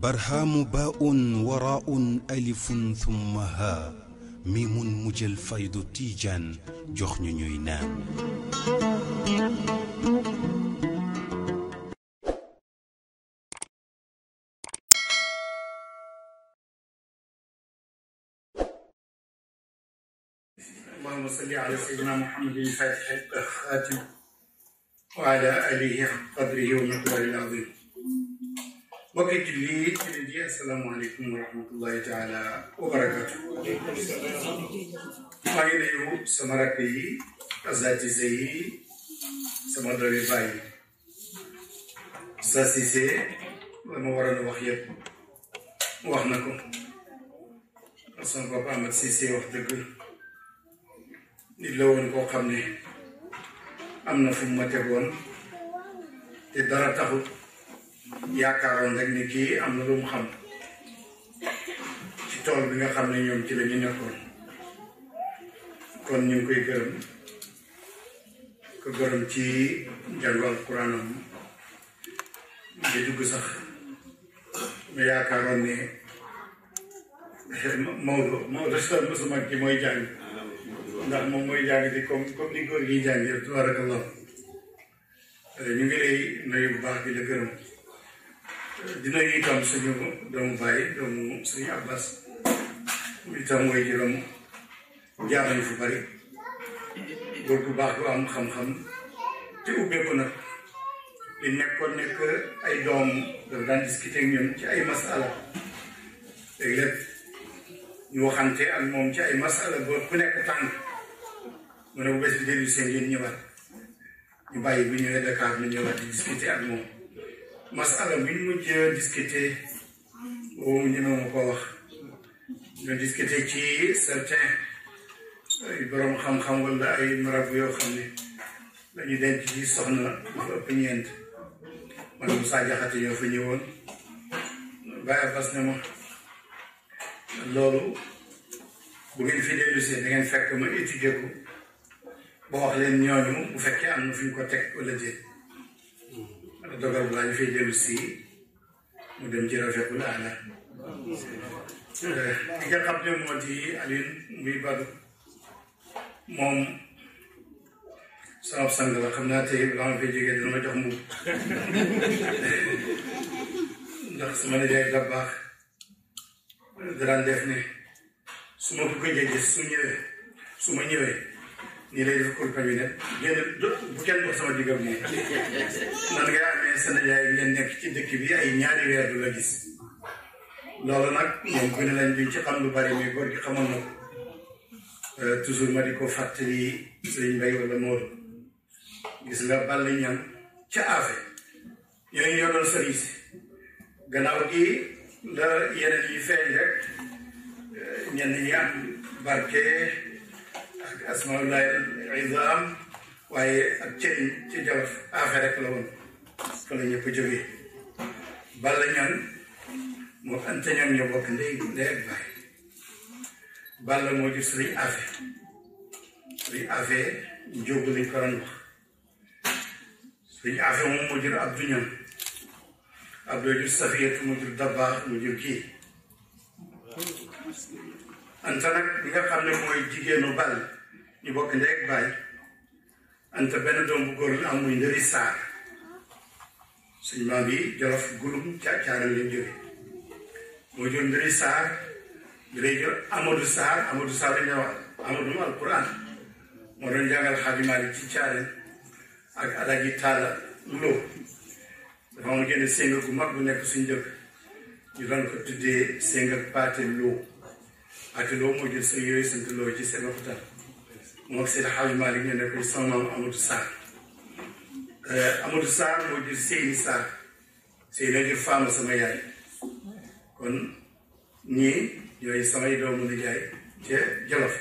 برهام باء وراء ألف ثم ها ميم مجل فيض تيجان جخن نينان اللهم صل على سيدنا محمد الفاتح الخاتم وعلى آله حق قدره ومقداره العظيم السلام عليكم ورحمة الله تعالى وبركاته فاينيو سمركي أزاتي زي سمدري باي ساسي سي لما ورد وحنكم أصلا بابا أحمد وحدك نلون كو أمنا فما تدرى تاخد yaakaaroon rek ni kii am na lu mu xam ci tool bi nga xam ne ñoom ci la ñu nekkoon kon ñu ngi koy gërëm ko gërëm ci njàngu alquraanam di dugg sax ma yaakaaroon ne Maodo Maodo sax mosuma ki mooy jàng ndax moom mooy jàng di comme comme ni góor gi jàngee tabaarakallah ñu ngi lay nuyu bu baax di la gërëm. dina itam suñu doomu bàyyi doomu suñu abbas itam mooy juróom jaar nañu fu bari góor bu baax bu am xam-xam te ubbeeku nag li nekkoon nekk ay doom dafa daan discuter ak ci ay masala léeg-léeg ñu waxante ak moom ci ay masala ba ku nekk tànn mu ne bu bés bi dellu seen yéen ñëwaat ñu bàyyi bu ñëwee Dakar ñu ñëwaat di discuter ak moom masala bi ñu mujj discuté boobu ñemewuma ko wax ñu discuté ci certain ay borom xam-xam wala ay marab yoo xam ne dañu denc ci soxna dafa ëpp ñeent man Moussa Diakhaté ne ma loolu bu ngeen fi dellu si da fekk ma étudier ko ba wax leen ñooñu bu fekkee am na fu ñu ko teg wala déet dogal baa ñu fay jëlu si mu dem ci rafetlu àlla eh, ki nga xam ne moo di Alioune muy Badou moom sama sang la xam naa tey balaa ma fay jógee dina ma jox mbubb eh, ndax sama nijaay la baax daraan def ne su ma bëgg a gis su ñëwee su ma ñëwee. nii lay def campagne bi nag génn bu kenn dox sama diggam nii man ngay amee Sénégal ngeen nekk ci dëkk bi ay ñaari weer du la gis loolu nag ñoom gën lañ duñ ci xam lu bari mais góor gi xamoon na euh, toujours ma di ko fàttali sëriñ Mbay wala Modou gis nga bàll ñam ca afe yooyu ñoo doon sëriñ gannaaw gi la yeneen yi feeñ rek euh, ñenn ñi am barke ak asmaa waaye ak cëriñ ci jolof affaire rek la woon fa la ñëpp jógee Balla ñoon moo ante ñoon ñoo bokk ndey ndey ak baay Balla moo jur sëriñ afe sëriñ afe njóogu lañ ko doon wax sëriñ afe moom moo jur abdu ñoon abdoo jur safiyatu moo jur dabbaax moo jur kii anta nag li nga xam ne mooy jigéenu Balla ñu bokk ndeeg baay anta benn doom bu góor am muy ndëri saar suñu maam yi jolof gulum caacaara leen jóge moo jur ndëri saar ndëri jur amadou saar amadou saar la ñu wax amadou alquran moo doon jàngal xadimaali ci caare ak alaji taala lo dafa am génn sénga gu mag bu nekk suñu jëkk ñu doon ko tuddee sénga paate loo paate loo moo jur sëñ yooyu sant loo ci seen lopitaan moo Seydi Hadji Malick ñu ne ko sama maam Amadou Sarr eh, Amadou moo jur Seyni Sarr Seyni jur Fama sama yaay kon ñii yooyu samay doomu nijaay ca Jolof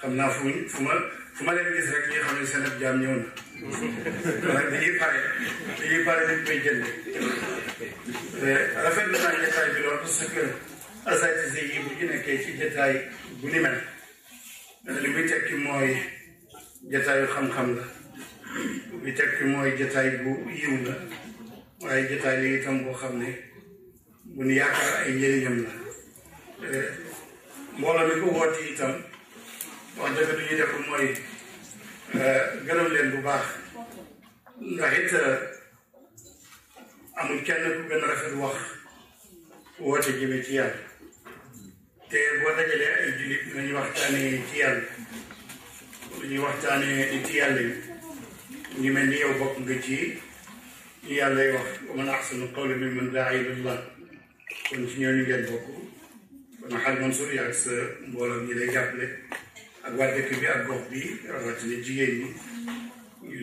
xam naa fu fu ma fu ma leen gis rek li xam ne seen ab jaam ñëw na waaye dañuy pare dañuy pare dañ koy jënd eh, rafet na naa jotaay bi lool parce que asatise yi bu ñu nekkee ci jotaay bu ni mel li muy tekki mooy jataayu xam-xam la li tekki mooy jataay bu yiw la waaye jataay li itam boo xam ne bu nu yaakaar ay njëriñam la eh, mbooloo mi ko woote itam wax dëgg du ñu def mooy eh, gërëm leen bu baax ndax it eh, amul kenn ku gën a rafet wax woote jëme ci ഗോതക്കില് ഇഡ്ഡലി ഇനി വറുത്താണ് ഇറ്റിയാൽ ഇനി വറുത്താണ് ഇറ്റിയാൽ ഇനി മല്ലിയ ഒപ്പം വെച്ച് ഇയാളെ ومن أحسن قول ممن دعا إلى الله ونحن يلبكو ونحن منصور يعكس بولا إلى جابلة أقوالك بأقوه بي رغتني جيني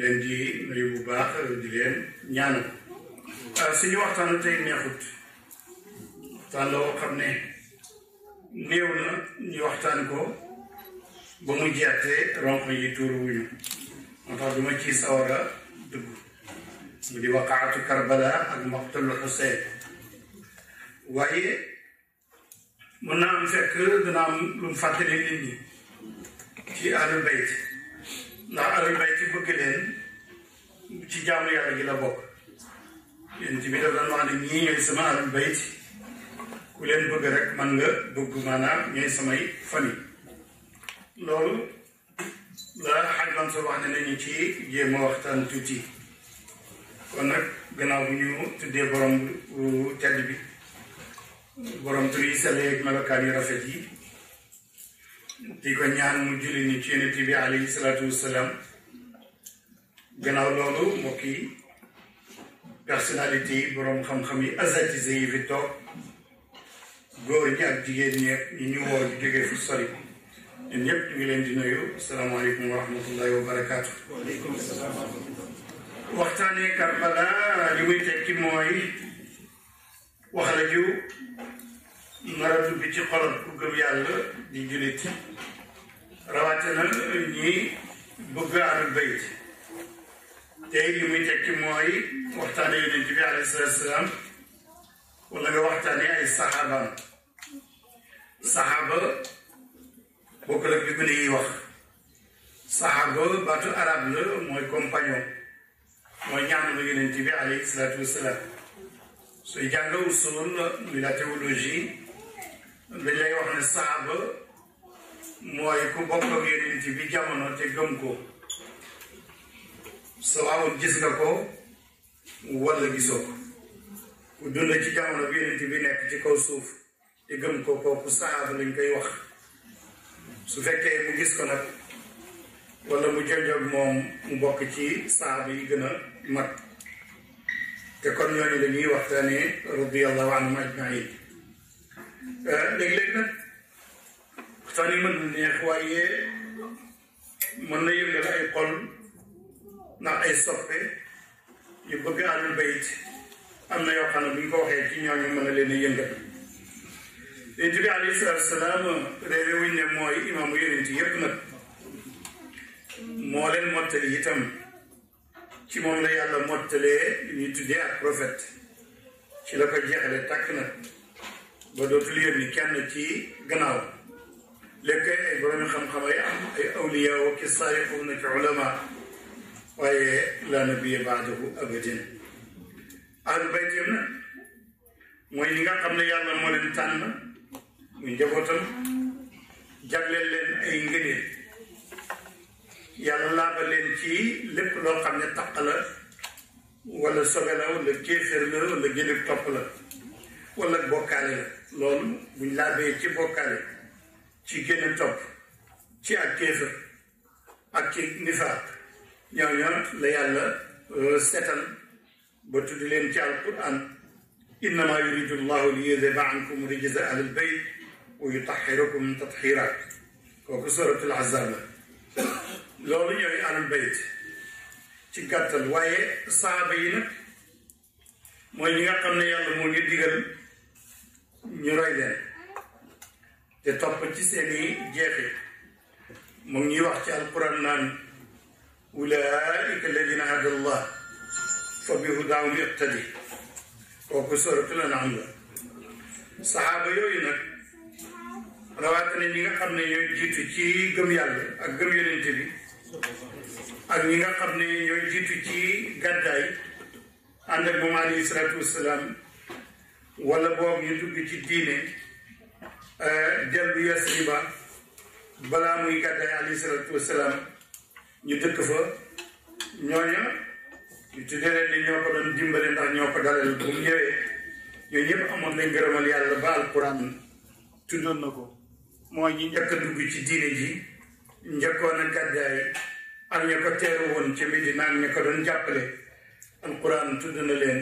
leen di nuyu bu baax di leen ñaanal suñu waxtaan tey neexut waxtaan la woo xam ne néew na ñu waxtaan ko ba mu jeexee ronk yi tuuru wuñu moo tax duma ci sawar a dugg mu di waqaatu Karbala ak maqtul Xuseyn waaye mën naa am fekk dana am lu mu fàttali nit ñi ci ahlul bayt ndax ahlul bayt bëgg leen ci jaamu yàlla gi la bokk yéen ci bi dafa doon wax ne ñii ñooy sama ahlul ku leen bëgg rek man nga dugg maanaam ñooy samay famille loolu la xaj Mansour wax nañu ci jéem a waxtaan tuuti kon nag gannaaw bu ñu tuddee borom tedd bi boroom tur yi sell ak melokaan rafet yi di ko ñaan mu julli ni ci yonent bi alayhi salaatu wassalaam gannaaw loolu mbokk yi personnalité yi borom xam-xam yi asatise yi fi góor ñi ak jigéen ñi ñi ñu woo ñu jógee fu sori ñun ñëpp ñu ngi leen di nuyu asalaamaaleykum wa rahmatullahi wa barakaatu. waaleykum salaam wa rahmatulah. waxtaanee Karbala li muy tekki mooy wax la ju nar a dugg ci xolom ku gëm yàlla di jullit rawatina ñi bëgg ahlul bayt tey li muy tekki mooy waxtaane yonent bi alayhi salaatu wa salaam wala nga waxtaane ay saxaabaam saxaaba bokkul ak bi ko yi wax saxaaba baatu arab la mooy compagnon mooy ñaam la yonent bi alayhi salaatu wasalaam suy jàng usul muy la théologie dañ lay wax ne saxaaba mooy ku bokk ak yonent bi jamono te gëm soo amoon gis nga ko wala gisoo ko ku dund ci jamono bi yonent bi nekk ci kaw suuf te gën ko kooku saaba lañ koy wax su fekkee mu gis ko nag wala mu jonjog moom mu bokk ci saaba yi gën a mag te kon ñooñu dañuy waxtaane radiallahu anhum ajmain eh, léeg nag waxtaan yi mën na neex na yëngal ay xol ndax ay soppe yu bëgg ahlul bayt am na yoo xam ne bu ñu ko waxee ci ñooñu mën na leen yëngal النبي عليه الصلاه والسلام ريوين موي امام يونت ييب نا مولن موتلي يتام كي موم لا يالا موتلي ني تودي ا بروفيت كي لاكو جيخل تاك نا با دوت لي ني كان تي غناو لك اي بروم خم خم اي ام اي اولياء وكسايقون في علماء واي لا نبي بعده ابدا البيت يمنا موي نيغا خم لا يالا مولن تان mu njabootam jagleel leen ay ngëneel yàlla laaba leen ci lépp loo xam ne taq la wala sobe la wala kéefér la wala topp la wala bokkaale la loolu buñ laabee ci bokkaale ci génne topp ci ak kéefér ak ci nifaaq ñooñoo la yàlla euh, setal ba tudd leen ci alquran innama yuridu llahu li yudhiba ankum rijsa ahlal bayt wa yutaxirukum tatxiira kooku suratul ahzaab la loolu ñooy ahlul bayt ci gàttal waaye saaba yi nag mooy ñi nga xam ne yàlla moo ñu digal ñu roy leen te topp ci seeni jeexi moom ñuy wax ci alquran naan ulaika alladina hada allah fa bi hudaahum iqtadi kooku suratul anam la saxaaba yooyu nag rawatina ñi nga xam ne ñooy jiitu ci gëm yàlla ak gëm yonente bi ak ñi nga xam ne ñooy jiitu ci gàddaay ànd ak moom salaatu wasalaam wala boog ñu dugg ci diine euh, dellu yas riba balaa muy gàddaay alayhi salaatu wasalaam ñu dëkk fa ñooña ñu tuddee leen ni ñoo ko doon dimbale ndax ñoo ko dalal bu ñëwee ñooñu ñëpp amoon nañ gërëmal yàlla ba alquran tuddoon na ko mooy ñi njëkk a dugg ci diine ji njëkkoon a gàddaay ak ci Medina ak ña ko doon jàppale alquran tudd na leen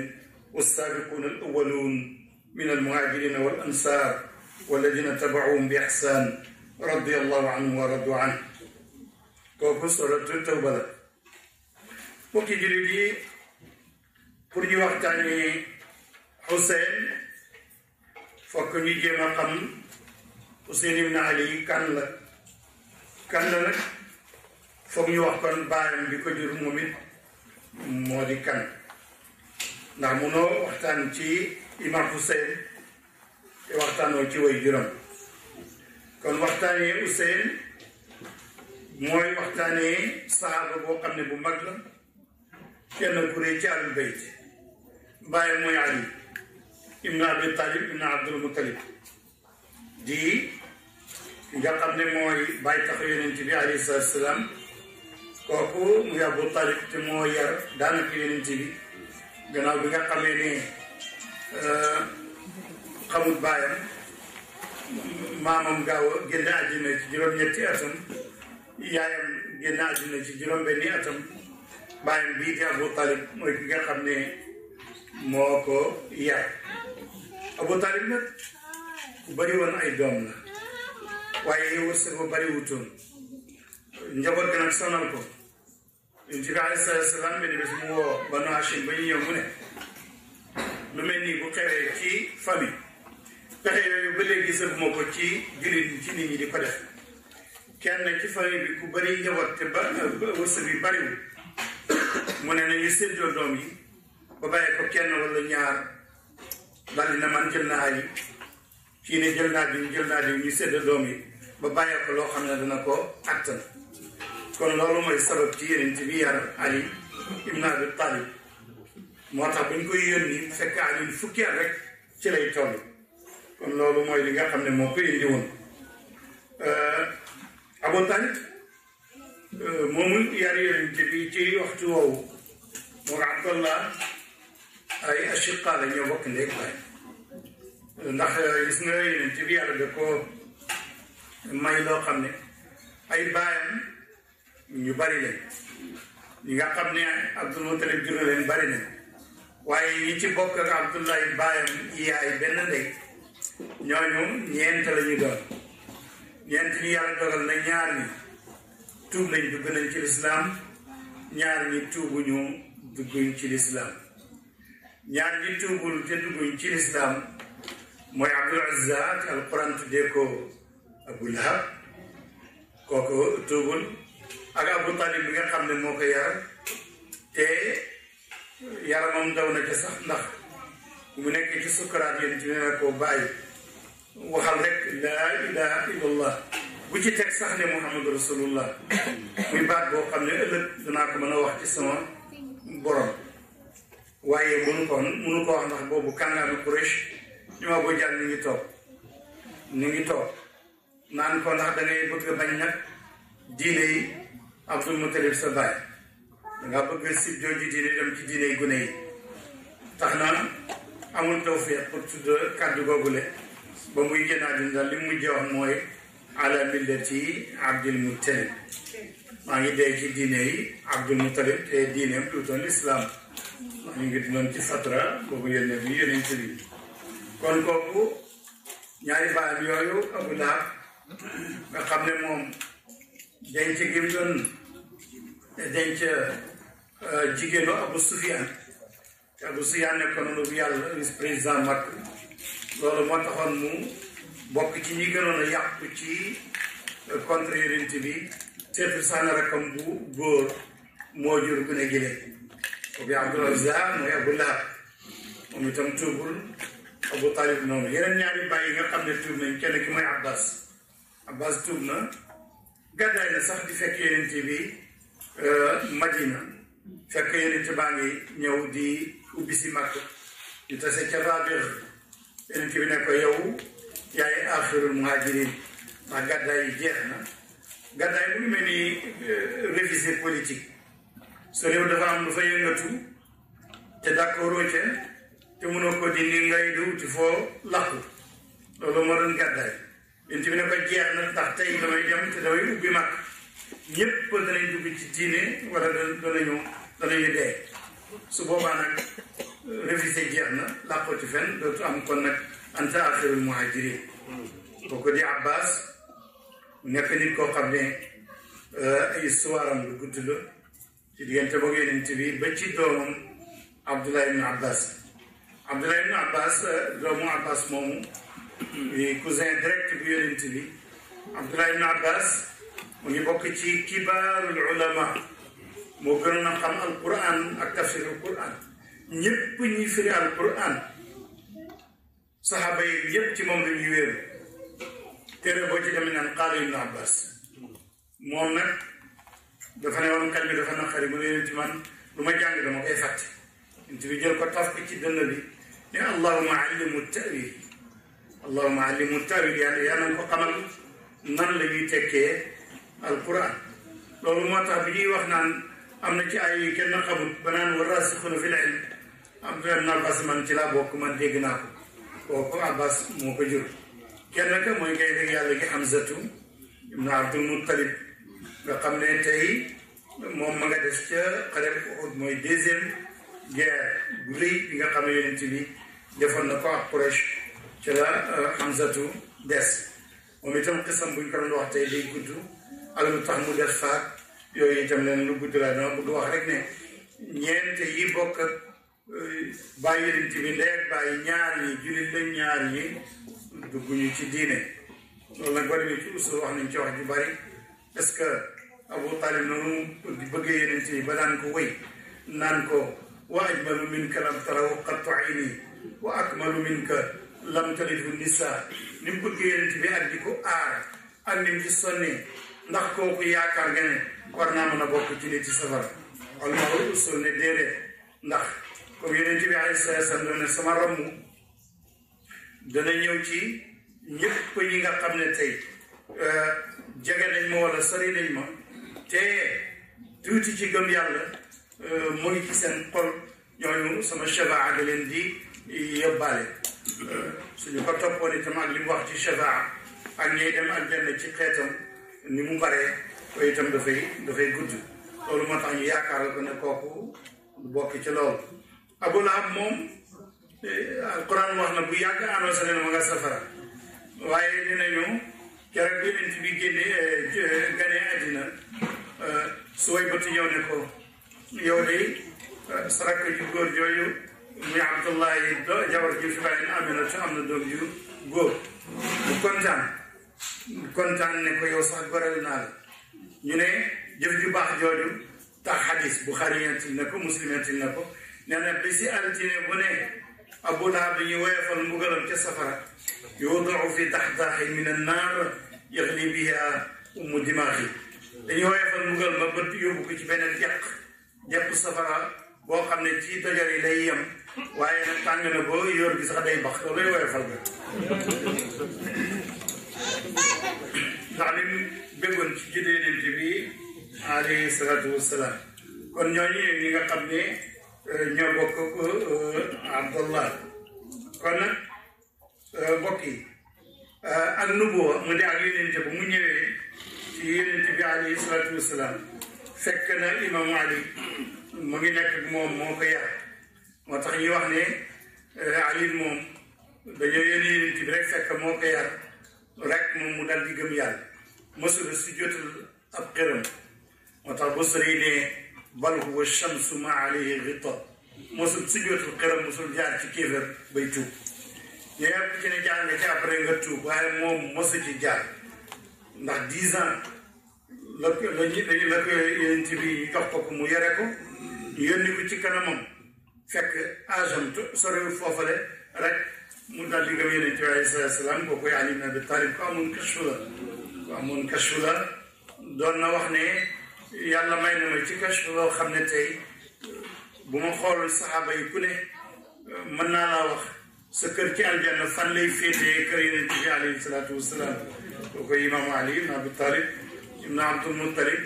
والسابقون الأولون من المهاجرين والأنصار والذين تبعوهم بإحسان رضي الله عنهم ورضوا عنه kooku suratul Tawba la mbokki jullit yi pour ñu waxtaanee Xuseyn fokk ñu jéem a xam Ousseynou Ibn Ali kan la kan la nag foog ñu wax kon baayam bi ko jur moom moo di kan ndax munoo waxtaan ci imam Hussein te waxtaanoo ci way juróom kon waxtaanee Hussein mooy waxtaanee saaba boo xam ne bu mag la kenn a ne ci Ahlul Bayt baayam mooy Ali ibn Abi Talib ibn Abdul Muttalib di nga xam ne mooy bàyyi tax yonent bi alayhi salaatu salaam kooku muy Abu Talib te moo yar daanaka yonent bi gannaaw bi nga xamee ne euh, xamut baayam maamam gaaw a génn àddina ci juróom-ñetti atam yaayam génn ci benni atam baayam bii di Abu Talib mooy ki nga xam ne moo ko yar Abu Talib nag. ku bari ay doom la waaye wërsëg ba bari wutoon njaboot gi nag sonal ko yonent bi aleyhi salaatu ba ñu ñëw mu ne lu mel nii bu xewee ci famille pexe ba léegi gisaguma ko ci jullit ci nit di ko def kenn ci famille bi ku bari njaboot te ba wërsëg bi bariwul mu ne nañu séddoo doom yi ba bàyyi ko kenn wala ñaar daal dina man jël na ay kii ne jël naa diw jël naa diw ñu sedd doom yi ba bàyyee ko loo xam ne dana ko attan kon loolu mooy sabab ci yeneen ci bi yar Ali ibn Abi Talib moo tax bu ñu koy yónni fekk Ali fukki at rek ci lay toll kon loolu mooy li nga xam ne moo koy indi woon euh, Abu Talib euh, moomul yar yeneen ci bi ci waxtu woowu moo Abdallah ay ashiqa la ñoo bokk ndéeg baay ndax euh, gis nga yeneen ci bi yàlla da ko may loo xam ne ay baayam ñu bari lañ nga xam ne Abdul Mutalib jur na bari nañ waaye ñi ci bokk ak Abdullahi baayam yaay benn ndey ñooñu ñeent la ñu doon ñeent yàlla dogal na ñaar ñi tuub nañ dugg nañ ci lislaam ñaar ñi tuubuñu dugguñ ci lislaam ñaar ñi tuubul te dugguñ ci lislaam mooy Abdul Azzat alquran tuddee ko Abu Lahab kooku tuubul ak Abu Talib bi nga xam ne moo ko yar te daw na ca sax ndax mu nekk ci sukkaraat yéen ci ne ko bàyyi waxal rek laa ilaha illallah bu ci teg sax ne muhammadu baat boo xam ne ëllëg danaa ko mën a wax ci sama borom waaye mënu ko mënu ko wax ndax boobu kàngaaru ñu ma ko jàll ñu ngi toog ñu ngi toog naan ko ndax da ngay bëgg bañ nag diine yi Abdul Mutalib sa baay da ngaa bëgg si jooju diine dem ci diine yi gune yi tax na amul tawfiq pour tudd kàddu googule ba muy génn àddina daal li mu mujjee wax mooy ala millati Abdul Mutalib maa ngi dee ci diine yi Abdul Mutalib te diineem duutoon lislaam maa ngi doon ci fatra boobu yónnee bi yónnee ci bi kon kooku ñaari baal yooyu Abu nga xam ne moom denc gi mu doon denc euh, jigéenu Abu te Abu nekkoon lu yàlla vice président Makka loolu moo taxoon mu bokk ci ñi gënoon a yàqu ci contre yonent bi seetu sànn rakam bu góor moo jur gune gi leen kooku Abdul moom itam tuubul Abu Talib noonu yeneen ñaari bàyyi nga xam ne tuub nañ kenn ki mooy Abbas Abbas tuub na gàddaay na sax di fekk yeneen bi euh, Madina fekk yeneen baa ngi ñëw di ubbi si Makka di tase ca Raabir yeneen bi ne ko yow yaay aaxirul muhaajiriin ndax gàddaay jeex na gàddaay bu ñu mel ni euh, révisé politique. soo dafa am lu fa yëngatu te d'accord te mënoo ko dindi ngay du ci foo lakku loolu moo doon gàddaay yéen bi ne ko jeex na ndax tey damay dem te damay ubbi mag ñëpp danañ dugg ci diine wala danañu danañu dee su boobaa nag révisé jeex na làqoo ci fenn dootu am kon nag anta axirul muhajirin boo ko di abbas nekk nit koo xam ne eh, ay histoire am lu gudd la ci diggante boog yonent bi ba ci doomam abdullah ibn abbas Abdourahim Abbas doomu Abbas momu, di cousin direct bu yonent bi Abbas mu ngi bokk ci kibaarul ulama moo gënoon a xam alquran ak tafsir alquran ñëpp ñi firi alquran saxaaba yi yëpp ci moom la ñuy wéeru téere ci demee naan qaala ibnu Abbas moom nag dafa ne woon kalbi dafa naqari mu ne yonent man lu ma dama koy fàtte jël ko taf ci bi leen allahuma allimu tawil allahuma allimu tawil yàlla yàlla na ko xamal nan la ñuy tekkee alquran loolu moo tax bi ñuy wax naan am na ci ay yu kenn xamut ba naan wa rasixuna fil ilm Abdurahmaan Abbas man ci laa bokk man dégg naa ko kooku Abbas moo ko jur kenn ka mooy ngay dégg yàlla gi Hamzatu ibnu Abdul Muttalib nga xam ne tey moom ma nga des ca xare Uhud mooy deuxième guerre bu rëy bi nga xam ne yonent bi defoon na ko ak Quraysh ci la euh, Hamzatu des moom itam xisam buñ ko doon wax tey day gudd ak lu tax mu def faak yooyu itam leen lu gudd laa dama bëgg wax rek ne ñeent yi bokk ak euh, bàyyi bi ndeeg bàyyi ñaar yi jullit lañ ñaar yi dugguñu ci diine loolu nag bari na ci usul wax nañ ci wax ju bari est-ce que Abu Talib noonu bëggee yonent bi ba daan ko wéy naan ko wax ajmalu min kalam taraw qattu ayni wa akmalu minka lam talidu nisa ni mu bëggee yonent bi ak di ko aar ak ni mu sonnee ndax kooku yaakaar nga ne war naa mën a bokk ci nit ci safara almahul déedéet ndax comme yonent bi alayhi salaatu salaam doon ne sama ramm dana ñëw ci ñëpp ñi nga xam ne tey euh, jege nañ ma wala sori nañ ma te tuuti ci gëm yàlla euh, mu ci seen xol ñooñu sama shafaa da leen di yóbbaale suñu ko toppoon itam ak li wax ci shafaa ak ñuy dem ak aljanna ci xeetam ni mu baree ko itam dafay dafay gudd loolu moo tax ñu yaakaar ko ne kooku bokk ci loolu Abu Lahab moom eh, alquran wax na bu yàgg annoncé na ma nga safara waaye dinañu keroog bi yonent bi génnee eh, ganee àddina eh, su way bati ñëw ne ko yow de saraka ju góor jooyu muy Abdoulaye jawar ji Souleymane Aminata am na doom yu góor bu kontaan kontaan ne ko yow sax goreel naa la ñu ne jëf ju baax jooju tax xadis Buxaari yentil na ko Muslim yentil na ko nee na bi si altine bu ne Abu Lahab bi ñu woyofal mbugalam ca safara yuudacu fi daxdaaxi min annaar yaxli biha ummu dimaaxi dañu woyofal mbugal ma bët yóbbu ko ci beneen jàq jàpp safara boo xam ne ci dajal yi lay yem waaye nag tàng na ba yor gi sax day bax loolay woyofal nga ndax nga xam ne euh, ñoo bokk euh, Abdullah euh, yi ak nubuwa mu di ak Yonent bi mu ñëwee ci Yonent bi alayhi salaatu wasalaam fekk na imam Ali mu ngi nekk moom moo ko yar. moo tax ñuy wax ne eh, Aliou moom dañoo yónni yonent bi rek fekk moo ko yar rek mu dal di gëm yàlla mësul si jotul ab xëram moo tax Busiri ne bal huwa shamsu ma alayhi ghita mësul si jotul xëram mësul jaar ci kéefër bay tuub yëpp bu ne jaar nga ci après nga tuub waaye moom mësu ci jaar ndax dix ans la ko la bi jox ko ko mu yore ko yónni ko ci kanamam. fekk agent soriwul foofale rek mu daal di gëm yonent bi alayhi salaatu salaam kooku Ali ibn Abi Talib ku amoon kashfu la ku na wax ne yàlla may na ma ci kashfu loo xam ne tey bu ma xoolul saxaaba yi ku ne mën naa laa wax sa kër ci aljanna fan lay féetee kër yonent bi alayhi salaatu wasalaam kooku imaamu Ali ibn Abi Talib ibn Abdul Muttalib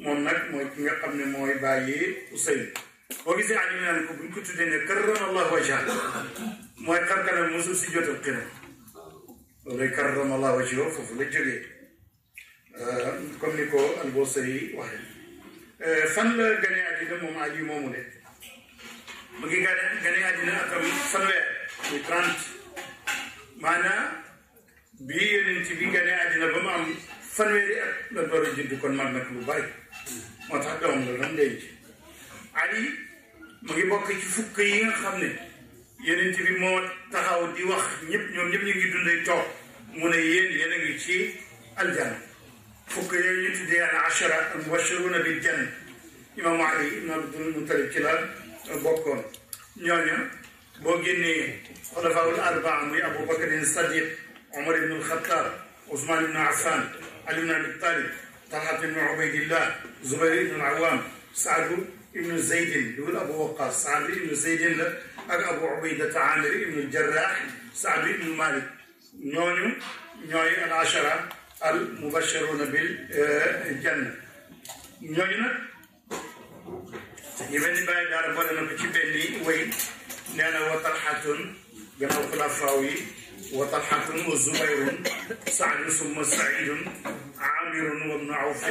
moom nag mooy ki nga xam ne mooy bàyyi Useyn وبزي علمنا لكم إن كنت دين كرم الله وجهك ما يكرم كلام موسو سجوت القنا ولا يكرم الله وجهه ففل الجري آه، كم نكو البوصري واحد آه، فن غني عدنا مم علي مومنة مجي غني عدنا أكرم فنوية يترانت معنا بي نتبي غني عدنا بمعم فنوية لبرو جدو كون مغنك لباي ما تحدهم لنم ديجي ali mu ngi bokk ci fukk yi nga xam ne yeneen bi moo taxaw di wax ñëpp ñoom ñëpp ñu ngi dundee toog mu ne yéen yéen a ngi ci aljana fukk yooyu ñu tuddee al ashara al mubashiruna bil janna imaamu ali ibn abdul mutalib ci la bokkoon ñooñu boo génnee xulafaul arbaa muy abou bakarin sadiq omar ibn alxatab ousmane ibn affan ali ibn abi talib talhat ibn ubaydillah zubayr ibn alawam سعد بن زيد بن ابو وقاص سعد بن زيد ابو عبيده عامر بن الجراح سعد بن مالك نونو نوي العشره المبشرون بالجنه نوي نك يبن باي دار بولنا بتي بني وين نانا وطلحه جمال خلفاوي وطلحه وزبير سعد ثم سعيد عامر وابن عوف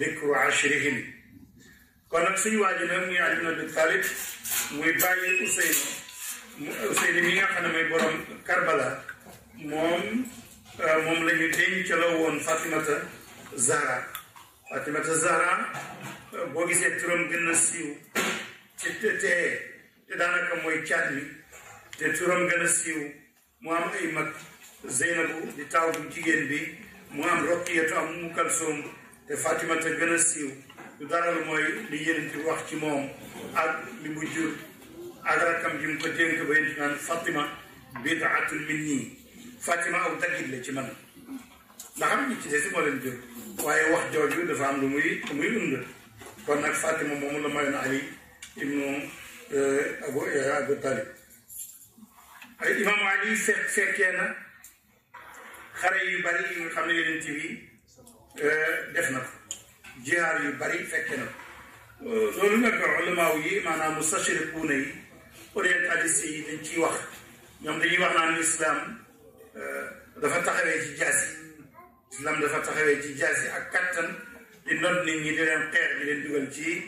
ذكر عشرهم kon suñu waa ji nag muy Ali ibn Abi Talib muy bàyyi Useyn Useyn mi nga xam ne mooy borom moom euh, moom la ñu denc la woon Fatimata Zahra Fatimata Zahra euh, boo gisee turam gën a siiw ci te te daanaka mooy caat te turam gën a siiw mu am ay mag Zeynabu di taw jigéen bi mu am Roqiyatu am Umu Kalsoom te Fatimata gën a siiw du dara lu mooy li yéen ci wax ci moom ak li mu jur ak rakam ji mu ko dénk ba yéen naan Fatima bidaatun minni Fatima aw daggit la ci man ndax am ñi ci des moo leen jur waaye wax jooju dafa am lu muy lu muy dund kon nag Fatima moomu la mayoon Ali ibnu Abu Abu Talib ay imam Ali fekk fekkee na xare yu bari yi nga xam ne yonent bi def na ko جاري بري فكنا زولنا كعلماء وي معنا مستشار بوني ورين على دين كي وقت يوم دي وقت نعم الإسلام دفتح خيري جازي الإسلام دفتح خيري جازي أكتن لنرد نيني لرين قير لرين دول جي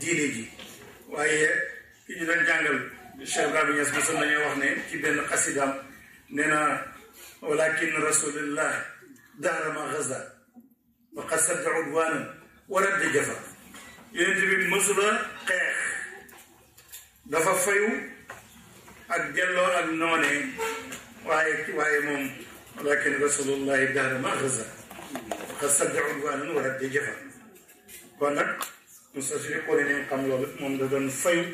ديني جي في جنة جانجل الشيخ غابي يسمى سنة يوحنا كي بين قصيدام نينا ولكن رسول الله دار ما غزر وقصد عدوانا ورد جفا ينتبه مصر قيخ دففيو أجلو أجنوني واي واي ولكن رسول الله دار ما غزا قصد عدوانا ورد جفا ونك مستشري قولين قم لولك موم دون فيو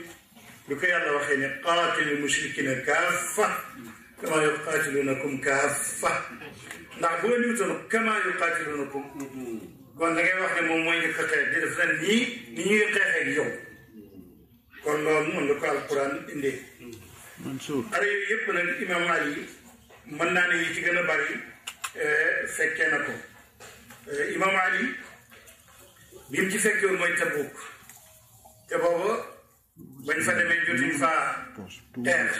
لكي الله وخيني قاتل المشركين كافة كما يقاتلونكم كافة ndax bu leen yu kamaa yuqaatiluunakum kon da ngay wax ne moom mooy njëkk a def leen nii ni ñuy xeexee ak yow kon loolu moom la ko alquran indee. Mansour yëpp nag imaam Ali mën naa ne yi ci gën a bari eh, fekkee na ko eh, imaam Ali bi mu ci fekkee mooy Tabuk te boobu bañ fa demee jotuñ faa teer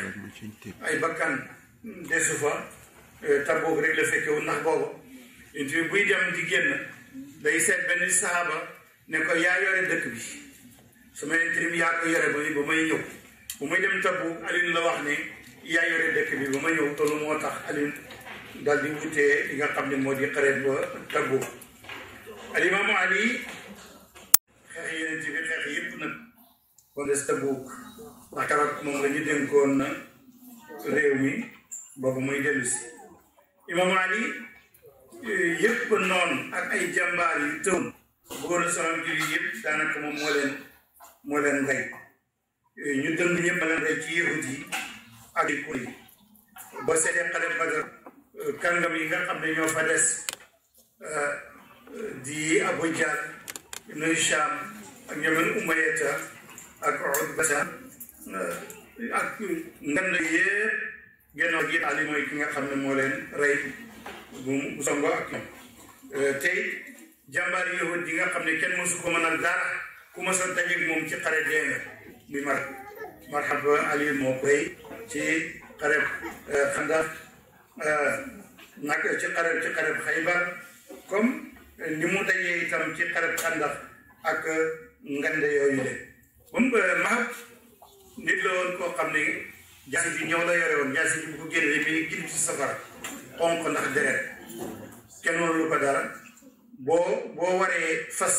ay bakkan desu fa. Eh, te boobu rek la fekkewul ndax boobu yonent bi buy dem di génn day seet benn saaba ne ko yaa yore dëkk bi su ma interim yaa ko yore ba ba may ñëw bu may dem tabbu Alioune la wax ne yaa yore dëkk bi ba ma ñëw tollu moo tax Alioune dal di li nga xam ne moo di xareet ba tabbu alimaamu yëpp nag kon des tabbu ndax karat moom la ñu dénkoon na réew mi boobu muy dellu imam ali eh, yëpp noonu ak ay jàmbaar yu tëw bëggoon a sonal jur yi daanaka moom moo leen moo eh, ñu dëng ñëpp leen rey ci yahut yi ak kur yi ba seetee xale badar eh, kàngam nga xam ne ñoo fa des di abu jahl ibnu hisham ak ñoom umayata ak utbata ak ngand yëpp gennoo ji Ali mooy ki nga xam ne moo leen rey bu mu songo ak ñoom euh, tey jàmbaar yahud ji nga xam ne kenn mosu ko mënal dara ku mos a moom ci xare dee nga muy mar marhaba Ali moo koy ci xare xandar euh, euh, nag ci xare ci xare Xaybar comme ni mu dajee itam ci xare xandar ak ngande yooyu de moom Mahab nit la koo xam ne. jaasi bi ñoom la yore woon jaasi bi bu ko génnee dañuy gën ci safara xonq ndax deret kenn warul ko dara boo boo waree fas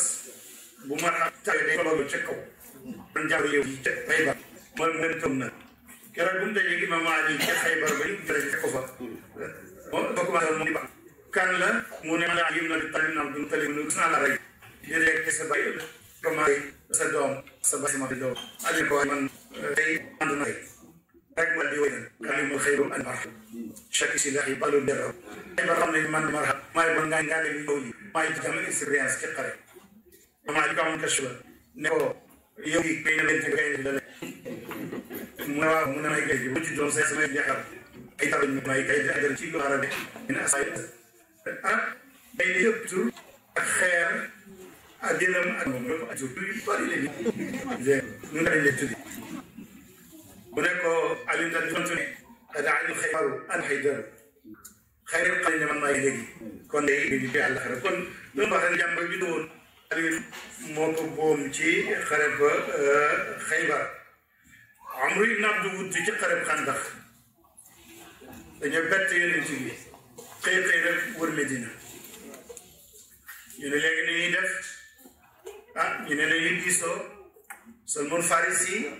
bu ma la tawee day tolloo ca kaw. man jàpp yow ca Xaybar mooy ngeen tëm na keroog bu ba yëpp dara fekk ko fa. moom ba commencé moom di ba kan la mu tali naam du tali naa la rek di rek sa bay commencé sa doom sa bay sama doom. Aliou ko man tey ànd na أجمل بوين كلمة خير من مرحب شكي سلاحي بالو درب أي برمي من مرحب ما يبنغان قال بيولي ما يتجمع السريانس كقري وما عليك عمون كشوة نكو يومي بين بنت بين لنا منا منا ما يجي وجه جون سيس ما يجي حرب أي ترى من ما يجي هذا الشيء له عربي من أسايد بين يبتر الخير أدينا أنهم يبقى جوبي بالي لي زين نقول اللي تدي هناك علي دانتوني هذا علي خيار انا حيدر خير قليل من الله يهدي كون لي بيجي بي على خير كون من بعد اللي جنب بدون علي موتو بومجي خرب آه، خيبر عمري ما بدو تجي خرب خندق لأن بيتي نجي كي خير ور مدينة ينو لاغي نيدف ها آه، ينو لاغي ديسو سلمون فارسي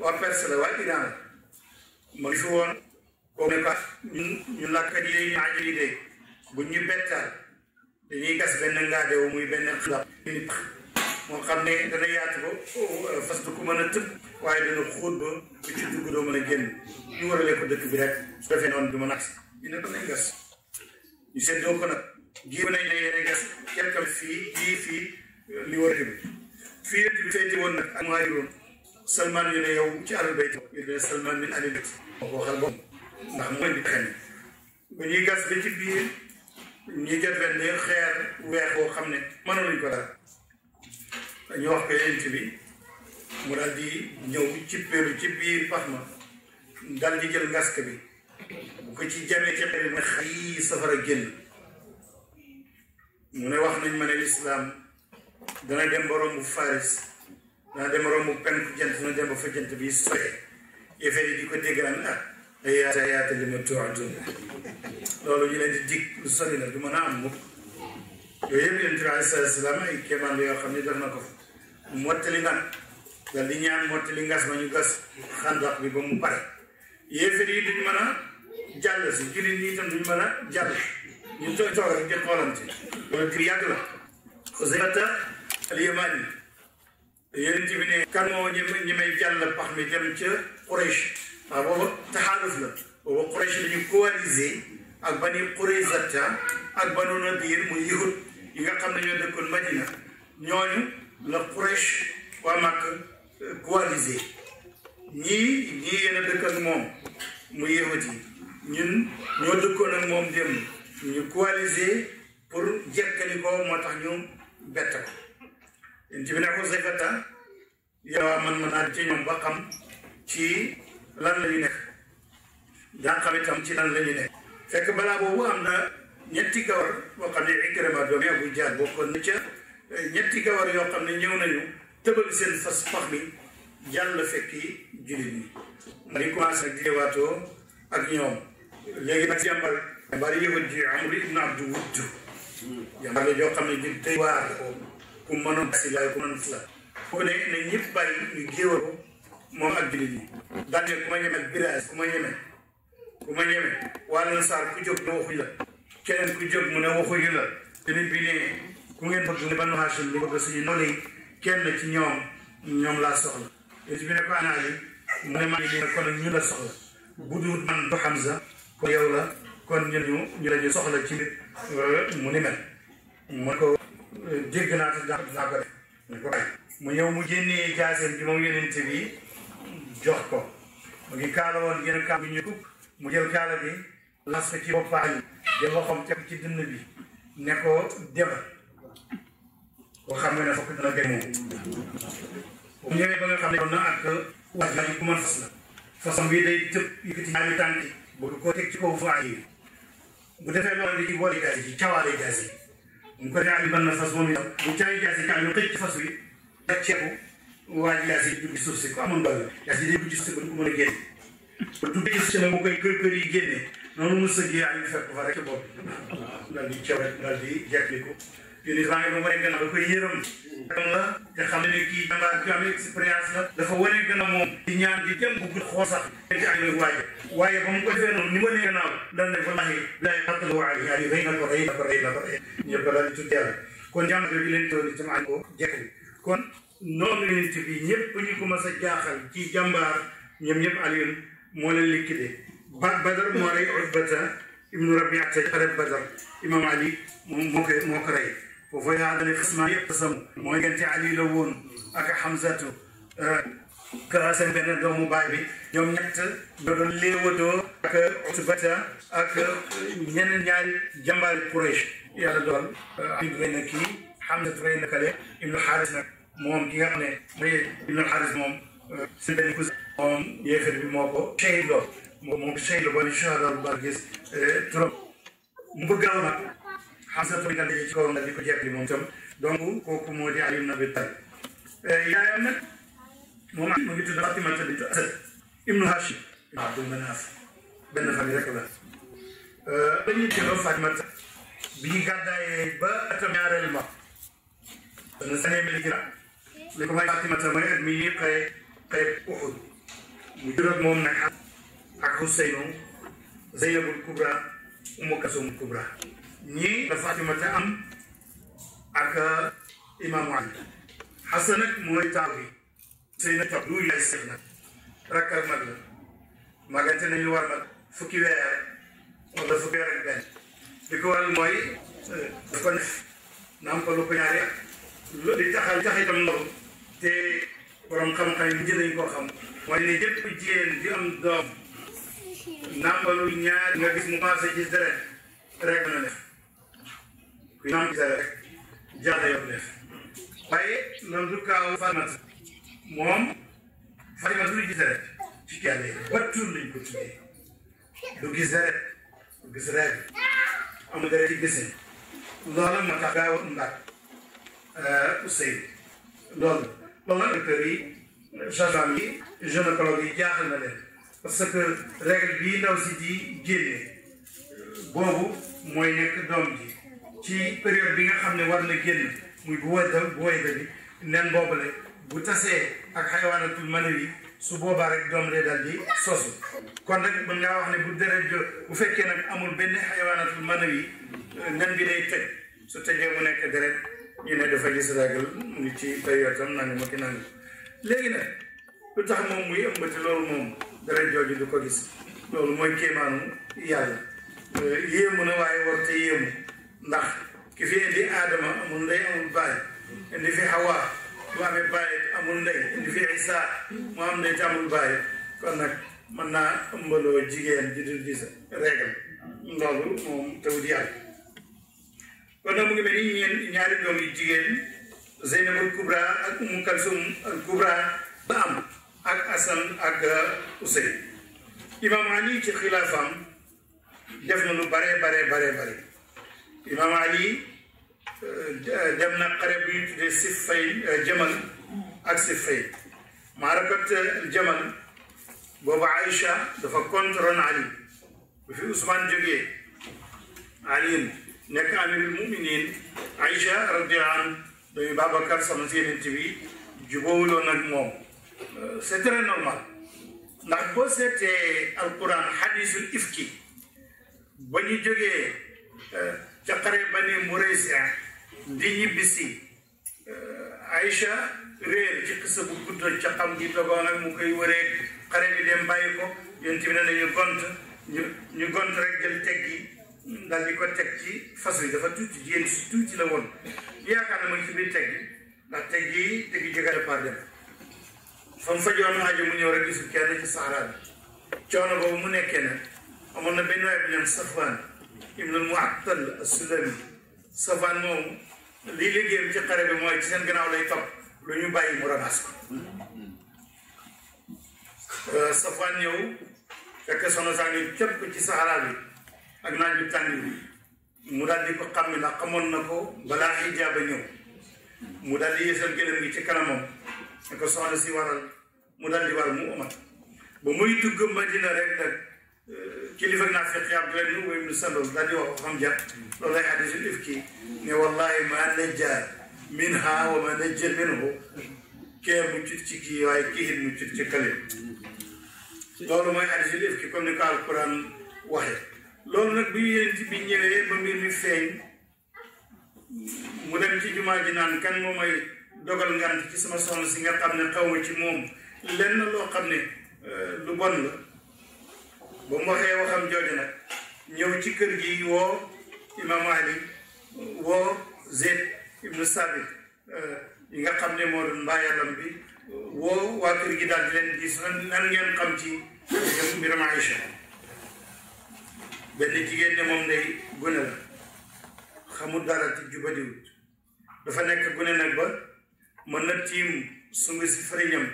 orpes la waaye Iran la man fi woon ko ne ko ñun ñu lakkat yi ñaajo yi de bu ñu bettal dañuy gas benn ngaa dew muy benn xilab moo xam ne dana yaatu ba oh, fas du ko mën a tëb waaye dana xóot ba bu ci dugg doo mën a génn ñu warale ko dëkk bi rek su defee noonu du ñu ne gas ñu seddoo ko nag gii nañ ne yéen gas yàkkal fii jii fii li war a bi fii yëpp bi feeti woon nag سلمان الى يوم جاء البيت الى سلمان من اهل البيت وهو غلب محمود بن من يقاس بيت بيه من يجد بان خير ويعرف هو خمنة ما نقول لك لا ان يوح بي انت بي مرادي نيو تشبير تشبير فخمة دال دي جل غاسك بي وكتي جامي تشبير من خي سفر الجن من واحد من الاسلام دنا دم بروم فارس dana dem romb penk jant na dem ba fa jant bi soyee yëfee yi di ko déggaan ah yaata yaata li ma tuwaatun loolu ñu leen di dig lu sori la du mën a am mukk yooyu yëpp yonent bi aleyhi salaatu wa salaam ay kéemaan la yoo xam ne def na ko fa mottali ngan dal di ñaan mottali ngas ma ñu gas xandax bi ba mu pare yëfee yi duñ mën a jàll si jullit ñi itam duñ mën a jàll ñu toog toog rek di xoolante loolu kii yàgg la Xuzayfata al-Yamani yonent bi ne kan moo ñi may jàll pax mi dem ca Quraysh waaw booba taxaaluf la booba Quraysh la ñu coalisé ak bani Quraysata ak banu Nadir muy yahud yi nga xam ne ñoo dëkkoon Madina ñooñu la Quraysh waa Màkk euh, coalisé ñii ñii yéen a dëkk ak moom mu yahud yi ñun ñoo dëkkoon ak moom dem ñu coalisé pour jekkali ko moo tax ñu bett ko yéen ci bi ne Xuzayfata yow man ma naa ci ñoom ba xam ci lan la ñu nekk daa xam itam ci lan la nekk fekk balaa boobu am na ñetti gawar boo xam ne Ikrima doomi Abu Jahl bokkoon ñetti gawar yoo xam ne ñëw nañu tëbal seen fas pax mi jàll fekk yi jullit ñi dañu commencé nag di waatoo ak ñoom léegi nag jàmbar jàmbar yëwat ji Amru ibn Abdu Wudd jàmbar joo xam ne di tey waar ko ku mënoon si waaye ku mënoon si la bu ko defee nañ ñëpp bàyyi ñu géewal ko moom ak jullit yi daanaka ku ma ñeme ak biraas ku ma ñeme ku ma ñeme wàllu nasaar ku jóg ne waxuñu la keneen ku jóg mu ne waxuñu la beneen bi ne ku ngeen bëgg ne Banu Haashim li bëgg suñu noonu yi kenn ci ñoom ñoom laa soxla et bi ne ko anaa yi mu ne maa ngi leen kon ñu la soxla bu dul man du Hamza ko yow la kon ñun ñu ñu la ñu soxla ci mbir mu ni mel mu ne ko dégg naa te dinaa ko def ñu ko bàyyi mu ñëw mu génnee jaaseen bi moom yonent bi jox ko mu ngi kaala woon gën a bi ñu kukk mu jël kaala bi las ko ci boppam jël loxoom ci bi ne ko demal boo xam nga ne fokk dana gay bu ñëwee ba nga xam ne yoon na bi day tëb yëkkati ñaari tànk koo teg ci kaw faay yi bu defee loolu di ci boole jaas yi cawaale jaas mu ko defee a ban na fas moom itam a caay jaasi kaay ñu xëcc ci fas wi ak ceebu waa ji jaasi dugg suuf si quoi amul bàll jaasi day dugg ci suuf ba du ko mën a génne ba du dee si mu koy kër kër yi génne noonu mu sëggee Aliou fekk fa rek ci bopp daal di ceeb rek daal di jekk ko kilifa yi mu wane gannaaw da koy yërëm. la te xam ne kii jàmbaar ju am expérience la. dafa wane gannaaw moom. di ñaan di jëm bu xool sax. ci ay waaye. waaye ba mu ko defee noonu ni ma nee gannaaw. dana ne wallaahi. lay xattalu waa Aliou Aliou rëy na ko rëy na ko rëy na ko rëy. ñëpp daal di tudd yàlla. kon jàmbaar bi leen toll itam àñ ko jekku kon noonu la nit bi ñëpp ñu ko mas a jaaxal ci jàmbaar ñoom ñëpp Aliou moo leen liquidé. ba Badar moo rey Utbata ibnu Rabiata xare Badar imam Ali moo ko moo ko rey وفي هذا القسم يقسم موينتي علي لون أكا حمزة آه، كاسن بين الدوم باي يوم نت بدون لي ودو أك عتبة أك ين نيال جمال قريش يا دول عند رينكي حمزة بين كله ابن الحارس موم كي مي ابن الحارس موم آه، سيدنا كوز موم يخرب موكو شيء لو موم شيء لو بنشهر البرجس آه، ترى مبغاونا xasatu bi tamit ci kaw na di ko jekk li moom itam donc kooku moo di Aliyu ibn Abi Talib yaayam nag moom mu ngi tudd Fatimata bint Asad ibnu Hashim Abdul Manaf benn famille rek la ba ñu jëloo Fatimata bi gàddaayee ba atam ñaareel ma dana sanee mel gira li ko may Fatimata mooy at mi ñuy xëye xëye Uxud mu juróot moom nag ak Xuseynu Zeynabul Kubra Umu Kasum Kubra ñii la Fatimata am ak euh, imaamu Ali Xasan nag mooy taaw bi sëy na toog du yaay rakkal mag la magante nañu war fukki weer wala fukki weer ak benn li ko waral mooy euh, dafa ne naam ko lu ko ñaari lu di taxal tax itam loolu te borom xam-xam yi mujj nañu koo xam mooy ne jëpp jigéen di am doom nàmbalu ñaar nga mu commencé gis deret rek na ne ku ñu naan gisal rek jaar na yoon def waaye loolu du kaaw Fatimata moom Fatimata du gisal rek ci kenn yi ba tur lañ ko tuddee du gisal rek du gisal rek amul dara ci gisin loolu moo tax gaaw a ndax Ousseynou eh, loolu loolu nag docteur yi sage-femme yi gynécologue yi jaaxal na leen parce mooy nekk doom ji ci période bi nga xam ne war na génn muy bu wéda bu wéda bi nen boobale bu tassé ak hayawanatul manawi su boba rek dom lay dal di sosu kon rek mën nga wax ne bu deret jo bu fekkee nak amul benn hayawanatul manawi nen bi day tek su tëjee mu nekk deret ñu ne dafa gis ragal mu ci période tam nangu ma ki nangu léegi nag lu tax mom muy ëmbati loolu moom deret jooju du ko gis loolu moy kéemaanu yalla yéemu na waye war te yéemu ndax ki fi indi aadama amul ndey amul fi hawa mu amee baay amul ndey indi fi isa mu am ndey baay kon nag mën naa ëmbaloo jigéen ji dul gis régal loolu moom taw di yàlla kon nag mu ngi mel ni ñeen ñaari yi jigéen Zeynabul Kubra ak Umu Kubra ba ak Asan ak uh, Useyn Imam Ali ci xilaafam def na lu bare bare bare bare imaam ali euh, dem na xare bi ñu tuddee siffay euh, jamal ak siffay maarakat euh, jamal boobu Aïcha dafa contrôle ali bu fi Ousmane jógee ali nekk amirul muminin Aïcha radiyallahu anha dañu Babacar sama séenante bi jubóowuloon ak moom c'est très normal ndax boo seetee alquran xadisul ifki ba ñu jógee ca xare Bani Muraysia di ñibbisi eh, Aïcha réer ci xisa bu gudd ca xam gi dogoon ak mu koy wëree xare bi dem bàyyi ko yonent bi ne na ñu gont ñu gont rek jël teg gi daal di ko teg ci fas yi dafa tuuti jigéen si tuuti la woon yaakaar na mooy ci biir teg gi ndax teg gi teg gi jëkkër par dem fa mu fajoon aajo mu ñëw rek gisul kenn ci saxaraa bi coono boobu mu nekkee na amoon na benn waay bu ñoom safwaan ibnul muattal asulami safaan moom lii liggéeyam ci xare bi mooy ci seen gannaaw lay topp lu ñu bàyyi mu ramas ko euh, safaan ñëw fekk sono saa ngi cëpp ci saxaraa bi ak naaj bi tàng bi mu daal di ko xam ne ndax xamoon na ko balaa xijaaba ñëw mu daal di yéesal gëlëm gi ci kanamam ne ko soxna si waral mu dal di war mu omat ba muy dugg Madina rek nag Euh, kilifa naafiq yi Abdoulaye Mbow ibnu Salul daal di wax xam jar loolu lay ne wallahi ma najja minha wa ma najja minhu kee muccut ci kii waaye kii it muccut ci kale loolu mooy xadisul ifki comme ni ko alquran waxe loolu nag bi yéen bi ñëwee ba mbir mi feeñ mu dem ci jumaa ji naan kan moo may dogal ngant ci sama soxna si nga xam ne xaw ci moom lenn loo xam ne euh, lu bon la ba mu waxee waxam jooju nag ñëw ci kër gi woo imam ali woo Zayd ibnu Sabit euh, yi nga xam ne moo doon mbaayalam bi woo waa kër gi daal di leen gis nan ngeen xam ci ñoom mbiram Aïcha benn jigéen ne moom day gune la xamul dara ci jubadiwut dafa nekk gune nag ba mën na tiim sungu si fariñam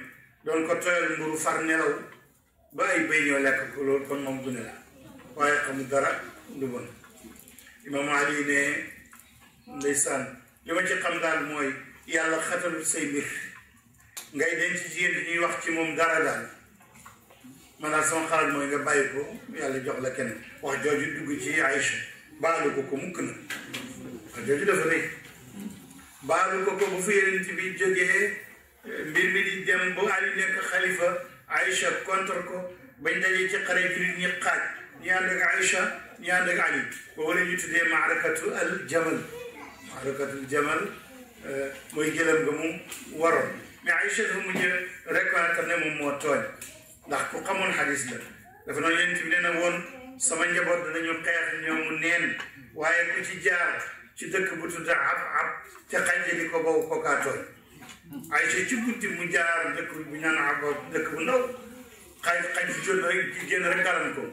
doon ko tooyal mburu far nelaw ba ibn yo lekk ko loolu kon moom gune la waaye amul dara lu bon imam ali ne ndeysaan li ma ci xam daal mooy yàlla xatalul say mbir ngay denc jigéen di ñuy wax ci moom dara daal maanaam sama xalaat mooy nga bàyyi ko yàlla jox la keneen wax jooju dugg ci Aïcha baalu ko ko mukk na wax jooju dafa rëy baalu ko ko bu fi yénent bi jógee mbir mi di dem bu Ali nekk xalifa Aisha kontor ko bañ dajee ci xare jullit ñi xaaj ñi ànd ak aisha ñi ànd ak Ali boobu la ñu tuddee maarakatu al jamal maarakatu al jamal eh, mooy gëlëm ga mu waroon mais Aisha dafa mujj reconnaître ne moom moo tooñ ndax ku xamoon xadis la dafa noonu yéen tamit dina na woon sama njaboot danañu xeex mu neen waaye ku ci jaar ci dëkk bu tudd ab ab ca xajje di ko boobu kaa tooñ ay sa ci guddi mu jaar dëkk bu ñu naan ab dëkk bu ndaw xay xay ko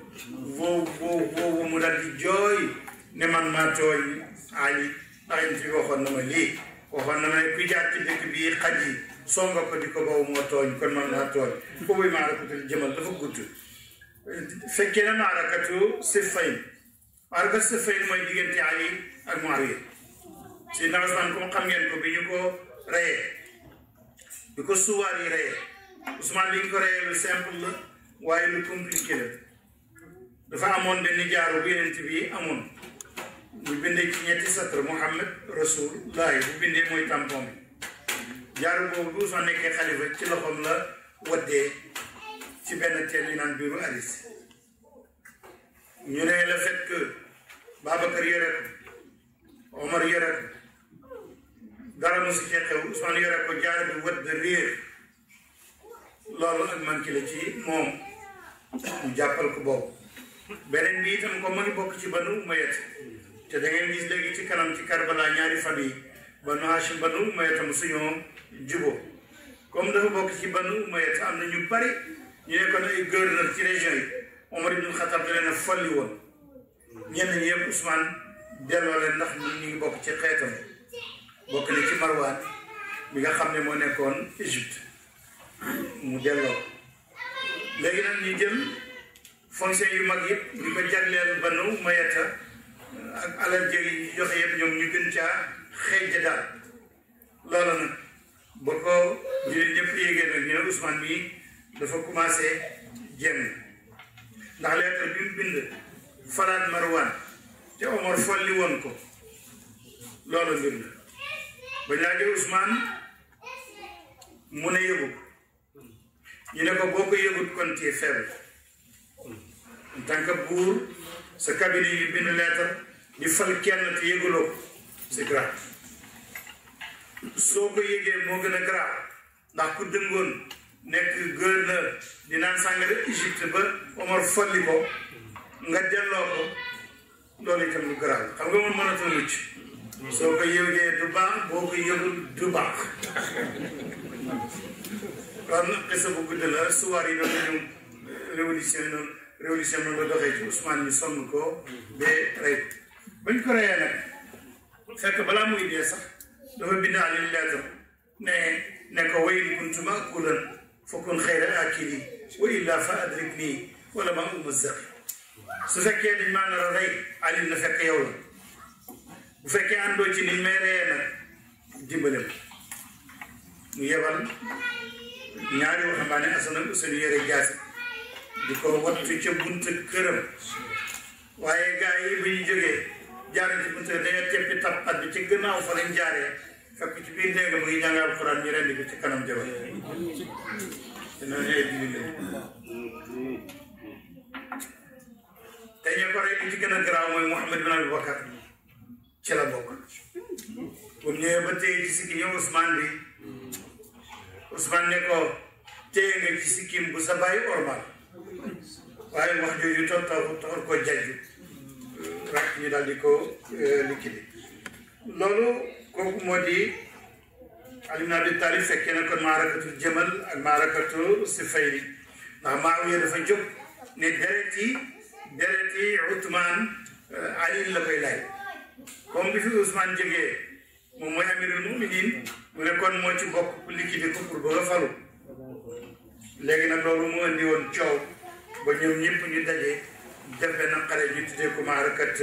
boo boo boobu mu daal jooy ne man maa tooy ay ay fi waxoon na ma lii waxoon na ma ku jaar ci dëkk bii xaj yi ko di ko boobu moo tooñ kon man maa tooñ boobu maa rakatul jëmal dafa gudd fekkee na maa rakatu si fay maa rakatu si fay mooy diggante Ali ak Muawiya si nagasaan ko ko bi ñu ko reyee bi ko suwaar yi reyee Ousmane li ñu ko reyee lu simple la waaye lu compliqué la dafa amoon benn jaaru bi yenent bi amoon bu bindee ci ñetti satr Muhammad Rasulullahi bu bindee mooy tampon bi boobu bu Ousmane nekkee xalifa ci loxoom la waddee ci benn teel yi naan biiru alis ñu ne le fait que Babacar yore Omar yore dara mu si cee xew Ousmane yore ko jaar bi wët ba réer loolu ak man ki la ci moom jàppal ko boobu beneen bi itam ko mën bokk ci banu mayet te da ngeen gis léegi ci kanam ci Karbala ñaari famille banu Hachim banu mayet am suñoo jubo comme dafa bokk ci banu mayet am na ñu bari ñu nekkoon ay ci région yi Omar ibn Khattab da leen a folli woon yëpp Ousmane delloo leen ndax ñu ngi bokk ci xeetam bokk na ci marwaan bi nga xamne mo moo egypte mu delloo léegi nag ñu jël fonction yu mag yépp di ko jagleel banu mayata ak alal jëri jox yépp ñom ñu gën ca xej ja daal loolu nag ba ñu jullit ñëpp yéegee nag ñu ne Ousmane mii dafa commencé jëm ndax lettre bi bind falaat marwan te Omar folli won ko loolu bind ba daajee Ousmane mu ne yëgu ñu ne ko boo ko yëgut kon ci faible en tant que buur sa cabinet yi bind lettre di fal kenn te yëguloo ko c'est soo ko yëgee moo gën a grave ndax ku dëngoon nekk gouverneur di naan sàngara Égypte ba Omar folli ko nga delloo ko loolu itam lu grave xam nga man mënatul mucc soo ko yëgee du baax boo ko yëgul du baax kon xisa bu gudd la suwaar yi dafa ñëw révolution noonu révolution noonu la doxee ci Ousmane ñu sonn ko ba rey ko bañ ko reyee nag fekk balaa muy dee sax dafa bind Aliou lettre ne ne ko way kuntu maakulan fakun xayra akili wa illa fa adrik nii wala ma umu zaqi su fekkee dañ maa nar a rey Aliou na fekk yow la bu fekkee àndoo ci ni may reyee nag dimbale ma mu yebal ñaari waxambaane Asan ak Useynu yore jaasi di ko wattu ca buntu këram waaye gars yi bu ñu jógee jaaree ci buntu dañoo teppi tappat bi ci gannaaw fa lañ jaaree fekk ci biir néegam mu ngi jàng alxuraan ñu rendi ko ci kanam jabar dina ñëw dimbale te ñu ko rey ci gën a garaaw mooy Muhammad bin Abubakar Unyebete isikinyo Usman di. Usman ne ko tenge isikim kusabai orman. Bai wahjo yuto tahu tahu ko jaju. Rak ni dal diko likidi. Lolo kooku moo di Ali ibn Abi Talib fekkee na ko maarakatul jëmal ak maarakatul sifayri ndax Maawiya dafa jóg ne deret yi deret yi Utmaan Ali la koy laaj. comme bi fi Ousmane jógee moom mooy amirul muminin mu ne kon moo ci bokk ku bi ko pour bëgg a falu léegi na loolu mu andi woon coow ba ñoom ñëpp ñu daje def benn xare ñu tuddee ko maarakat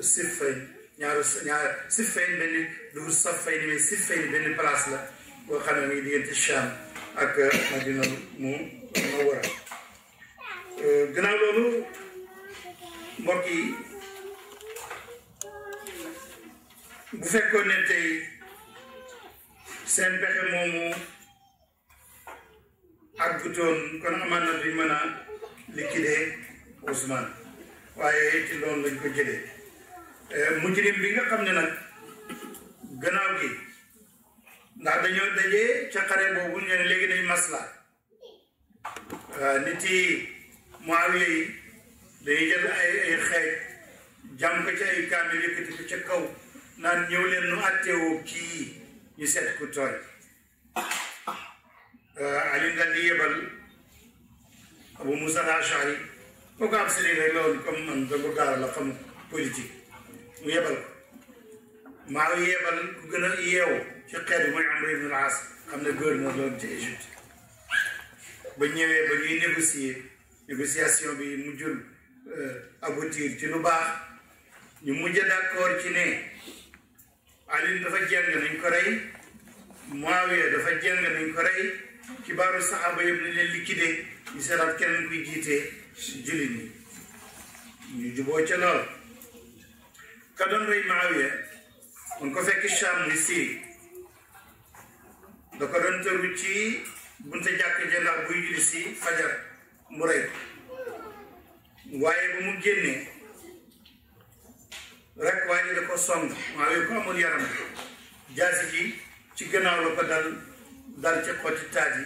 siffay ñaaru ñaar siffay benn du saffay ni mais siffay benn place la boo xam ne ngi diggante Cham ak Madina mu ma war a loolu mbokk bu fekkoon ne tey seen pexe moomu àggutoon kon amaan na duñ mën a liquider Ousmane waaye ci loolu lañ ko jëlee eh, mujrim bi nga xam ne nag gannaaw gi ndax dañoo dajee ca xare boobu ñu ne léegi dañ masla eh, nit yi Muawiya yi dañuy jël ay ay xeej ko ci ay kaamil yëkkati ko ca kaw naan ñëw leen nu àtteewoo kii ñu set ku tooy euh, Aliou di yebal Abu Moussa Achari boo ko am sëriñ rek la woon comme man da ko gaara la xam politique mu yebal maa yebal gën a yeewu ci xeet bi mooy Amr ibn al-As xam ne gouverneur la woon ci Égypte ba ñëwee ba ñuy négocier négociation bi mu jul euh, aboutir ci lu baax ñu mujj d'accord ci ne dafa jeng nañ ko ray Muawiya علي دفجان نانكو ري معاويه دفجان sahaba yeb كبار likide ni لين لكيده يسرات كان ci جيتي ni ñu juboo ci lool ka don ray Muawiya on ko fekk Sham ni si da ko don teru ci bunta jakk ja bu buy si fajar mu ray waye bu mu génnee rek waa ji da ko song waaw yow ko yaram jaasi ci gannaaw la ko dal dal ci xotti taat yi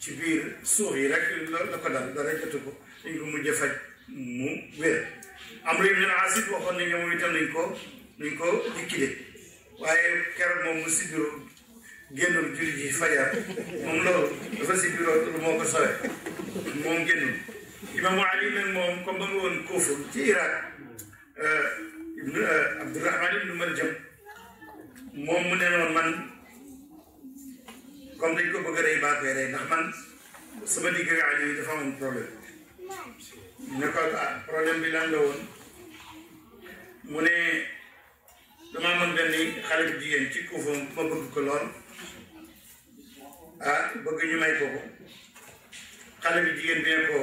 ci biir suux yi rek la ko dal dara jotu ko mu wér am réew ñu asit waxoon nañ ne moom itam ko nañ ko liquide waaye keroog mu sibiru génnul julli ji fajar moom loolu dafa sibiru ko sowe moom génnul imaamu Ali nag moom comme ba nga woon Eh, Abdourahman ibnu Marjam moom mu ne ma man comme dañ ko bëgg a rey baa koy rey ndax man sama digg ak Aliou dafa amoon problème ne ko ah problème bi lan mu ne damaa mën benn xale bu jigéen ci kuufam ma bëgg ko lool ah bëgg ñu may ko xale bu jigéen bi ne ko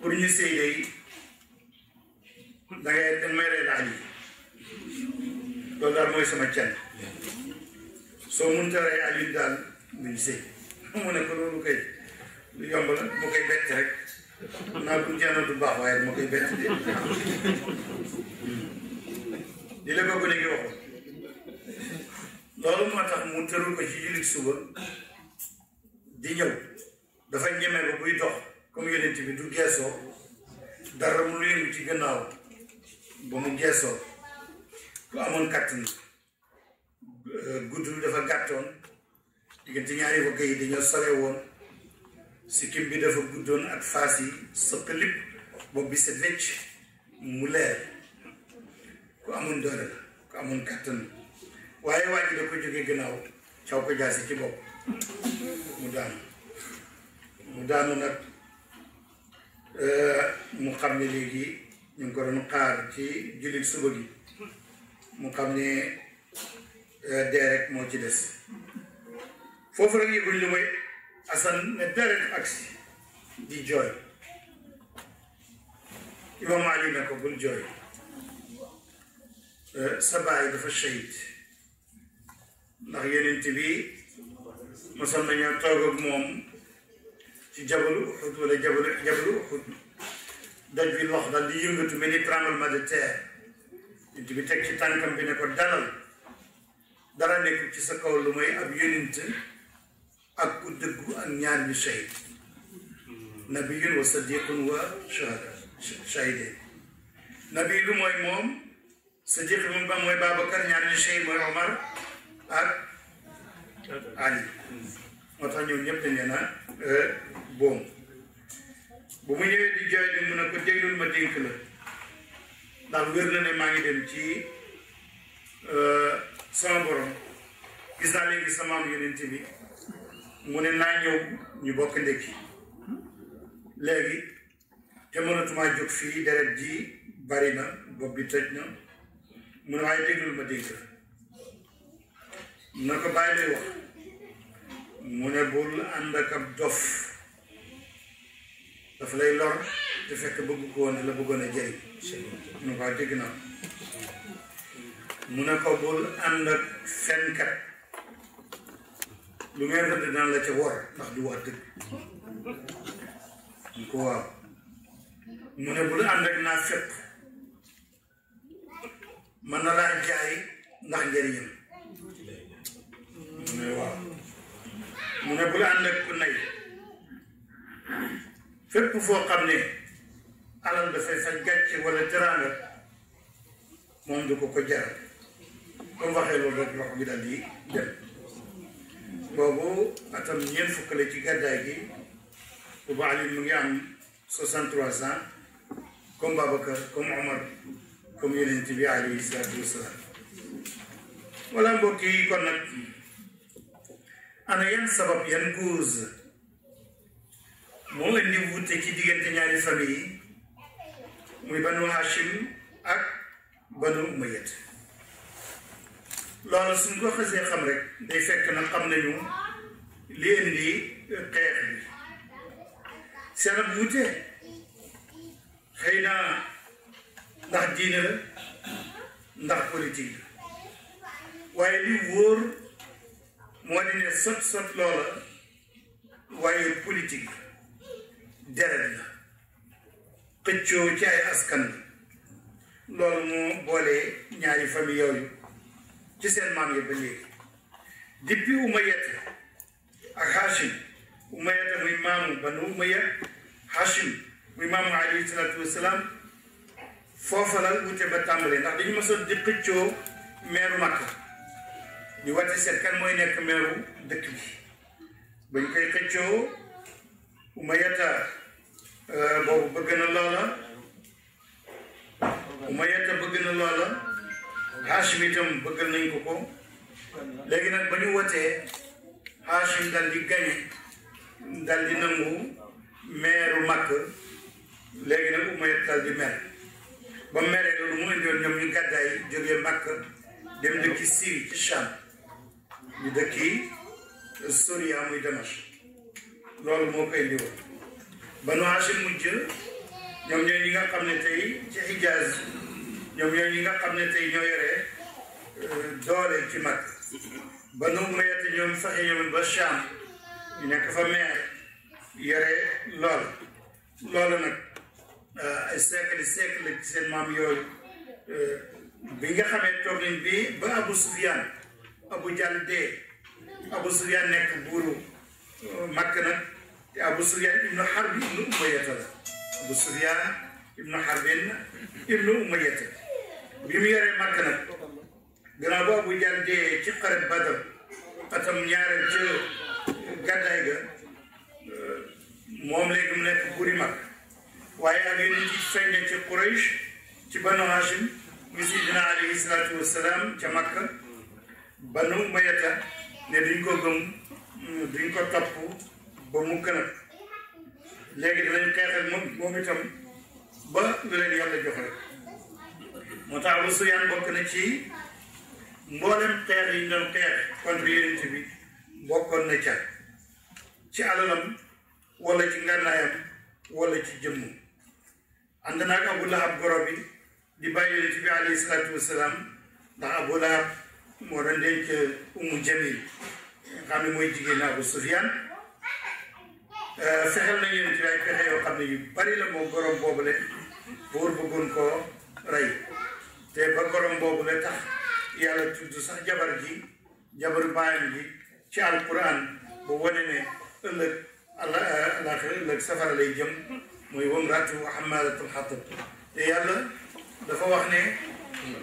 pour ñu sëy day da ngay da may daal mooy sama can soo mënut a rey Aliou daal muy sëy mu ne ko loolu kay lu yomb la mu koy bett baax waaye ma koy bett de hmm. di la ko léegi waxoon loolu moo tax mu tërul ko ci jullit suba di ñëw dafa ñeme ba buy dox comme yonent bi du geesoo dara mu yëngu ci gannaaw ba mu geesoo ku amoon kàttan euh, gudd bi dafa gàttoon diggante ñaari wagg yi dañoo sore woon sikkim bi dafa guddoon ak faas yi sëpp lépp bopp bi set wecc mu leer ku amoon doole ku amoon kàttan waaye waa ji da ko gannaaw caw ko jaasi ci bopp mu daanu mu daanu nag euh, mu xam ne léegi ñu ngi ko doon xaar ci jullit suba gi mu xam ni euh, dee rek moo ci des foofu rek yëguñ lu may asan ne dee rek agsi di jooy imaam Ali ne ko bul jooy euh, sa baay dafa shahid ndax yonent bi mosoon nañoo toog ak moom ci jabalu Uhud wala jabalu jabalu doj bi lox dal di yëngatu mel ni tremblement de terre nit bi teg ci tànkam bi ne ko dalal dara nekk ci sa kaw lu mooy ab yonent ak ku dëggu ak ñaar ñu shahid nabiyun wa sadiqun wa shahide nabi lu mooy moom sadiq moom ba mooy Babacar ñaar ñu shahid mooy Omar ak Ali moo tax ñoom ñëpp dañ eh, boom bu mu ñëwee di jooy ne mu ne ko déglul ma dénk la ndax wér na ne maa ngi dem ci euh, sama borom gis naa léegi sama am yonent bi mu ne naa ñëw ñu bokk ndékki léegi te mënatumaa jóg fii deret ji bari na bopp bi tëj na mu ne ko bàyyi lay wax mu ne bul ànd ak ab dof dafa lay lor te fekk bëgg koo woon la bëggoon a jëriñ. mu ne ko dégg na mu ne ko bul ànd ak fenkat lu ngeen ko dinaan la ci wor ndax du wax dëgg mu ko waaw mu ne bul ànd ak naa fépp mën na laa jaay ndax njëriñam mu ne waaw mu ne bul nay fépp foo xam ne alal dafay sa gàcce wala teraanga moom du ko ko jaral ba mu waxee loolu rek loxo bi daal di dem boobu atam ñeent fukk la ci gàddaay gi bu baax mu ngi am 63 ans comme Babacar comme Omar comme Yonent bi alayhi salaatu wasalaam wala mbokk yi kon nag ana yan sabab yan cause. moo indi wuute ci diggante ñaari famille yi muy banu Hachim ak banu Umayyad loolu suñ ko xasee xam rek day fekk na xam nañu li indi xeex bi seen ab xëy na ndax diine la ndax politique la waaye li wóor moo di ne sot sot loola waaye politique la deret la xëccoo ci ay askan la loolu moo boolee ñaari famille yooyu ci seen maam yi ba léegi depuis Umayyad ak Hachim Umayyad muy maamu banu Umayyad Hachim muy maamu alayhi salaatu wasalaam foofa la wute ba tàmbalee ndax dañu mësoon di xëccoo meeru Makka ñu wàcc seet kan mooy nekk meeru dëkk bi bañ koy xëccoo umayata eh, boobu bëgg na loola umayata bëgg na loola Hashim itam bëggal nañ ko ko léegi nag ba ñu wotee Hashim dal di gañe dal di nangu meeru Makk léegi nag umayat dal di mer ba meree loolu mu indiwoon ñoom ñu gàddaay jógee Makk dem dëkki Syrie ci Cham ñu dëkki Soria muy Damas loolu moo koy indi woon banu Hashim mujj ñoom ñooy ñi nga xam ne tey ci Hijaaz ñoom ñooy ñi nga xam ne tey ñoo yore euh, doole ci mag banu Umayya ñoom sax ñoom ba Sham ñu nekk fa meer yore lool loolu nag euh, ay siècle siècle ci seen maam yooyu euh, bi nga xamee toog nañ bi ba Abu Sufyan Abu Jahl Abu Sufyan nekk buuru Makka nag Abu Sufyaan ibnu Harb ibnu Umayyata bi mu yoree Makka nag Abu Jahl ci xare Badar atam ñaareel ci gàddaay ga moom léegi mu nekk mag waaye ak yeneen ci feeñ ne ci Quraysh ci Banu Hashim mu Sidina alayhi salaatu wasalaam ca Makka Banu Umayyata ne duñ ko gëm duñ ko topp ba mu gën a léegi dinañ xeexal moom moom itam ba lu leen yàlla jox moo tax Abu Sufyaan bokk na ci mboolem xeex yi ñu doon bi contre yonent bi bokkoon na ca ci alalam wala ci ngànnaayam wala ci jëmm ànd naa ak Abu Lahab goro bi di bàyyi yonent bi alayhi salaatu wasalaam ndax Abu Lahab moo doon denc Umu Jamil xam ne mooy jigéen Abu Sufyaan Euh, fexeel na yéen ci ay pexe yoo xam ne yu bari la moom borom boobu le buur bëggoon koo rey te ba borom boobu le tax yàlla tudd jabar ji jabar baayam ji ci alquran bu wane ne ëllëg euh, àllaaxira ëllëg safara lay jëm muy wamraatu xammaalatul xatab te yàlla dafa wax ne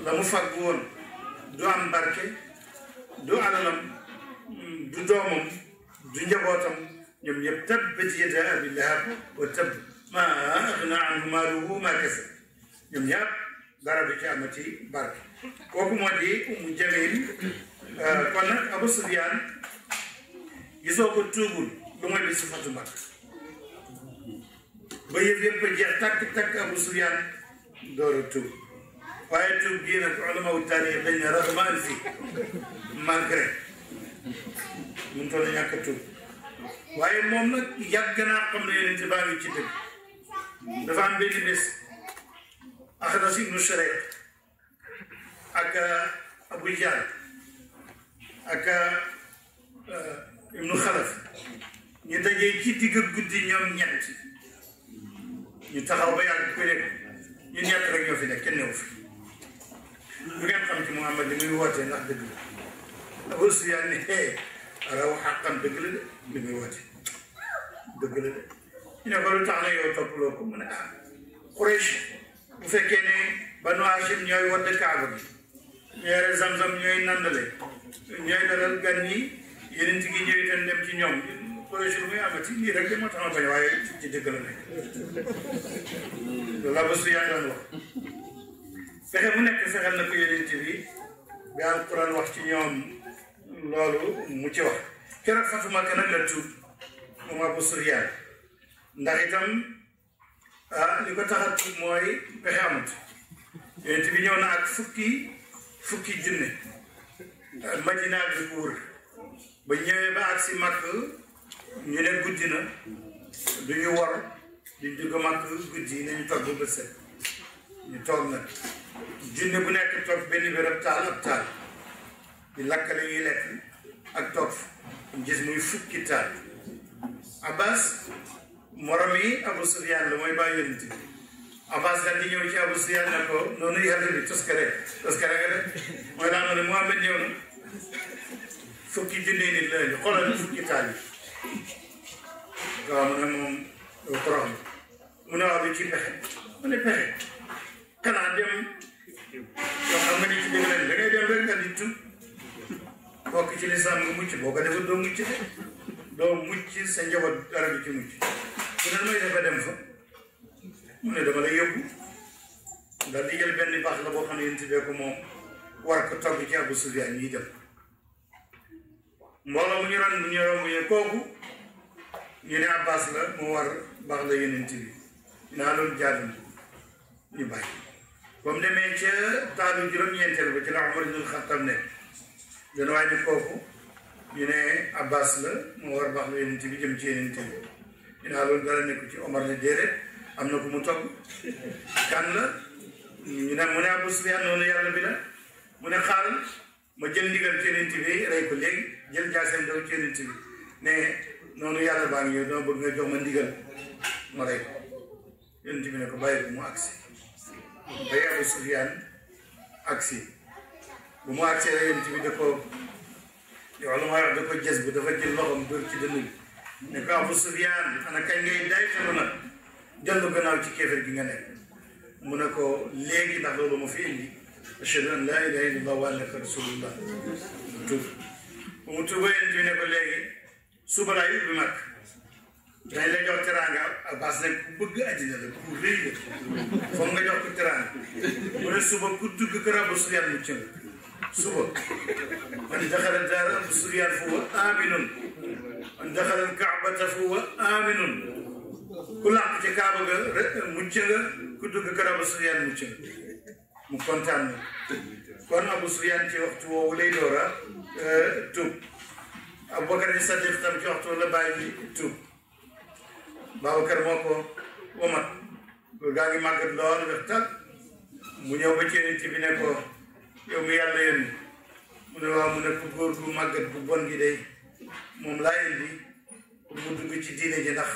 la mu fàgg woon du am du alalam du doomam du njabootam يم تبت يدا ابي لهب وتب ما اغنى عنه ماله ما كسب يم ياب ضرب كامتي بارك وكما دي ام جميل كون ابو سفيان يسوكو توغول لما دي صفات مكه ba yëf yëpp jeex takk takk abu sufyaan door a tuub waaye tuub bii nag ulama wu taarix dañ ne rahman fi malgré mun toll waaye moom nag yàgg naa xam ne yeneen xibaar yi ci dëgg dafa am benn bés Axnas ibnu Sharayk ak uh, Abu Jahl ak uh, uh, ibnu Xalaf ñu dajee ci digg guddi ñoom ñett ñu taxaw ba yàgg ku nekk ñu ñett rek ñoo fi nekk kenn newu fi lu ngeen xam ci Muhammad Abu Sufyaan ne xee raw xaqam dëgg la de li muy woote dëgg la de ñu ne ko lu tax na yow toppaloo ko mën a ah, am Quraysh bu fekkee ne Banu Hashim ñooy wadd kaaba bi ñooy yore Zamzam ñooy nandale ñooy dalal gan yi yeneen gi ñëw itam dem ci ñoom Quraysh muy amati lii rek de moo tax ma bañ waaye ci dëgg la nekk loolu la ba su wax fexe mu nekk fexeel na ko yeneen bi bi alquran wax ci ñoom loolu mu ci wax keroog Fatuma nag la tuub moom Abu Sufyaan ndax itam ah, li ko tax a tuub mooy pexe amut yonent ñëw na ak fukki fukki junne Madina ak li ko wër ba ñëwee ba ak si Makka ñu ne guddi na du war duñ dugg Makka guddi nañu toog ba bët set ñu toog nag junne bu nekk toog benn béréb taal ab taal di lakk la ñuy lekk ak toog gis muy fukki taal Abbas morom yi Abu Sufyaan la mooy bàyyi yonent bi Abbas daal di ñëw ci Abu Sufyaan ne ko noonu yàlla bi toskare toskare nga def mooy laa ma ne Muhammad ñëw na fukki junne nit la ñu xoolal fukki taal yi. waaw mu ne moom doo torox mu ne waaw bi ci pexe mu ne pexe kanaa ni ci dégg da ngay dem di tudd. bokk ci lislaam nga mucc boo ko defee doo mucc de doo mucc sa njaboot dara du ci mucc bu ne may dafa dem fa mu ne dama lay yóbbu ndax di jël benn baax la boo xam ne yéen moom war ko togg ci Abu Sufyaan ñuy dem mbooloo mu la mu war baax la yeneen bi naa loolu jaadu ñu bàyyi ba mu demee ca taalu juróom-ñeenteel ba ci la Umar ibn Xattaab nekk dana waay ni kooku ñu ne Abbas la moo war baax la yonent bi jëm ci yonent bi ñu ne loolu dara nekk ci Omar la déedéet am na ku mu togg kan la mu ne Abu Sufyaan noonu yàlla bi la mu ne xaaral ma jël ndigal ci yonent bi rey ko léegi jël jaaseem daw ci yonent bi ne noonu yàlla baa ngi dama bëgg nga jox ma ndigal ma rey ko yonent bi ne ko bàyyi ko mu agsi ba Abu Sufyaan agsi bu mu àggsee rek yonent bi da ko yow dafa jël ci dënnu bi ne ko Abu Sufyaan ana kañ ngay day tanu nag dellu gannaaw ci kéefar nga nekk mu ne ko léegi ndax loolu ma fi indi ashhadu an laa ilaaha illallah wa annaka rasulullah mu tuub bu mu tuubee yonent bi ko léegi suba laay ubbi mag dañ la jox teraanga Abbas nag ku bëgg àddina la nga jox ko teraanga mu ne suba ku dugg kër Abu Sufyaan mu cëng suba man daxalal daaran suriyaan fa huwa aminun man daxalal kaabata fa huwa aminun ku làq ca kaaba ga ku dugg kër Abu Sufyaan mucc mu kontaan na kon Abu Sufyaan ci waxtu woowu lay doora eh, tuub Abubakar Sadiq tam ci waxtu la bàyyi tuub Babacar moo ko womat loolu gaa ngi màggat lool ndax mu ñëw ba ci nit bi ne yow mi yàlla yónni mu mu ne ku góor gu màggat bu bon gi day moom laa yónni pour mu dugg ci diine ji ndax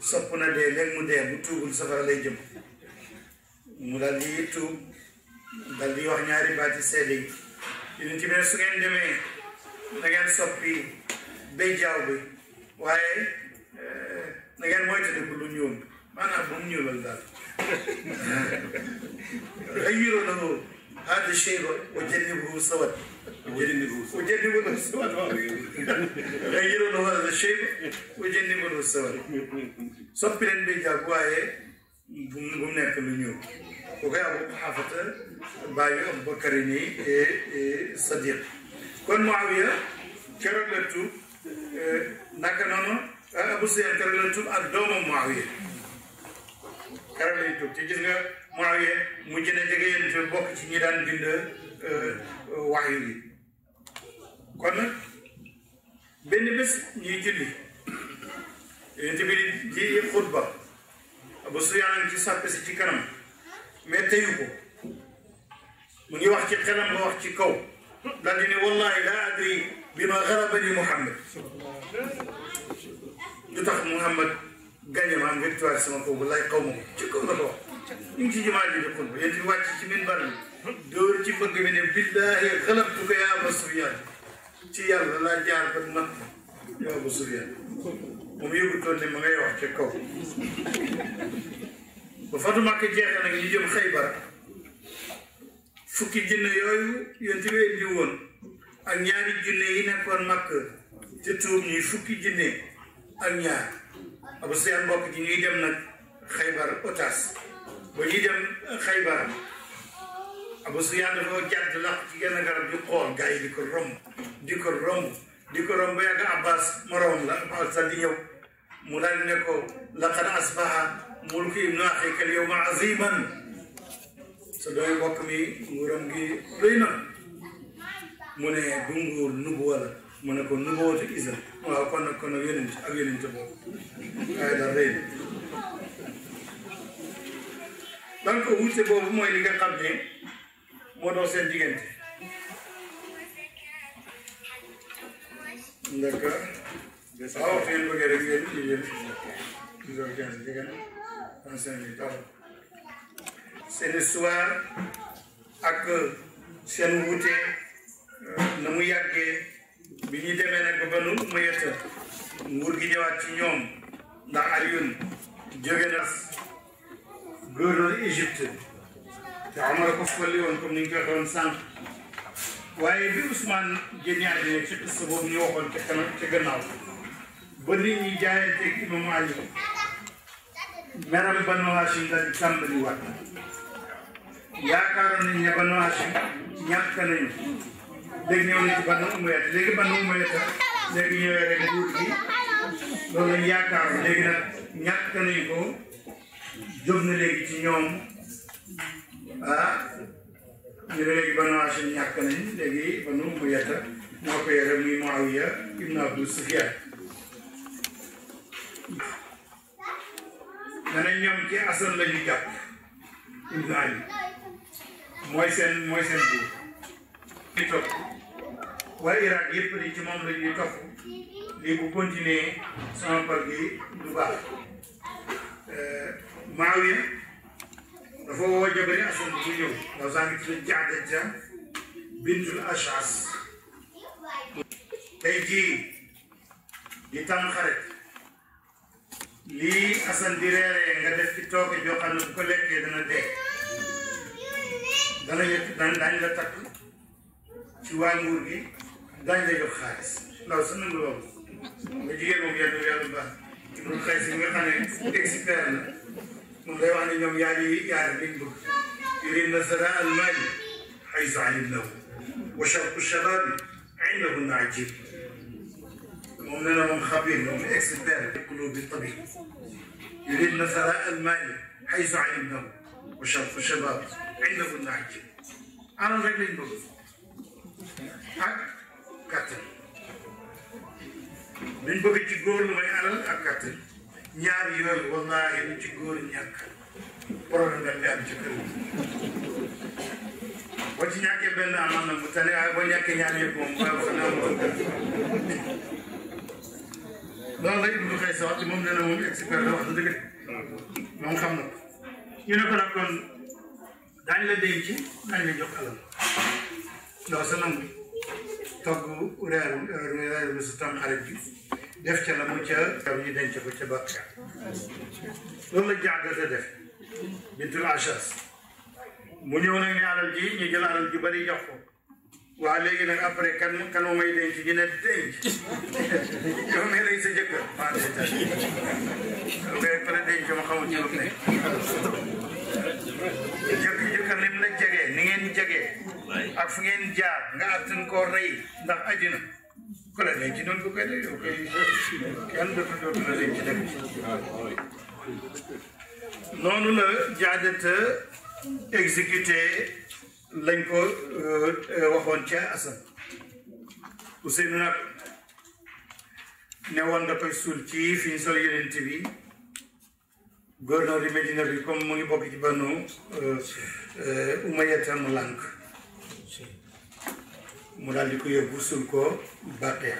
sopp na dee léegi mu dee bu tuubul safara lay jëm mu daal di tuub daal di wax ñaari baati seede yi yéen ci biir su ngeen demee na ngeen soppi béy jaaw bi waaye eh, na ngeen moytandiku lu ñuul maanaam bu mu ñuulal daal ay yuroo na loolu هذا الشيء وجنبه السواد وجنبه السواد غيروا له هذا الشيء وجنبه السواد سبلن بجاكواي بمنا كمنيو وغير أبو حافظ باي أبو بكريني إيه؟ إيه؟ صديق كون معاوية كرغلتو نكنانو إيه؟ أبو سيان كرغلتو أدوم معاوية كرغلتو تجي Muawiya mu na jege yéen fi bokk ci ñi daan bind euh, euh, waxyu bi kon benn bés ñuy julli yonent bi di xutba Abu Sufyaan ci sàppe si ci kanam mais teyu ko mu ngi wax ci xelam ba wax ci kaw daal di ne wallahi laa adri bi ma garabani Muhammad lu tax Muhammad gañe ma am victoire sama kaw wallahi xaw ma ko ci kaw la ko wax ñu ngi ci jumaa ji dëkkoon ba yéen ñu wàcc ci minbar bi dóor ci bëgg bi ne billahi xalabtu ko yaa ba sufyaan ci yàlla laa jaar ba natt yaa ba sufyaan moom ne ma ngay wax ca kaw ba fatu màkk jeexe nag ñu jëm xaybar fukki junne yooyu yéen ci wéy di woon ak ñaari junne yi nekkoon màkk te tuub ñuy fukki junne ak ñaar Abu Sufyaan mbokk ji ñuy dem nag xaybar otas ba ñuy dem Xaybar Abu Sufyaan dafa jàdd laq ci garab di xool gars di ko romb di ko romb di ko romb ba yàgg Abbas morom la Abbas daal di ñëw mu daal di ne ko laqad asbaha mulku ibnu axika al-yawma aziman sa dooy bokk mi nguuram gi rëy mu ne du nguur nubuwa mu ne ko nubuwatu isa waaw kon nag kon nag donc wuute boobu mooy li nga xam ne moo doon seen diggante. d'accord. waaw fi ngeen bëggee rek ngeen ñu jël dix heures quinze jege na seen histoire ak seen wuute na mu yàggee bi ñu demee nag ba mu yetta nguur gi ñëwaat ci ñoom ndax Alioune jóge na. rural Egypt. عمرك وصلي ونكون نجاح ونسان وأبي عثمان جميع اللي تشكل الصبوب نيوخن تكناو بدري نجاية تكيب معلي مرم بنو هاشم دا تسام بلوات يا كارن يا بنو هاشم نيام كنن دقني وني بنو أميات لكن بنو أميات لكن يا رجل بودي لولا يا كارن لكن نيام كنن يكون jóg na léegi ci ñoom ah ñu ne Banu Hashim ñàkk nañ léegi Banu Umayya moo ko yore muy Muawiya ibn Abdu Sufyaan danañ ñoom ci Asan la ñu jàpp ibn Ali mooy seen mooy seen buur di topp waa Irak yëpp ni ci moom bu continuer sama par bi du baax Muawiya dafa woo Jabriya Aswad bu ñëw ndaw saa ngi tudd Jaadata bintul Ashas tey jii di tam xarit lii Assane di reeree nga def ci tooke joo xam ne bu ko lekkee dana dee dana yëkk daan daañ la takk ci waa nguur gi daañ la jox xaalis ndaw sa nangu loolu nga jigéen moom yàlla yàlla baax ci loolu xay si nga xam ne expert la والله يعني اليوم يعني يعني بيكتب يريد مثلا المال حيث عين له وشرط الشباب عنده النعجب ومننا من خبير من اكسبير قلوب الطبيب يريد مثلا المال حيث عين له وشرط الشباب عنده النعجب انا غير من بلوز حق قتل من بقيت يقول غير على القتل ñaari yooyu wallaahi lu ci góor ñàkk problème dañ koy am ci kër boo ci ñàkkee benn amoon na mu tane waaye boo ñàkkee ñaar yëpp moom waaw xanaa moom loolu lay dugg xëy sa wax moom nee na moom expert la wax xam na ñu ne ko nag kon daañu la denc daañu la jox alal loolu sa nangu togg reer reer su tam xarit def ca la mu ca xew ñu denc ko ca bakka loolu la jaagata def bintul achas mu ñëw nag ne alal ji ñu jël alal ju bari jox ko waaw léegi nag après kan kan moo may denc ñu ne denc yow nee nañ sa jëkkër maa denc ngay pare denc ma xamul ci ne jëkk jëkkër lim ni ngeen jege ak fu ngeen jaar nga attan koo rey ndax aji na ku la denc noonu ko koy la denc noonu la jaadata exécuté lañ ko waxoon ca Assane Ousseynou nag ne woon da suul ci fi ñu sol yonent bi gouverneur bi comme mu bokk ci banu Umayya mu lànk mu laal di ko yóbbu suul ko bàttee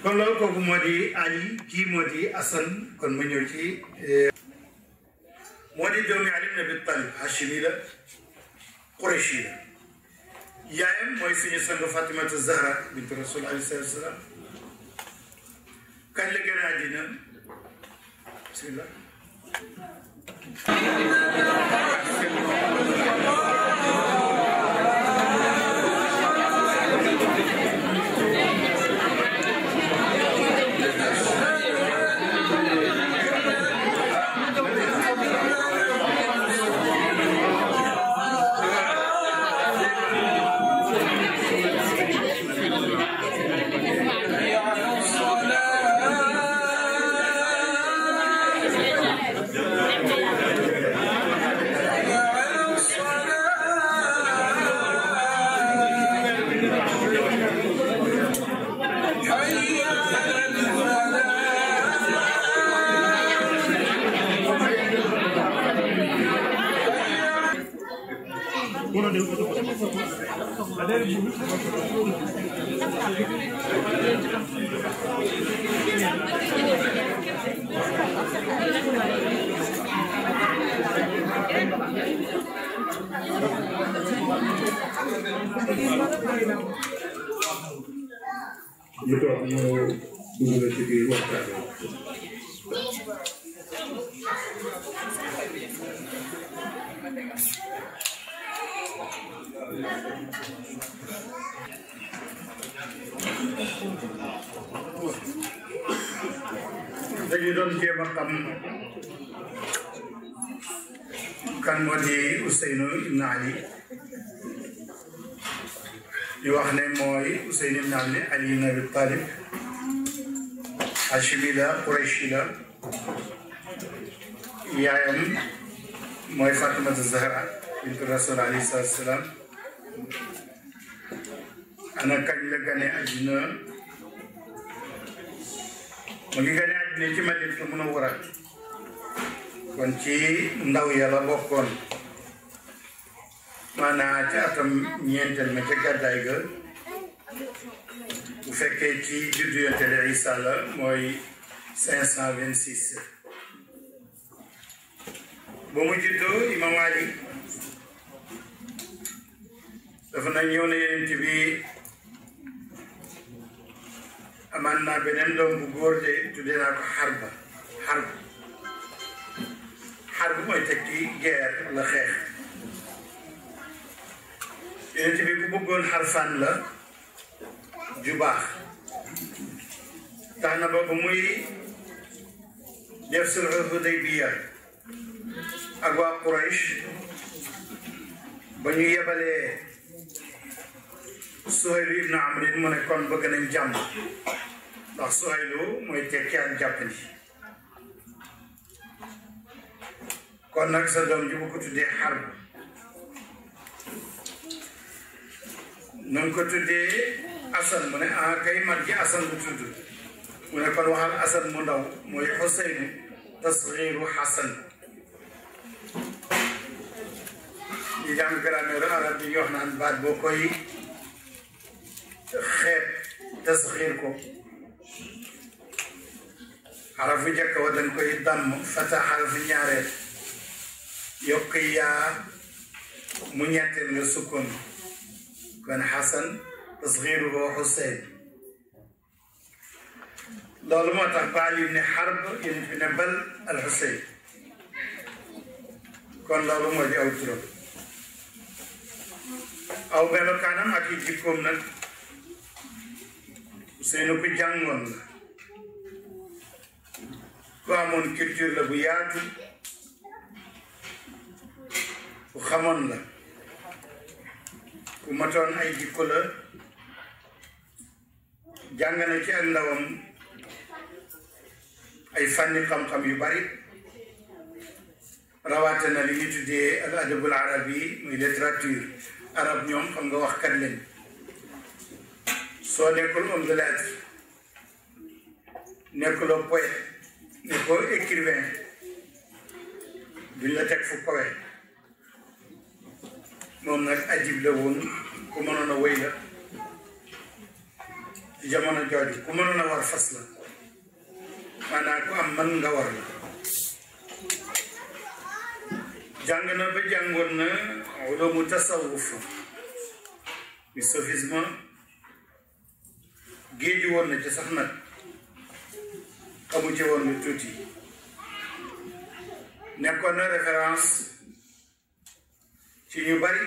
kon loolu kooku moo di Ali kii moo di kon ma ñëw eh, doomi Ali ibn Abi Talib Hachimi la Qurayshi la yaayam mooy suñu sang Fatimatu Zahra bint Rasul alayhi salaam kañ la gën bismillah Yukarıda burada şekeri var. Jadi don dia bakam kan wadi Usainu ibn Ali di wax ne mooy Ousseynou ibn Ali Ali ibn Abi Talib Hachimi la Qurayshi la yaayam mooy Fatimatu Zahra bintu Rasul alayhi salaam ana kañ la gane àddina mu ngi gane àddina ci Madina Munawwara kon ci ndaw yàlla bokkoon maanaam ca atam ñeenteel ma ca gàddaay ga bu fekkee ci juddu yonte de Isa mooy cinq cent vingt six ba mu juddoo imam Ali dafa nag ñëw na yonent bi amaan naa beneen doom bu góor de tuddee naa ko xarba xarb mooy tekki guerre la xeex yonent bi ku bëggoon xarfaan la ju baax tax na ba muy def sulxul Hudaybiya ak waa Quraysh ba ñu yebalee Suhaylu ibnu Amr mu ne kon bëgg nañ jàmm ndax Suhaylu mooy tekki ak jàppandi kon nag sa doom ji bu ko tuddee noonu ko tuddee asan mu ne ah kay mag ji asan bu tudd mu ne kon waxal asan mu ndaw mooy xuseynu tasxiiru xasan ñu jàng grammaire arab yi ñu wax naan baat boo koy xeeb tasxiir ko xarafu njëkk wa dañ koy damm fata xarafu ñaareel yokk yaa mu ñetteel nga sukkoon كان حسن صغير صغيره حسين ظالمة ما تقبالي من حرب ينبل الحسين كان ما دي أو ترى أو بابا كان أكيد جيكم نك حسين في جنگون كامون كتير لبياتي وخمون لك ku matoon ay jikko la jàng na ci ak ay fànni xam-xam yu bari rawaate na li ñu tuddee al adabul arab yi muy littérature arab ñoom xam nga wax kat soo nekkul homme nekkuloo poète nekkuloo écrivain duñ la teg fu poète moom nag ajib la woon ku mënoon a wéy la jamono jooju ku mënoon a war fas la maanaam ku am man nga war la jàng na ba jàngoon na ulumu tasawuf mi sophisme géeju woon na ci sax nag xamu ci woon lu tuuti nekkoon na référence ci ñu bari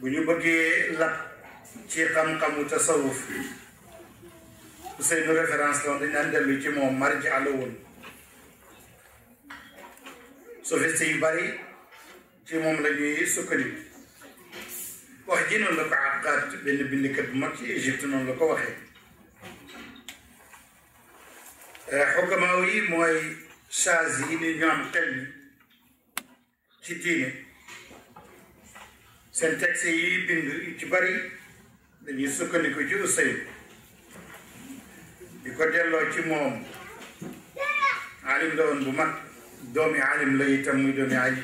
bu ñu bëggee lab ci xam-xamu tasawuf Ousseynou référence la dañ daan dellu ci moom marja la woon sophiste yu bari ci moom la ñuy sukkandiku wax ji noonu la ko àqaat benn bindkat bu mag ci Égypte noonu la ko waxee xukamaa eh, mooy chage ni ñu am ci diine seen texte yi bind ci bari dañuy sukkandiku ci Usayn di ko delloo ci moom alim la woon bu mag doomi alim la itam muy doomi ali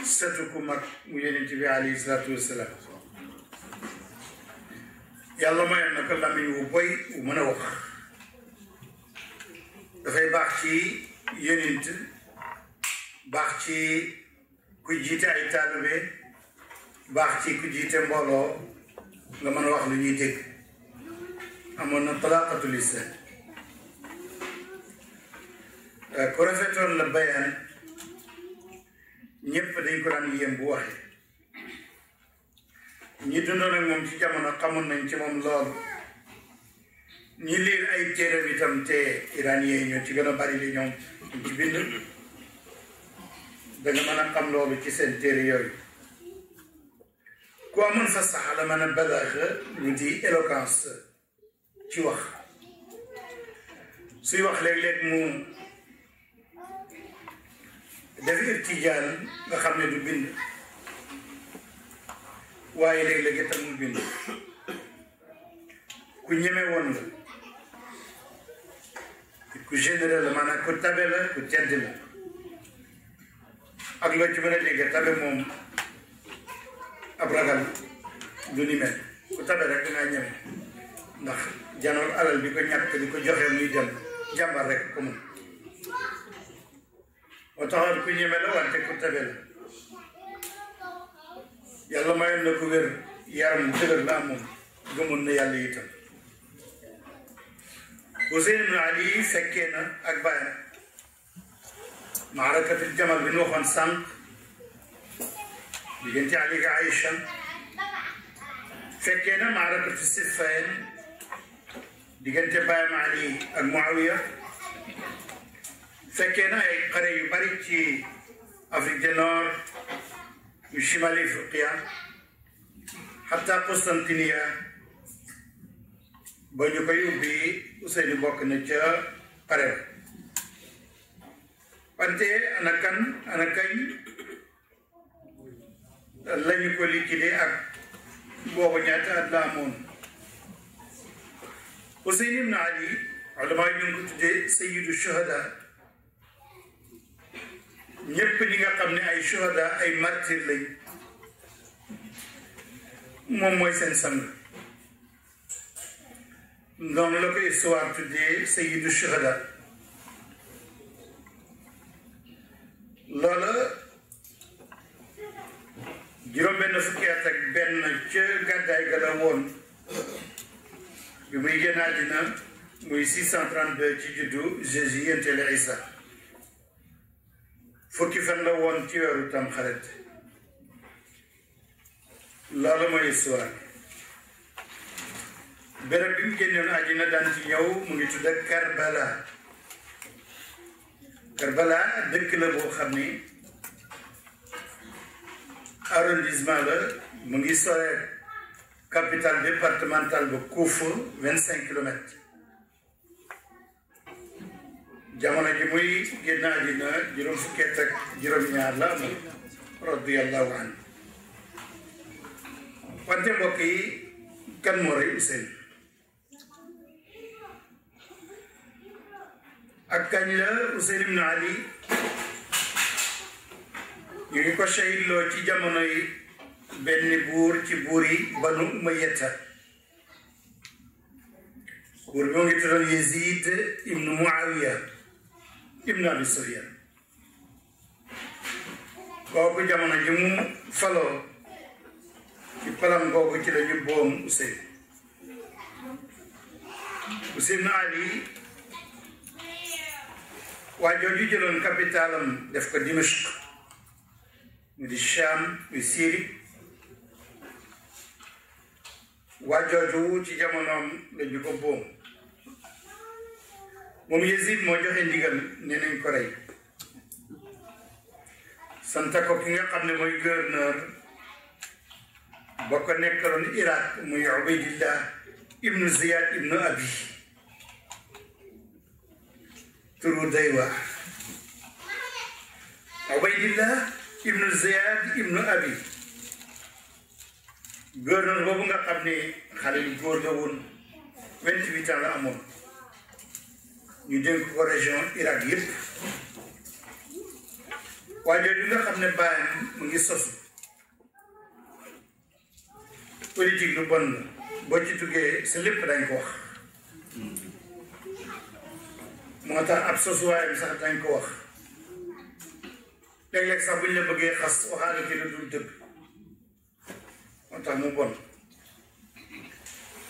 sëtu ku mag mu yonent bi alayhi salaatu wasalaam yàlla mayoon na ko lamiñ wu boy wu mën a wax dafay baax ci yonent baax ci ku jiite ay taalibe baax ci ku jiite mbooloo nga mën wax lu ñuy dégg amoon na talaaqatul islam euh, ku rafetoon la bayaan ñëpp dañ ko daan yéem bu waxee ñi dundoon ak moom ci jamono xamoon nañ ci moom lool ñi liir ay téeram itam te iranien ñoo ci gën a bari li ñoom ci danga mën a xam loolu ci seen téere yooyu ku amoon fa sax la mën a balaaxa ñu di éloquence ci wax suy wax léeg-léeg mu def irtijaan nga xam ne du bind waaye léeg-léeg itam mu bind ku ñeme woon la ku généreux la maanaam ku tabe la ku tedd la ak loo ci mën a déggee tabe moom ab ragal du ni mel alal bi ko ko joxe muy dem jàmbar rek ko mun moo taxoon ku ñeme la wante ku tabe la yàlla mayoon na ko wér yaram dëgër ak bàyyam معركة الجمل بن وخن سانك اللي عليك عايشة فكينا معركة السفين اللي كانت بايم علي المعاوية فكينا قريب بريتي أفريقيا النور من شمال أفريقيا حتى قسطنطينية بنيو بيوبي وسيدي بوكنا قريب wante ana kan ana kañ lañu ko liggéey ak boobu ñaata at la amoon ibn Ali ulama yi ñu ngi ko tuddee sayyidu shuhada ñëpp ñi nga xam ne ay shuhada ay martir lañ moom mooy seen sang noonu la ko histoire tuddee sayyidu loola juróom-benn fukki at ak benn ca gàddaay ga la woon bi muy génn àddina muy 632 ci juddu Jésus yéntele Isa fukki fan la woon ci weeru Tamxarit loolu mooy histoire béréb bi mu génnoon àddina daan ci ñëw mu ngi tudd Karbala Kerbala, dëkk la boo xam ni arrondissement la mu ngi 25 capitale départementale ba Koufour vingt cinq kilomètres jamono ji muy génn àddina juróom fukki ñaar la kan moo rey ak kañ la Useyn ibn Ali ñu ngi ko shahidloo ci jamonoy benn buur ci buur yi banu Umayyata buur bi mu ngi tuddoon Yazid ibnu Muawiya ibnu Abi Sufyan kooku jamono ji mu faloo ci palam kooku ci la boom Useyn Useyn ibn Ali waa jooju jëloon capitalam def ko Dimashq mu di Cham mu Syrie waa jooju ci jamonoom la ñu ko boom moom Yezid moo joxe ndigal ne nañ ko rey santa ko ki nga xam ne mooy gouverneur ba ko nekkaloon Irak muy Ubaydillah ibnu Ziyad ibnu Abi turu day wax Ubaydillah ibnu Ziyad ibnu Abi gouverneur boobu nga xam ne xale yu góor la woon huit ans amoon ñu dénk ko région Irak yëpp waa jooju nga xam ne bàyyam mu ngi sosu politique lu bon boo ci tuggee sa lépp dañ ko wax moo ab sosuwaay bi sax dañ ko wax léeg-léeg sax buñ la bëggee xas waxaale ci lu dul dëgg moo tax mu bon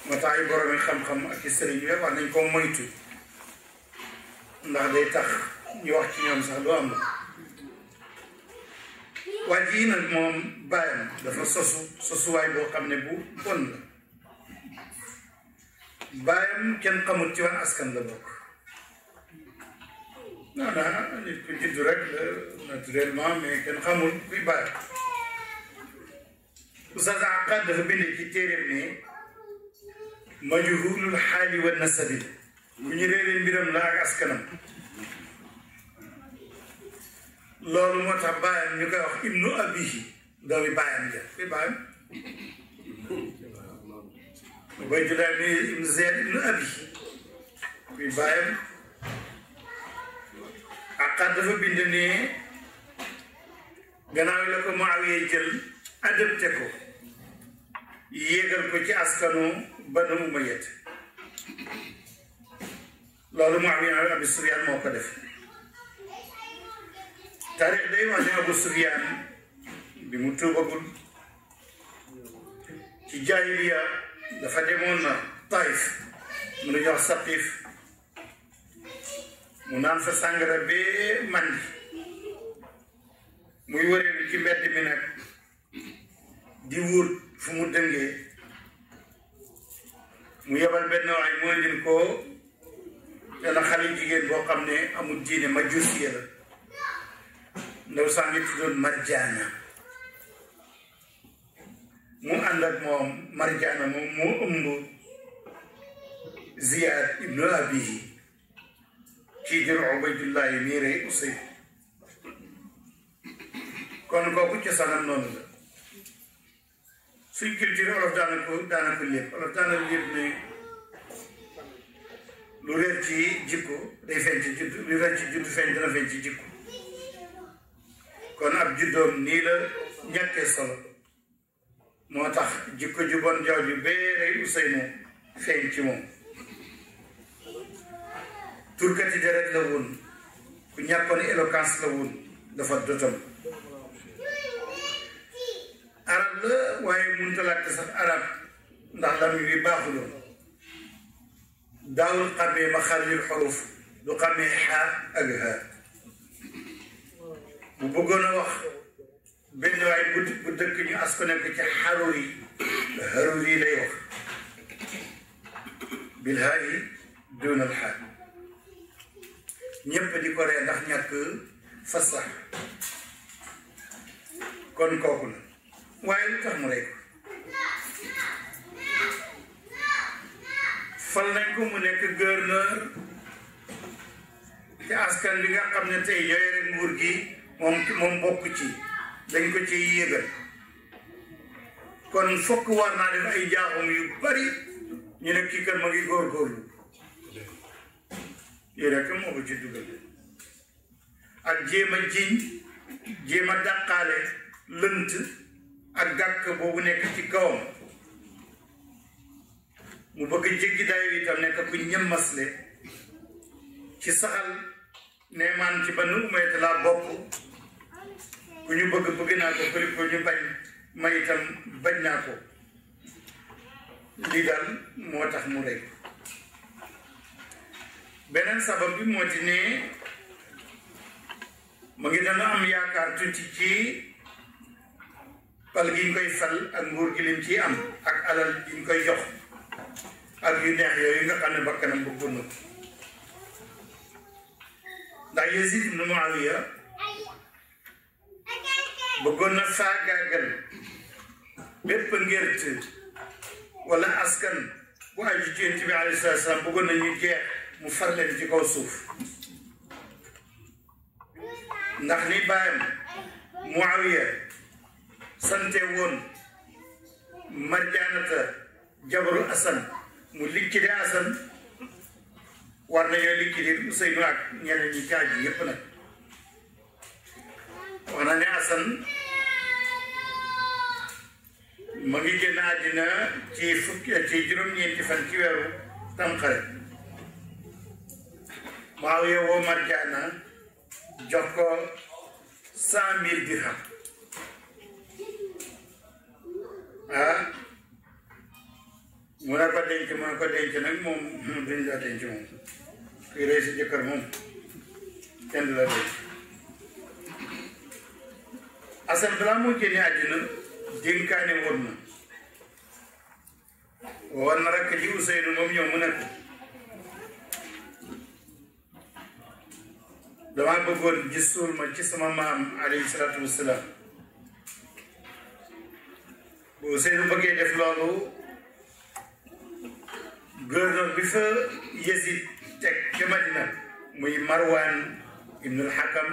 moo tax ay boromi xam-xam ak i sëriñ yooyu wax nañ ko moytu ndax day tax ñu wax ci ñoom sax lu am la waa jii nag moom bàyyam dafa sosu sosuwaay boo xam ne bu bon la bàyyam kenn xamut ci wan askan la bokk Non, non, les petites règles, naturellement, mais qu'un khamoul, oui, bah. Oustaz Aqad Rabine qui térémné, Majhulul Hali wa Nasabi. Vous n'y rérez mbiram la ak askanam. Loolu moo tax bàyyam ñu koy wax Ibnu Abihi, doomi bàyyam ja. Fi bàyyam? Bay judaa ni Ibnu Zayd Ibnu Abihi. Fi bàyyam ak xar dafa bind ne gannaaw la ko Muawiya jël adopté ko ci askanu Banu Umayya loolu Muawiya Abu Sufyaan moo ko def taarix day wax Abu Sufyaan bi mu tuubagul ci jaahiliya dafa demoon na Taif mu nu jox Saqiif mu naan fa sàngara bee mandi muy wëreelu ci mbedd mi nag di wut fu mu dëngee mu yebal benn waay mu indil ko benn xale jigéen boo xam ne amul diine ma jusiya la ndaw saa ngi marjaana mu ànd ak moom marjaana moom mu ëmb ziyaad ibnu abihi ci jur Ubaydullahi mii rey Usayd kon kooku cosaanam noonu la suñ culture olof daana ko daana ko lépp olof daana lépp ne lu réer ci jikko day feeñ ci judd lu réer ci judd feeñ jikko kon ab juddoom nii la ñàkkee solo moo tax jikko ju bon jaww ji bee rey Usayd moom feeñ ci moom turkati deret la woon ku ñàkkoon éloquence la woon dafa dotam arab la waaye mënut a làkk sax arab ndax lam wi baaxuloon daawul xàmmee maxaarij xuruf du xàmmee xaa ak haa bu bëggoon a wax benn waay bu bu dëkk ñu as ko nekk ci xarur yi xarur yi lay wax bil haa yi doon al xaa ñépp di ko ree ndax ñàkk fasax kon kooku la waaye lu tax mu rey ko fal nañ ko mu nekk gouverneur te askan bi nga xam ne tey yore nguur gi moom moom bokk ci dañ ko ci yéegal kon fokk war naa def ay jaaxum yu bari ñu ne kii kan ma ngi góorgóorlu yooyu rek moo ko ci dugal ak jéem a jiñ jéem a dàqaale lënt ak gàkk boobu nekk ci kawam mu bëgg jéggi dayo itam nekk ku ñëmmasle ci saxal ne maan ci ban umayat laa bokk ku ñu bëgg bëgg naa ko bëri ko ñu bañ ma itam bañ naa ko lii moo tax mu rey benen sabab bi moo di ne mu ngi dana am yaakaar tuuti ci pal gi ñu koy fal ak nguur gi lim ci am ak alal gi ñu koy jox ak yu neex yooyu nga xam ne bakkanam bu gunn ndax Yazid ibnu Muawiya bëggoon na faagaagal bépp ngert wala askan bu aju ci yonent bi alayhi salaatu salaam bëggoon na ñu jeex mu far leen ci kaw suuf ndax li baayam Muawiya sante woon Marjaanata jabaru Asan mu liquide Asan war nañoo liquide Useynu ak ñeneen ñi caaj yi yépp nag wax na ne Asan ma ngi génn àddina ci fukki ci juróom-ñeenti fan ci weeru tamxarit Muawiya woo Marjaana jox ko cent mille dirham ah? mu ne ko denc mu ne ko denc nag moom duñ la denc moom kuy rey si jëkkër moom kenn du la denc Asan balaa moo génne àddina dénkaane woon na woon na rakk ji Useynu moom ñëw mu ne ko damaa bëggoon gis suul ma ci sama maam alayhi salaatu wasalaam bu seenu bëggee def loolu gouverneur bi fa Yezid teg ca Madina muy Marwan ibn hakam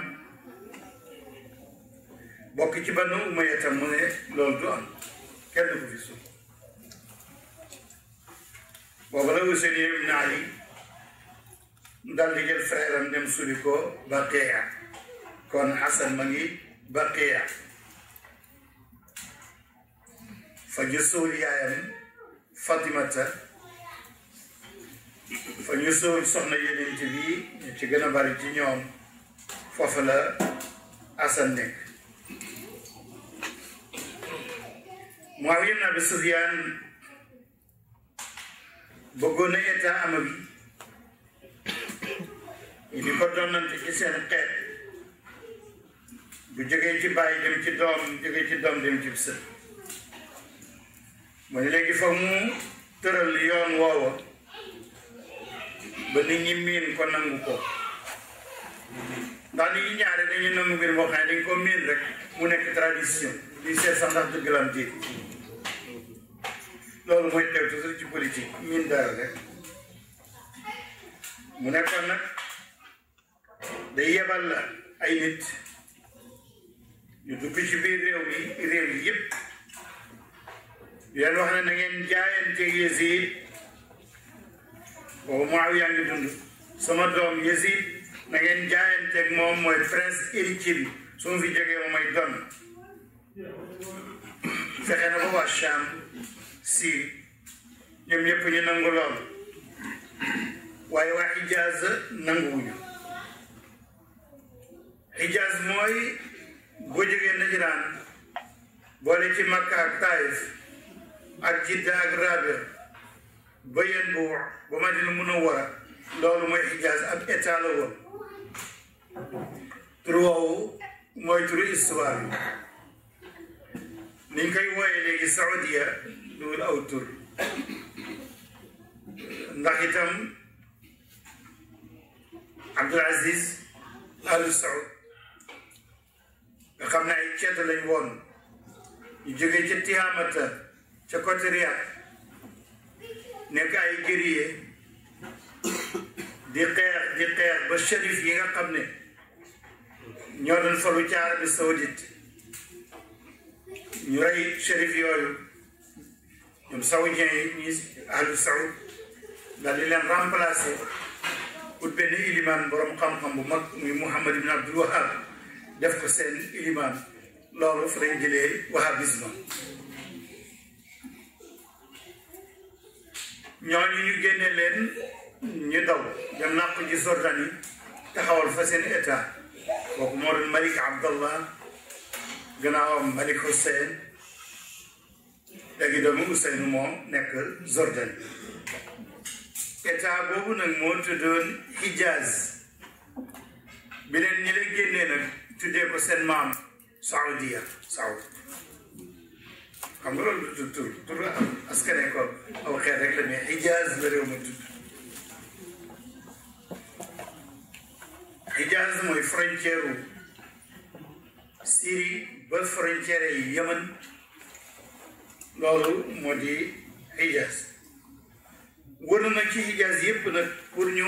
bokk ci Banu Umayya tam mu ne du am kenn du ko fi suul boobu la Husayn ibn Ali dal di jël frère am dem suli ko Baqiya kon Xasan ma ngi Baqiya fa ñu suul yaayam Fatimata fa ñu suul soxna yeneen bi ci gën a bari ci ñoom foofu la Xasan nekk Muawiya ibn Abi Sufyaan bëggoon na état amabi di ko donnante ci seen xeet bu jógee ci bàyyi dem ci doom jógee ci doom dem ci sët mooy léegi fa mu tëral yoon woowa ba ni ñi miin ko nangu ko ndax nit ñi ñaare dañuy nangu mbir boo xam ne ko miin rek mu nekk tradition di seet sax ndax dëgg lam loolu mooy teew toujours ci politique miin dara rek mu nekkoon nag day yebal la ay nit ñu dugg ci biir réew mi réew yi yépp yàlla wax na na ngeen jaayanteeg Yezid boobu Muawiya ngi dund sama doom Yezid na ngeen jaayanteeg moom mooy prince héritier bi su ma fi jógee moom na ba waa Cham Syrie ñoom ñëpp ñu nangu lool waaye waa Ijaaz nanguwuñu Hijaaz mooy boo jógee Najraan boole ci Makka ak Taif ak Jidda ak Rabe ba yéen bu wax ba Madina loolu mooy Hijaaz ak état la mooy turu histoire bi niñ koy wooyee léegi Saudiya duwul aw tur ndax itam Abdul nga xam ne ay ceet lañ woon ñu jógee ca Tihamata ca côté Riyad nekk ay guerrier di xeex ba shérif yi nga xam ne ñoo doon falu ca Arabie Saoudite ñu rey shérif yooyu ñoom saoudien yi ahlu saoud daal di leen remplacer ut benn iliman borom xam-xam bu mag muy Mouhamad ibn Abdul Wahab دفق سين إيمان لولو فرنجلي وحبزم نعني نجن لن ندو يمناق جزر جاني تحول فسين إتا وقمور الملك عبد الله جناو ملك حسين لكن دمو حسين مو نكل زر جاني إتا بوبو نمو تدون حجاز بنا نلقي نلقي tuddee ko seen maam Saoudia Saoud xam nga loolu du tur tur la am askane ko aw going to la mais Hijaz la réew ma tudd Hijaz mooy frontière u Syrie ba frontière yi Yemen loolu moo di Hijaz wër na ci Hijaz yépp nag pour ñu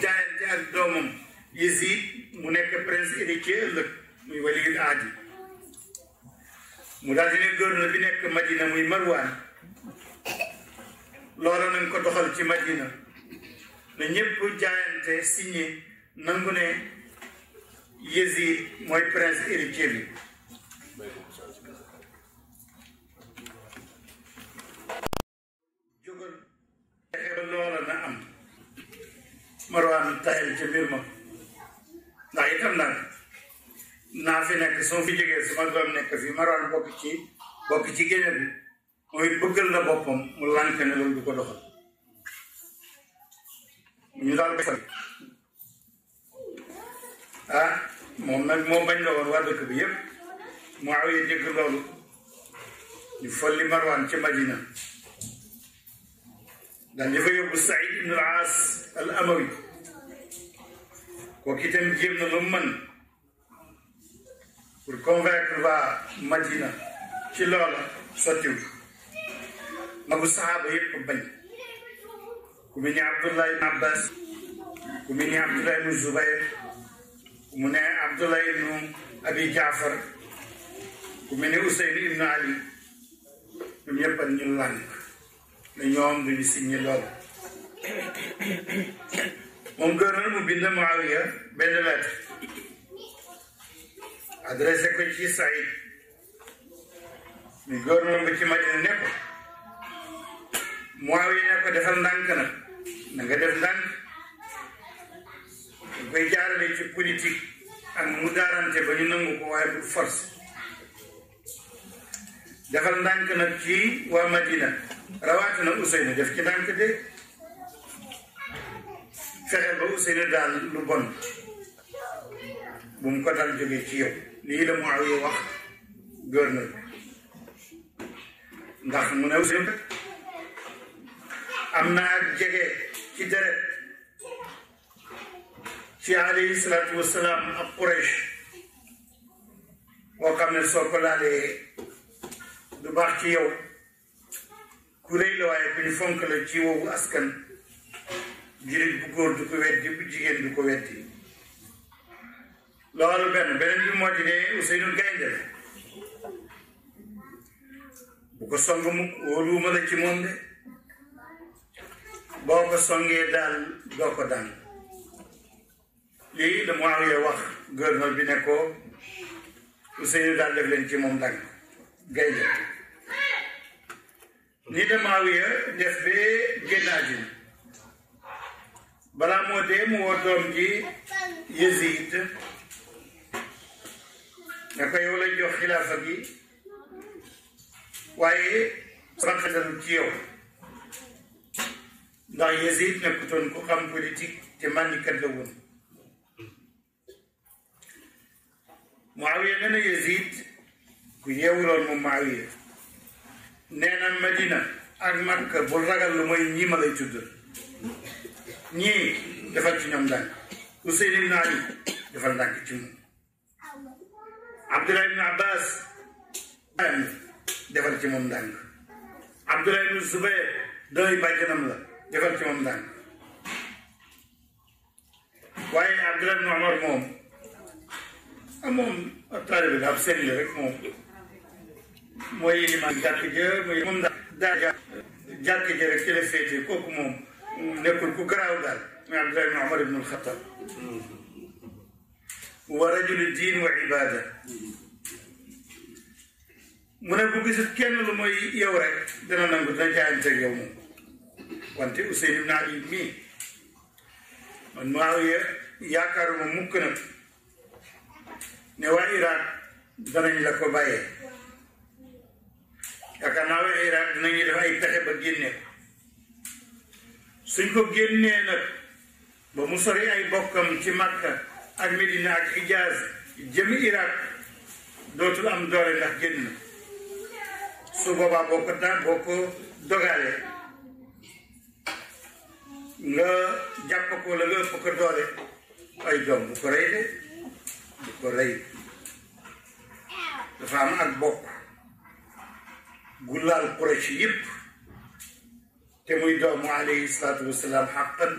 jaayante ak doomam Yazid mu nekk prince héritier ëllëg muy waliul aadi mu daal di ne gouverneur bi nekk Madina muy Marwaan loolu nañ ko doxal ci Madina na ñëpp jaayante signé nangu ne Yezid mooy prince héritier bi jógal loola na am Marwaan taxel ca mbir ndax itam e nag naa fi nekk soo fi jógee suma doom nekk fi ma doon bokk ci bokk ci génne bi mooy bëggal la boppam mu lànk ne loolu du ko doxal ñu daal ko ah moom nag moo bañ la woon waa dëkk bi yëpp mu aw yi dégg loolu ñu folli Marwan ci Madina daal dafa yóbbu Saïd ibn al al Amawi kooku itam jéem na lu mu mën pour convaincre waa Madina ci loola sottiwul magu saxaaba yëpp bañ ku mu ne Abdullah ibn Abbas ku mu ne Abdullah ibn Zubayr ku mu ne Abdullah ibn Abi Jaafar ku mu ne Usayn ibn Ali ñoom ñëpp ñu lànk ne ñoom duñu signé loolu moom gërëm mu bind Muawiya benn lettre adressé ko ci Saïd ñu gërëm bi ci Madina ne ko Muawiya ne ko defal ndànk na na nga def ndànk ñu koy jaarale ci politique ak mu daarante ba ñu nangu ko waaye bu force defal ndànk nag ci waa Madina rawatina Ousseynou def ci ndànk de. fexeel ba Ousseynou daal lu bon bu mu ko dal jógee ci yow lii la Muawiya wax gouverneur ndax mu ne Ousseynou am na ak jege ci deret ci alayhi salaatu wasalaam ak Quraysh boo xam ne soo ko du baax ci yow ku rëy la ku ñu fonk la ci woowu askan jirit bu góor du ko weddi bu jigéen du ko weddi loolu benn beneen bi moo ci ne Ousseynou Gaynde la bu ko song mu de boo ko songee daal doo ko daan lii la Muawiya wax gouverneur bi ne ko Ousseynou de Muawiya def bee برامو دیم وردم جی یزید نپی اولی جو خلاف جی وای رفتن کیو دا یزید نکتون کو کم پولیتیک تمانی کردون معاوية نانا يزيد كي يولو المعاوية نانا مدينة أغمك بلغة لما ينيم على تدر ñii defal ci ñoom ndànk Ousseynou ibn Ali defal ndànk ci moom Abdullah ibn Abbas defal ci moom ndànk Abdullah ibn Zubair doy bàjjanam la defal ci moom ndànk waaye Abdullah ibn Omar moom ah moom taalibe la ab seen la rek moom mooy limaan jàkk ja mooy moom daal jàkk ja rek ci la féete kooku moom ونأكل كوكرا وقال زي عمر بن الخطاب ورجل الدين وعبادة من أبو بيسد كان لما يورك دنا نقول نجا أنت يوم وانت أسيد بن علي مين من معاوية ياكار وممكن نوا إيران دنا نلقوا بايه ياكار نوا إيران دنا نلقوا بايه suñ ko génnee nag ba mu sori ay bokkam ci Makka ak Medina ak Hijaaz jëm Irak dootul am doole ndax génn su boobaa boo ko daan boo ko dogalee nga jàpp ko la nga ëpp ko doole ay doom bu ko rey de bu ko rey dafa am ak bokk gu laal Quraysh yëpp te muy doomu alayhi salaatu wasalaam xaqan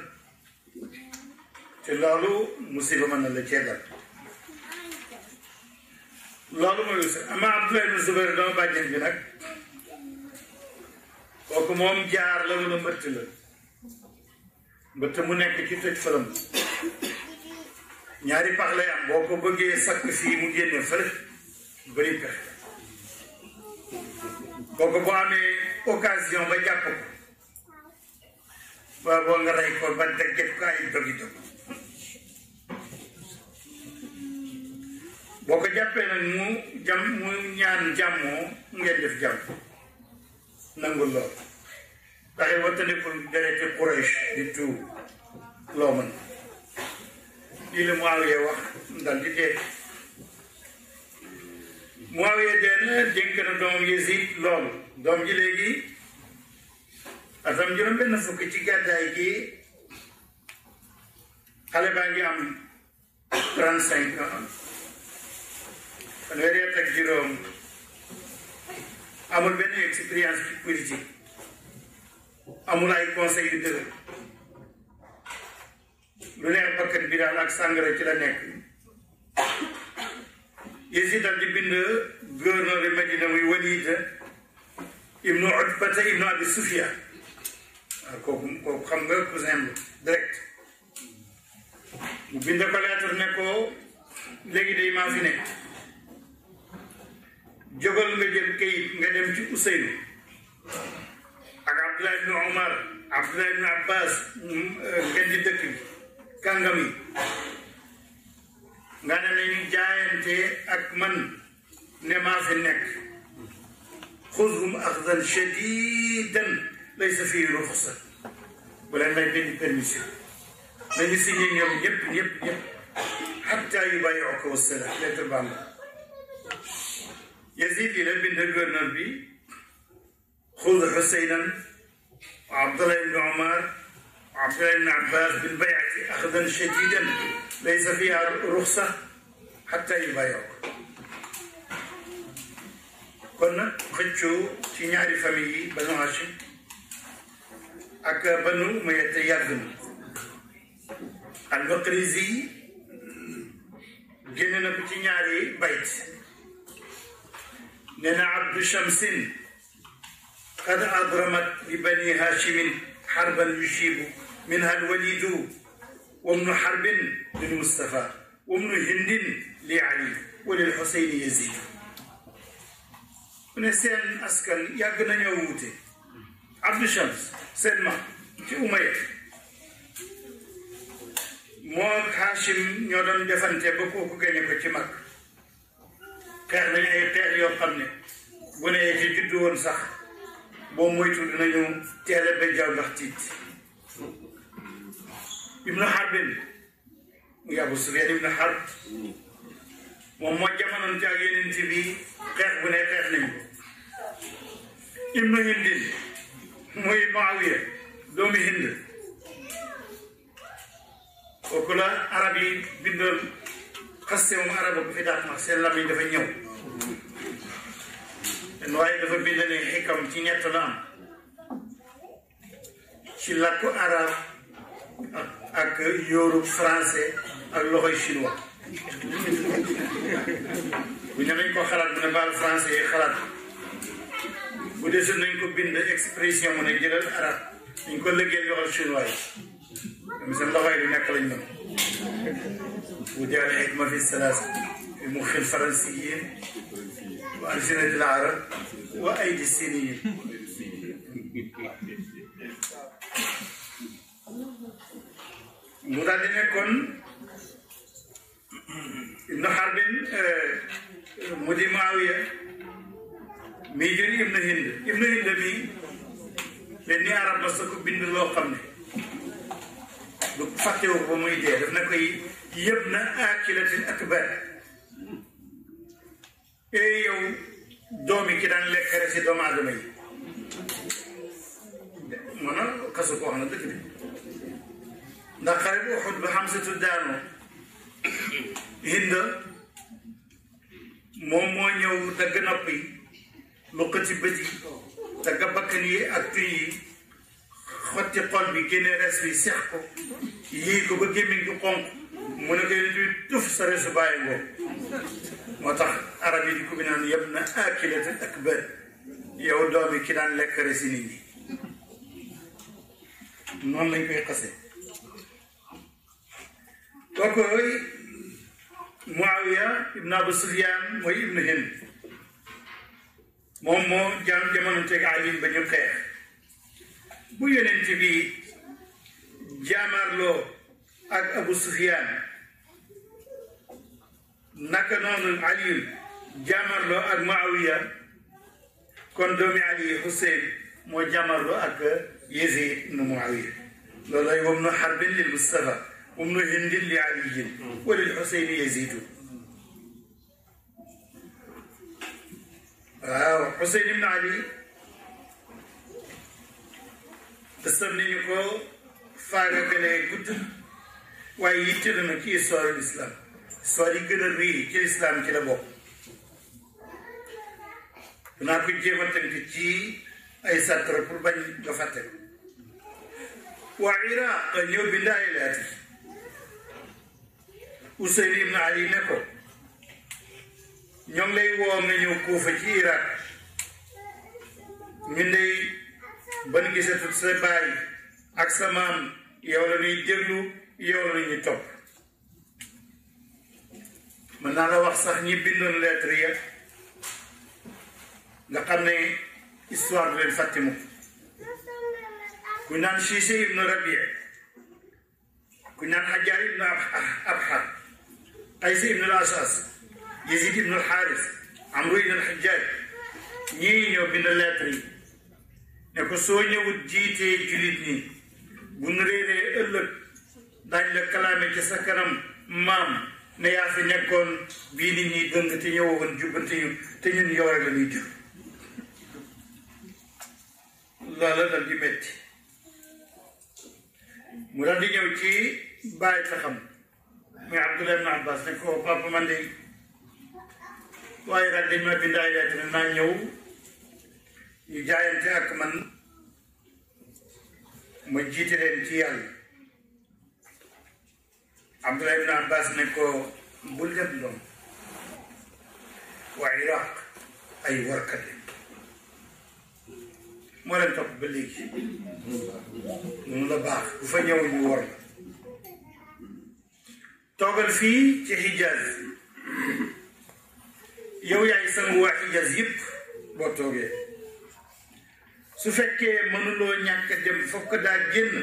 te loolu musiba mën na la ceedal loolu mooy wus ama Abdoulaye ibn Zubair dama bàjjen bi nag kooku moom jaar la wala mbëtt la mbëtt mu nekk ci toj falam ñaari pax lay am boo ko bëggee sakk mu génne fële bëri pexe kooku boo amee occasion ba jàpp wagonga ngerai korban badda kepka begitu. Bawa jappe nak jam mu jamu jammo ngeen def jam nangul lool taxe wattandikul derete quraish di tuub loo mën ya, lii la muawiya wax dal di dee muawiya dee na dénk na doom yesit loolu doom atam juróom benn fukk ci gàddaay gi xale baa ngi am trente cinq ans fanweeri at juróom amul benn expérience ci politique amul ay conseil yu lu neex bakkan bi daal ak sàngara ci la nekk Yazid dal di bind gouverneur de Medina muy Walid ibnu Utbata ibnu Abi Sufyan kooku kooku xam nga cousin bi direct mu bind ko lettre de ko léegi day maa fi nekk jógal nga jël kayit nga dem ci Ousseynou ak Abdoulaye ibn Omar Abdoulaye ibn Abbas ngeen euh, di dëkk bi nga ne jaayante ak man ne maa fi nekk xuzhum axzan shadidan laysa fii ruxsa Bulan may bind permission. May singing yum, yep, yep, yep. Hatta yubayuku vesselam. Letter bana. Yazid ile bin de görünür bir. Hud Hüseyin'in Abdullah ibn Umar Abdullah ibn Abbas bin bayati akıdan şediden leysa fiyha ruhsa hatta yubayuku. كنا خدشوا في نعرف بنو هاشم ak banu umayya yàgg na al-Maqrizi génne na ko ci ñaari bayt nee na abdu shamsin qad adramat li bani hashimin xarban yusibu minha alwalidu وابن حرب للمصطفى وابن هند لعلي وللحسين يزيد من سين أسكن يقنا يوتي عبد الشمس seen mag ci Umayya moo Hachim ñoo doon defante ba kooku gañe ko ci mag ker nañu ay xeex xam ne bu ne ci juddu woon sax boo moytu dinañu teel a béjjal ndax tiit Ibnu Harbin muy Abu Sufyaan Ibnu Harb moom moo jamonoon ci ak yeneen ci bi xeex bu ne Ibnu Hindin muy Muawiya doomu Hind kooku la arab yi bindoon xaste moom araba bu fi dafa ñëw ten dafa bind ne xikam ci ñett la am ci làkku arab ak ak yóoru français ak loxoy chinois bu ña nañ ko xalaat bu ne baal français yi xalaat bu dee nañ ko bind expression mu ne jëlal arab dañ ko liggéey yoxal chinois yi seen loxoy du nekk lañ doon ودي على الحكمة في السلاسل في مخ الفرنسيين وألسنة العرب وأيدي الصينيين مدادين يكون ابن حرب مدي معاوية mi ngi jëli Ibnu Hind Ibnu Hind mii benn arab la sa ko bind loo xam ne du fàttewu ba muy dee daf na koy yëpp na aakilatin akbar ee eh, yow doomi ki daan lekk rek si doomu aadama yi mën a kasu ko wax na dëkk bi ndax xare bu Uhud ba Hamsatu daanoo Hind moom moo ñëw dagg nopp مقتي بدي تقبك لي أكتي خطي قلبي كنا رسمي سحكو ييكو بكي من يقونكو منكي لدي تفسر سباينكو موتاخ عربي ديكو بنان يبنى آكلة أكبر يو دومي كنان لك رسينيني نون لنكو يقصي وكو معاوية ابن أبو سفيان وابن هند moom moo jam jamononteeg Alioune ba ñu xeex bu yonent bi jaamaarloo ak Abu Sufyaan naka noonu Alioune jaamarloo ak Maawiya kon doomi Ali Hussein moo jaamarloo ak Yazid ibn Muawiya loolay wam nu xarbin lil Mustafa wam nu hindin li Aliyin wa lil Hussein Yazidu waaw Xuseyn ibn Ali sëm nañu ko faaga gën a gudd waaye yitte na ci histoire l' islam histoire yi gën a réy ci l'islam ci la bokk dinaa ko jéem a tënk ci ay sattre pour bañ nga fàtte waa Iraq ñëw bi ndaayilaati Xuseyn ibn Ali ne ko ñoom lay woo nga ñëw kuufa ci Irak ñu ndey ban gisatu sa baay ak sa maam yow la ñuy déglu yow la ñuy topp mën naa la wax sax ñi bindoon lettre ya nga xam ne histoire du leen fàtte mu ku naan Siise ibnu Rabia ku naan Hajar ibnu Abha Qays ibnu Lasas Yazid ibn al-Xaaris Amru ibn al-Xajjaaj ñii ñoo bind lettre ne ko soo ñëwut jiitee julit ñi bu nu réeree ëllëg daañ la kalaame ci sa kanam maam ne yaa fi nekkoon bii nit ñi dëng te ñëwoon jubbante ñu te ñun yow rek la ñuy di métti mu dal ñëw ci bàyyi taxam muy Abdullah ibn Abbas ne ko papa man waaye daal dañ ma bindaay lettre bi maa ak man ma jiite leen ci yàlla Abdoulaye ibn Abbas ne ko bul dem doom ay warkat lañ leen topp ba léegi noonu la baax bu fa ñëw ñu war la toogal fii ci Hijaz yow yaay sanguwaat jas yëpp boo toogee su fekkee mënuloo ñàkk dem fokk daa génn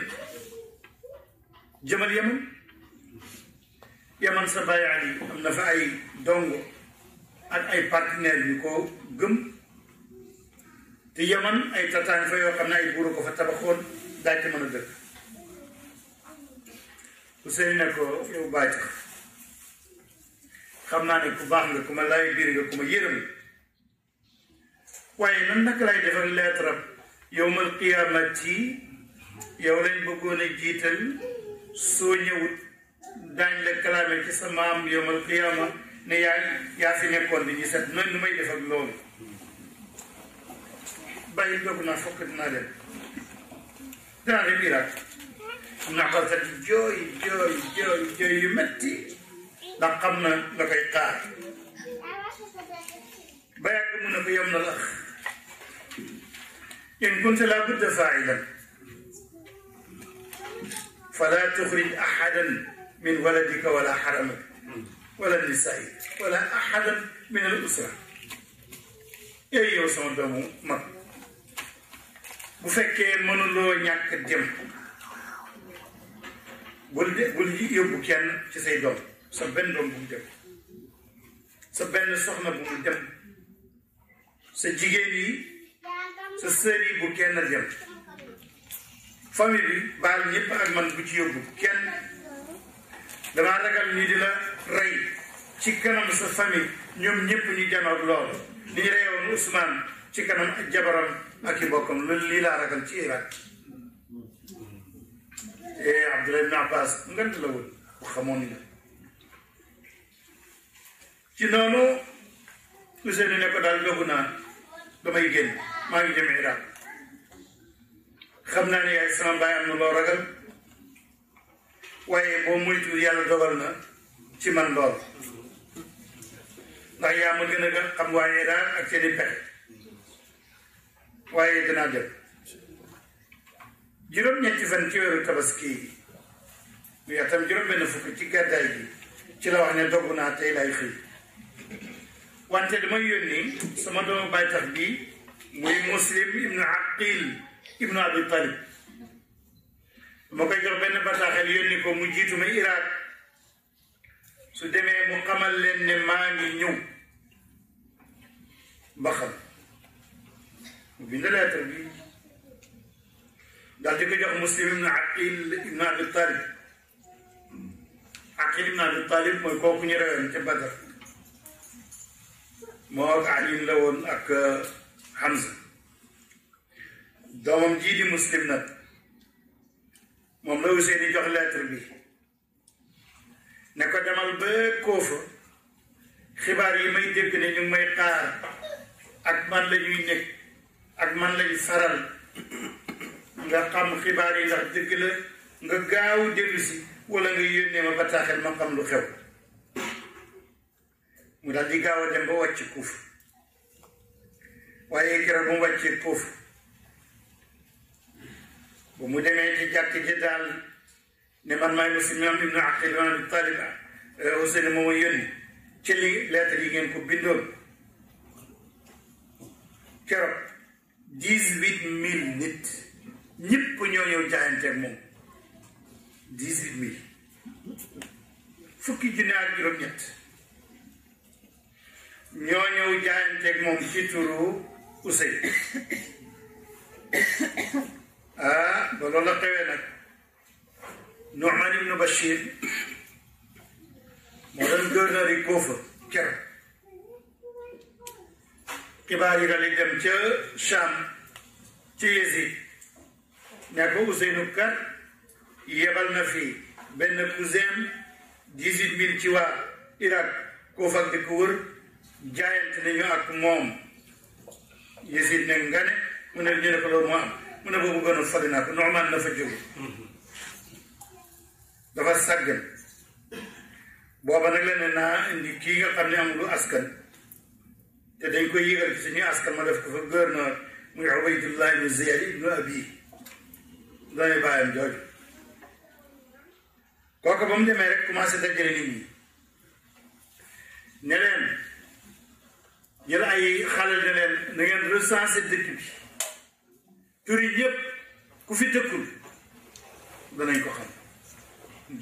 jëmal yaman yaman sa baay Ali na fa ay dongo ak ay partenaire yu ko gëm te yaman ay tataan fa yoo xam ne ay buuru ko fa tabaxoon daa ci mën a dëkk Ousseynou ne ko yow bàyyi xam naa ne ku baax nga ku ma lay biir nga ku ma yërëm waaye nan naka lay defal lettre yowmal qiyaamati yow lañ bëggoon a jiital soo ñëwut daañ kalaame ci sa maam yowmal qiyaama ne yaa yaa fi di ñu nu may def ak loolu bàyyi doog naa fokk dinaa dem dinaa dem Irak naa jooy jooy jooy jooy metti ndax xam na la koy xaar ba yàgg mu ne ko yem na la in kunta laa budda faa'ilan فلا تخرج احدا من ولدك ولا حرمك ولا النساء ولا احدا من الاسره ايو سون دومو ما bu fekkee mënuloo ñàkk dem bul bul yóbbu kenn ci say doom sa benn doom bu mu soxna bu mu dem sa jigéen yi sa sër bu kenn dem famille bi baal ñëpp ak man bu ci yóbbu kenn damaa ragal ni di la rey ci kanam sa famille ñoom ñëpp ñu dem ak loolu li ñu reyoon ci kanam ak jabaram ak i bokkam loolu lii laa ragal ci Irak eh Abdoulaye ibn Abbas ngant la woon xamoon na ci noonu Ousseynou damay génn maa ngi xam naa ne yaay sama yàlla na ci man lool ndax yaa ma gën a gën xam waaye daal ak seeni juróom-ñetti fan ci weeru tabaski yi mu yatam juróom-benn fukk ci gàddaay bi ci la wax ne dogu naa tey lay xëy وانت دم يوني سما دم بيت ربي مي مسلم ابن عقيل ابن أبي طالب ما كيجر بين بس أخي يوني كم جيت من إيران سدم مكمل لين ما نيو بخل بين لا تربي قال لك جاء مسلم ابن عقيل ابن أبي طالب عقيل ابن أبي طالب ما يكون كنيران كبدر موت علي لون اك حمزه دوم جي دي مسلمنا مام لو سيدي جوخ لتر بي نكو دمال با كوفا خبار يي ماي ديك ني نغ ماي خار اك مان لا نوي نيك اك مان لا ني فارال nga xam xibaar yi ndax dëgg la nga gaaw dellu si wala nga yónnee ma ba taaxel ma xam lu xew mu daal di gaaw a dem ba wàcc kuuf waaye keroog mu wàcc kuuf bu mu demee ci jàkk ji daal ne man maay Muslim ibnu Aqil ibn Abi Talib Ousseynou eh, moom ci li lettre yi ngeen ko bindoon keroog dix-huit mille nit ñëpp ñoo ñëw jaayanteeg moom dix-huit mille fukki junne ak juróom ñoo ñëw jaayanteeg moom ci turu Ousseyn ah ba la xewee nag Nu'man ibnu Bachir moo doon gouverneur yi Kuufa ker xibaar yi dem ca Cham ci Yezid ne ko Ousseynu kat yebal na fii benn cousin ci waa Irak Kuufa di ko jaayante nañu ak moom yësit ne nga mu ne ñu ne ko mu ne boobu gënoon fali naa ko normal na fa dafa sàggan booba nag la ne naa indi kii nga xam ne amul askan te dañ koy yëgal ci suñu askan ma def ko fa gouverneur muy Ubaydullah ibnu Ziyad ibnu Abi dooy bàyyam jooju kooku ba mu demee rek commencé dajale nit ñi ne leen jël ay xale ne leen na ngeen recensé dëkk bi tur yi yëpp ku fi dëkkul danañ ko xam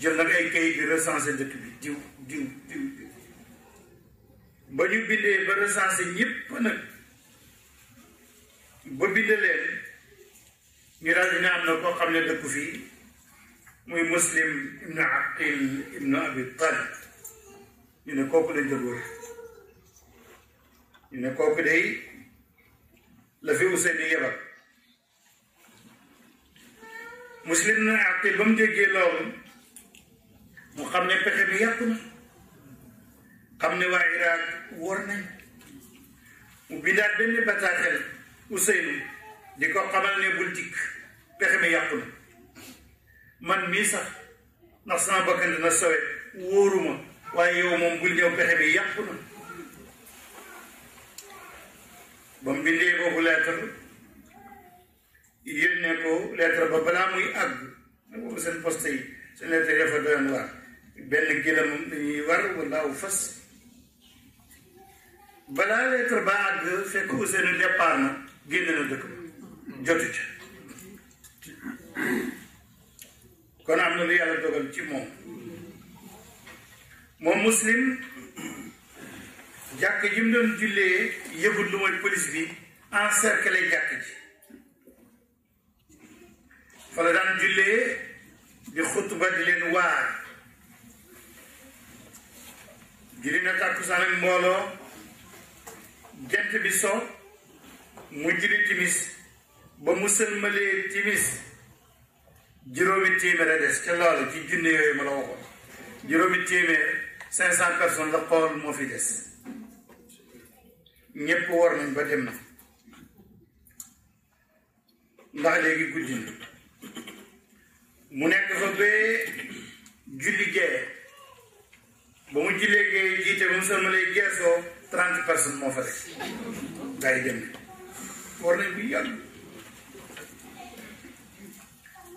jël nag ay kayit di recensé dëkk bi diw diw diw ba ñu bindee ba recensé ñëpp nag ba binde leen ñu daal dina am na koo xam ne dëkku fii muy muslim ibnu aqil ibnu abi talib ñu ne kooku lañ dëggoon ñu ne kooku day la fi Ousseynou yebal muslim na àqil ba mu déggee loolu mu xam ne pexe bi yàqu na xam ne waa Irak war nañ mu bindaat benn bataaxel Ousseynou di ko xamal ne bul dikk pexe mi yàqu na man mii sax ndax sama bakkan dina sowe wóoruma waaye yow moom bul ñëw pexe bi yàqu na ba mu bindee boobu lettre yónnee ko lettre ba balaa muy àgg na ko seen poste yi seen lettre yi dafa doyoon benn gëlëm dañuy war wala aw fas balaa lettre ba àgg fekk Ousseynou départ na génn na dëkk jotu ca kon am na lu yàlla dogal ci moom moom muslim jàkk ji mu doon jullee yëgul lu mooy police bi encerclé jàkk ji fa la daan jullee di xutba di leen waar julli na tàkkusaan ak mbooloo juróomi téeméer a des ca ma la waxoon juróomi téeméer cinq cent la moo fi des Неплорный бадемна. Далеги гудин. Мунек фабе julligee ba mu julligee jiite ba mu sëlmalee geesoo trente personnes moo fa des gaa yi dem war nañ bu yàgg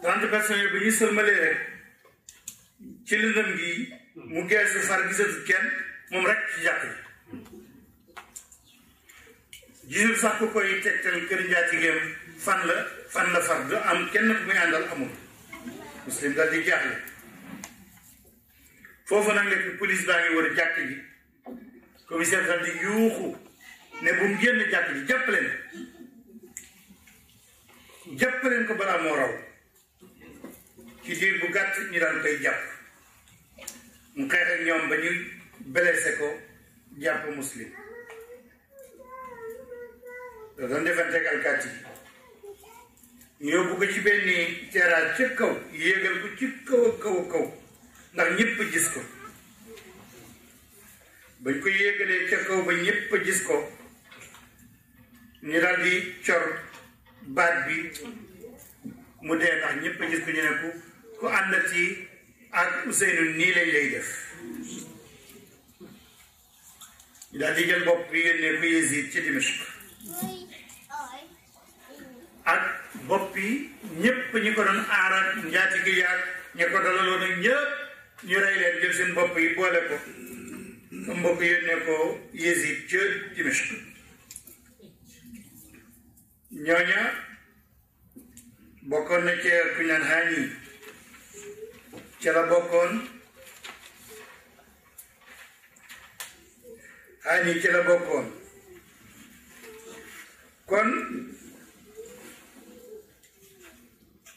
trente personnes yooyu ba ñuy sëlmalee rek ci lëndëm gi mu geesu far gisatu kenn moom rek ci jàkk ji jiw sax ku koy tegtal kër njaatigéem fan la fan la far du am kenn ku muy àndal amul muslim daal di jaaxle foofu nag nekk police baa ngi war a jàkk ji commissaire daal di yuuxu ne bu génn jàkk ji jàpp leen ko balaa moo raw ci diir bu gàtt ñu daan koy jàpp mu xeex ñoom ba ñu blessé ko jàpp muslim da doon defanteeg alkaati yi ñu yóbbu ci benn teeraat ca kaw yéegal ko ci kaw a kaw a kaw ndax ñëpp gis ko bañ ko yéegalee ca kaw ba ñëpp gis ko ñu daal di cor baat bi mu dee ndax ñëpp gis ko ñu na ku ku ànd ci ak Ousseynou nii lañ lay def ñu daal di jël bopp bi yónnee ko Yézid ci Dimashq ak bopp yi ñëpp ñi ko doon aar ak njaatigi yaag ñi ko dalaloon ak ñëpp ñu rey leen jël seen bopp yi boole ko am mbokk yónnee ko Yézid ca Dimashq ñooña bokkoon na ca ku ñaan Haani ca la bokkoon Haani ca la bokkoon kon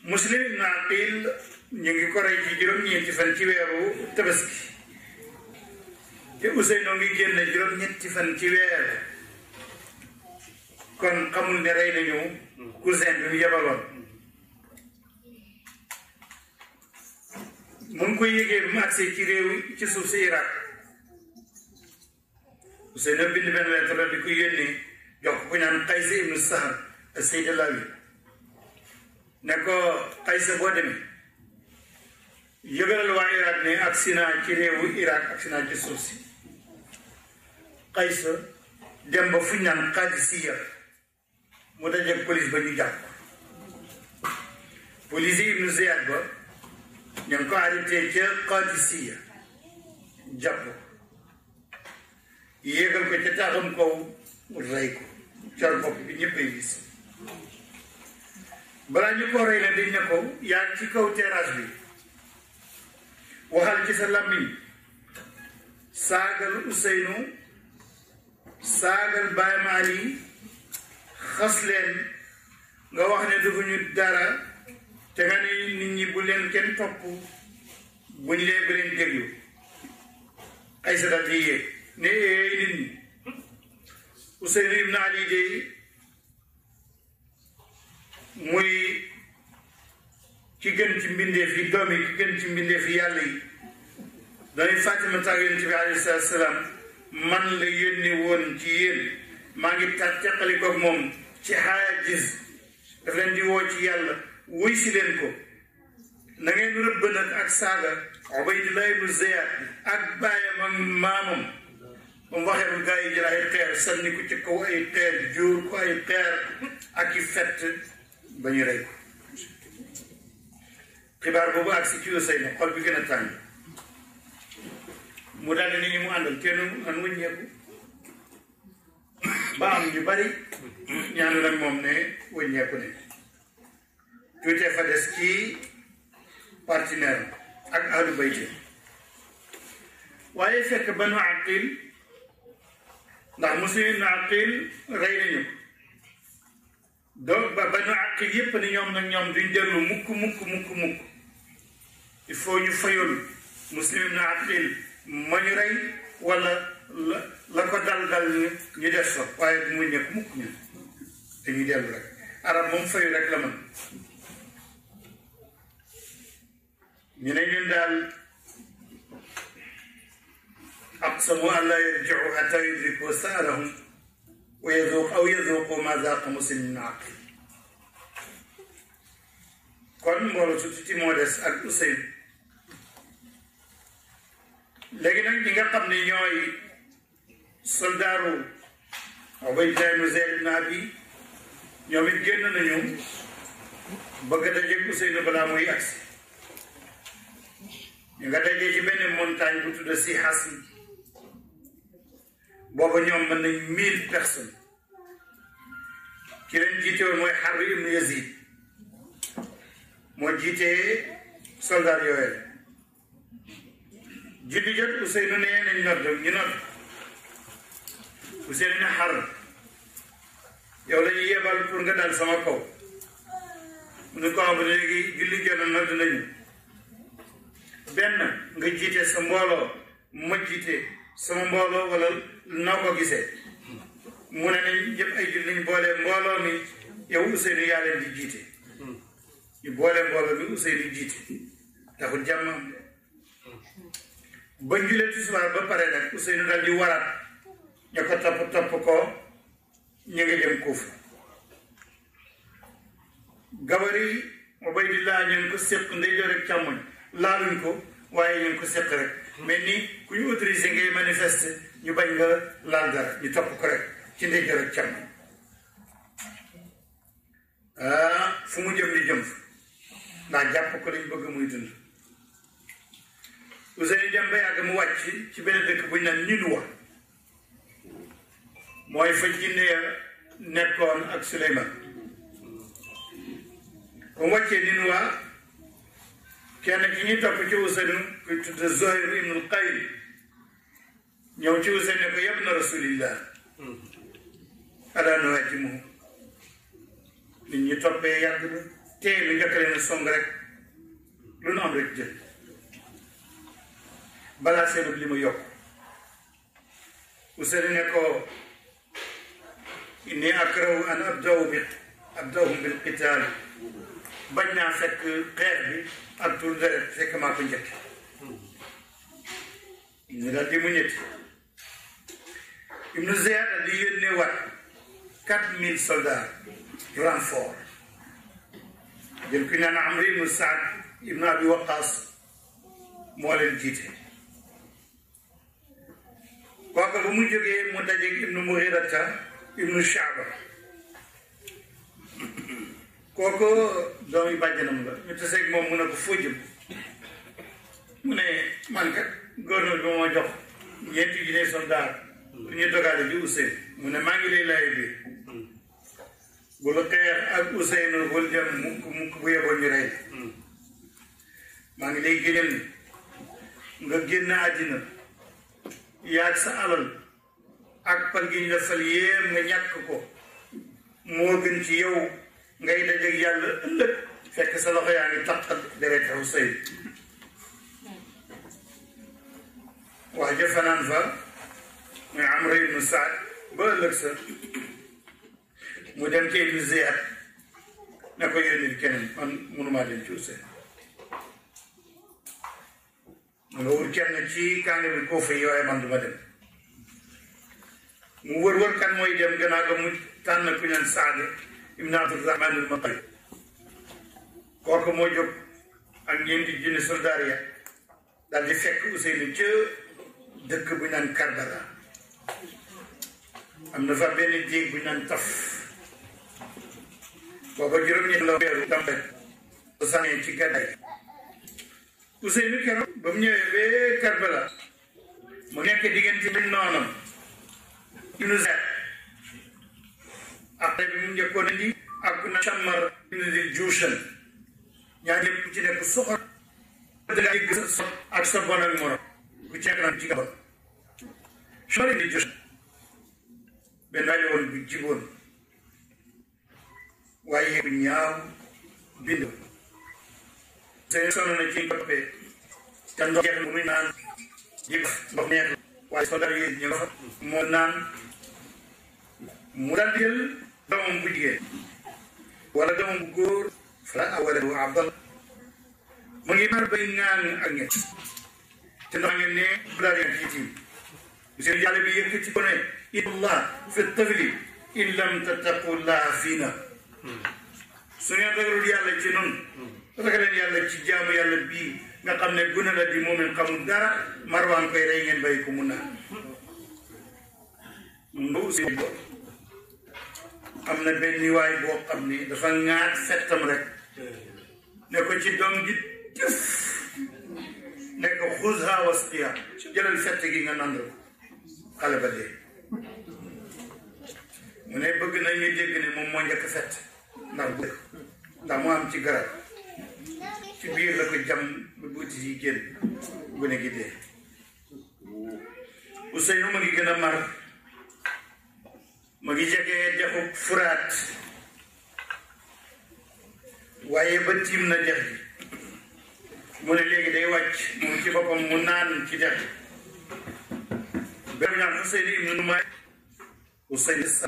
muslim ibn aqil ñu ngi ko rey ci juróom-ñeenti fan ci weeru tabaski te Ousseynou ngi génn juróom-ñetti fan ci weer kon xamul ne rey nañu cousin bi mu yebaloon mu ngi ko mu agsee ci réew ci suuf si Irak Ousseynou bind benn lettre di ko yónnee jox ku ñaan Qays ibnu Sahr as-Saydallawi ne ko ay sa boo demee yëgalal waa Irak ne ak Sinaa ci réewu Irak ak Sinaa ci suuf si dem ba fu ñu naan Qadisiya mu dajeeg police ba ñu jàpp police yi Ibnu Ziyad ba ñu ngi ko arrêté ca Qadisiya jàpp yéegal ko ca taaxam kaw rey ko cor bopp bi ñëpp ay balaa ñu ko rey la dañ ne ko yaa ci kaw terrasse bi waxal ci sa làmmiñ saagal Ousseynou saagal Baye Mali xas leen nga wax ne defuñu dara te nga ne nit ñi bu leen kenn topp buñ lee bu leen ay sa dal di yéeg ne eh, nit ñi Ousseynou Ibn Ali de muy ci gën ci mbindeef yi doom yi ki gën ci mbindeef yi yàlla yi day Fatima tax yonent bi alayhi salaam man la yónni woon ci yéen maa ngi tax teqali ko moom ci xaajis daf woo ci yàlla wuy si leen ko na ngeen rëbb nag ak saaga Ubaydullah ibnu Ziyaad ak bàyyam ak maamam ba mu waxee bu gaa yi jël ay xeer sànni ko ci kaw ay xeer jóor ko ay xeer ak i fett ba ñu rey ko xibaar boobu ak si ci Ousseynou xol bi gën a tàng mu daal di nit ñi mu àndal kenn man mu ñeeku ba am ñu bari ñaanu nag moom ne wëññeeku ne tuutee fa des ci partenaire ak ahlu bayti waaye fekk banu aqil ndax musulmi na aqil rey nañu donc ba ba ñu àq yépp ni ñoom nag ñoom duñ dellu mukk mukk mukk mukk il faut ñu fayul muslim na aqil ma ñu rey wala la la ko dal dal ñu def fa waaye du mu nekk mukk ñu dañuy rek arab moom fayu rek la mën ñu ne ñun daal aqsamu an laa yarji'u hattaa yudrikuu sa'alahum ويذوق أو يذوق ما ذاق مسلم عاقل kon mbooloo su tuuti moo des ak Ousseynou léegi nag ñi nga xam ne ñooy soldaaru Ubaydullah ibn Zayd ibn Abi ñoom it génn nañu bëgg a dajeeg Ousseynou balaa muy agsi ñu nga dajee ci benn montagne bu tudd si xas yi ñoom mën nañ mille personnes kiren leen jiite woon mooy Harb ibn Yazid moo jiite soldat yooyu julli jot Ousseynou nee nañ nodd ñu nodd Ousseynou ne har yow la ñuy yebal pour nga dal sama kaw mu ne ko am léegi julli jot na nodd ben benn nga jiite sa mbooloo ma jiite sama mbooloo wala nako ko gisee mu ne nañ ñëpp ay jullit nañ boole mbooloo mi yow Ousseynou yaa leen di jiite ñu boole mbooloo mi Ousseynou jiite taxul jàmm am de ba julee tisbaar ba pare nag Ousseynou daal di waraat ña ko topp topp ko ñu ngi jëm Kuufa gabari Ubaydillah ñu ngi ko séq ndeyjoor ak càmmoñ laaluñ ko waaye ñu ngi ko séq rek mais ni ku ñu autorisé ngay manifester ñu bañ nga laal dara ñu topp ko rek ci ndey jor ak ah, fu mu jëm ni jëm fa ndax jàpp ko dañ bëgg muy dund Ousseynou dem ba yàgg mu wàcc ci benn dëkk bu ñu naan Ninuwa mooy fa jinne ya nekkoon ak Suleymaan bu wàccee Ninuwa kenn ki ñuy topp ci Ousseynou ku tudd Zuhayr ibnul Qayr ñëw ci Ousseynou ne ko yëpp na rasulillah hmm. alaa nawaajimuhum nit ñi toppee yàgg bi tey bi njëkk leen song rek lu nu am rek jël balaa seenub li mu yokk Ousseynou ne ko inni akrahu an abdaw bi abdawhum bil qitaal bañ naa fekk xeex bi ak tur deret fekk maa ko njëkk ñu daal di mu ñetti Ibnu Ziyaad di yónnee waat 4000 soldats renfort jëm ki naan amri ibnu saad ibnu abi waqas moo leen jiite kooka bu mu jógee mu dajeeg ibnu muhirata ibnu shaaba Koko doomi bàjjanam la ñu taseeg moom mu ne ko foo jëm mu ne man kat góornal bi moo jox ñeenti junne soldat ñu dogaale ji Ousseyn mu ne maa ngi lay bi bu la xeex ak Ousseynou bul dem mukk mukk bu yeboon ñu rey hmm. maa ngi lay gëlëm nga génn àddina yaag sa alal ak pal gi ñu defal nga ñàkk ko moo gën ci yow ngay dajeeg yàlla ëllëg fekk sa loxo yaa ngi taqat deret Ousseynou wax ja fanaan fa muy Amr ibnu Saad ba ëllëg sa mu dem ci église Zeyat na ko yónnil keneen man mënumaa dem ci Ousseyn ma kenn ci kànga bi koo fay waaye man du ma dem mu wër wër kan mooy dem gannaaw ga mu tànn ku ñaan Saade ibn Abdurahman al Maqri kooku moo jóg ak ñeenti junni soldaar ya daal di fekk Ousseynou ca dëkk bu ñu naan Karbala am na fa benn déeg bu ñu Taf booba juróom-ñetti la weeru tam sanee ci gàddaay Ousseynou keroog ba mu ñëwee bee Karbala mu nekk diggante bi noonam ibnu Zayd ak bi mu njëkkoon indi ak na Sammar ibnu Dil Juushan ñaar yëpp ku ci nekk soxor ak sa bon ak morom ku ci nekk naan ci gaba Sammar ibnu Juushan benn waay la woon bu jiboon waaye bu ñaaw bind seen sonn na ci boppe tan do jeex mu muy di ba ndox neex so soldat yi ñu fa moo naan mu daan jël doomam bu jigéen wala do mu goor fala awale bu abdal mu ngi mar bay ngaan ak ñet te do ngeen ne bu daal yéen ci bi seen yalla bi yëkk ci ko ne illah fi tafli in lam tattaqu la fina su ngeen ragalul yàlla ci noonu ragaleen yàlla ci jaamu yàlla bii nga xam ne gune la di moom xamul dara marwaan koy rey ngeen bàyyi ko na benn boo xam ni dafa ŋaat settam rek ne ko ci doom ji jëf ne ko xuzha wasqiya jëlal sett gi nga nand ko ba dee mu ne bëgg nañu dégg ne moom moo njëkk sett ndax bu ndax mu am ci garab ci biir la ko jam buti yi génn bu ne gi dee Ousseynou ma ngi gën a mar ma ngi jegee dexu furaat waaye ba tiim na dex gi mu ne léegi day wàcc moom ci boppam mu naan ci dex gi benn ñaan Ousseynou ibnu Numaay Ousseynou sa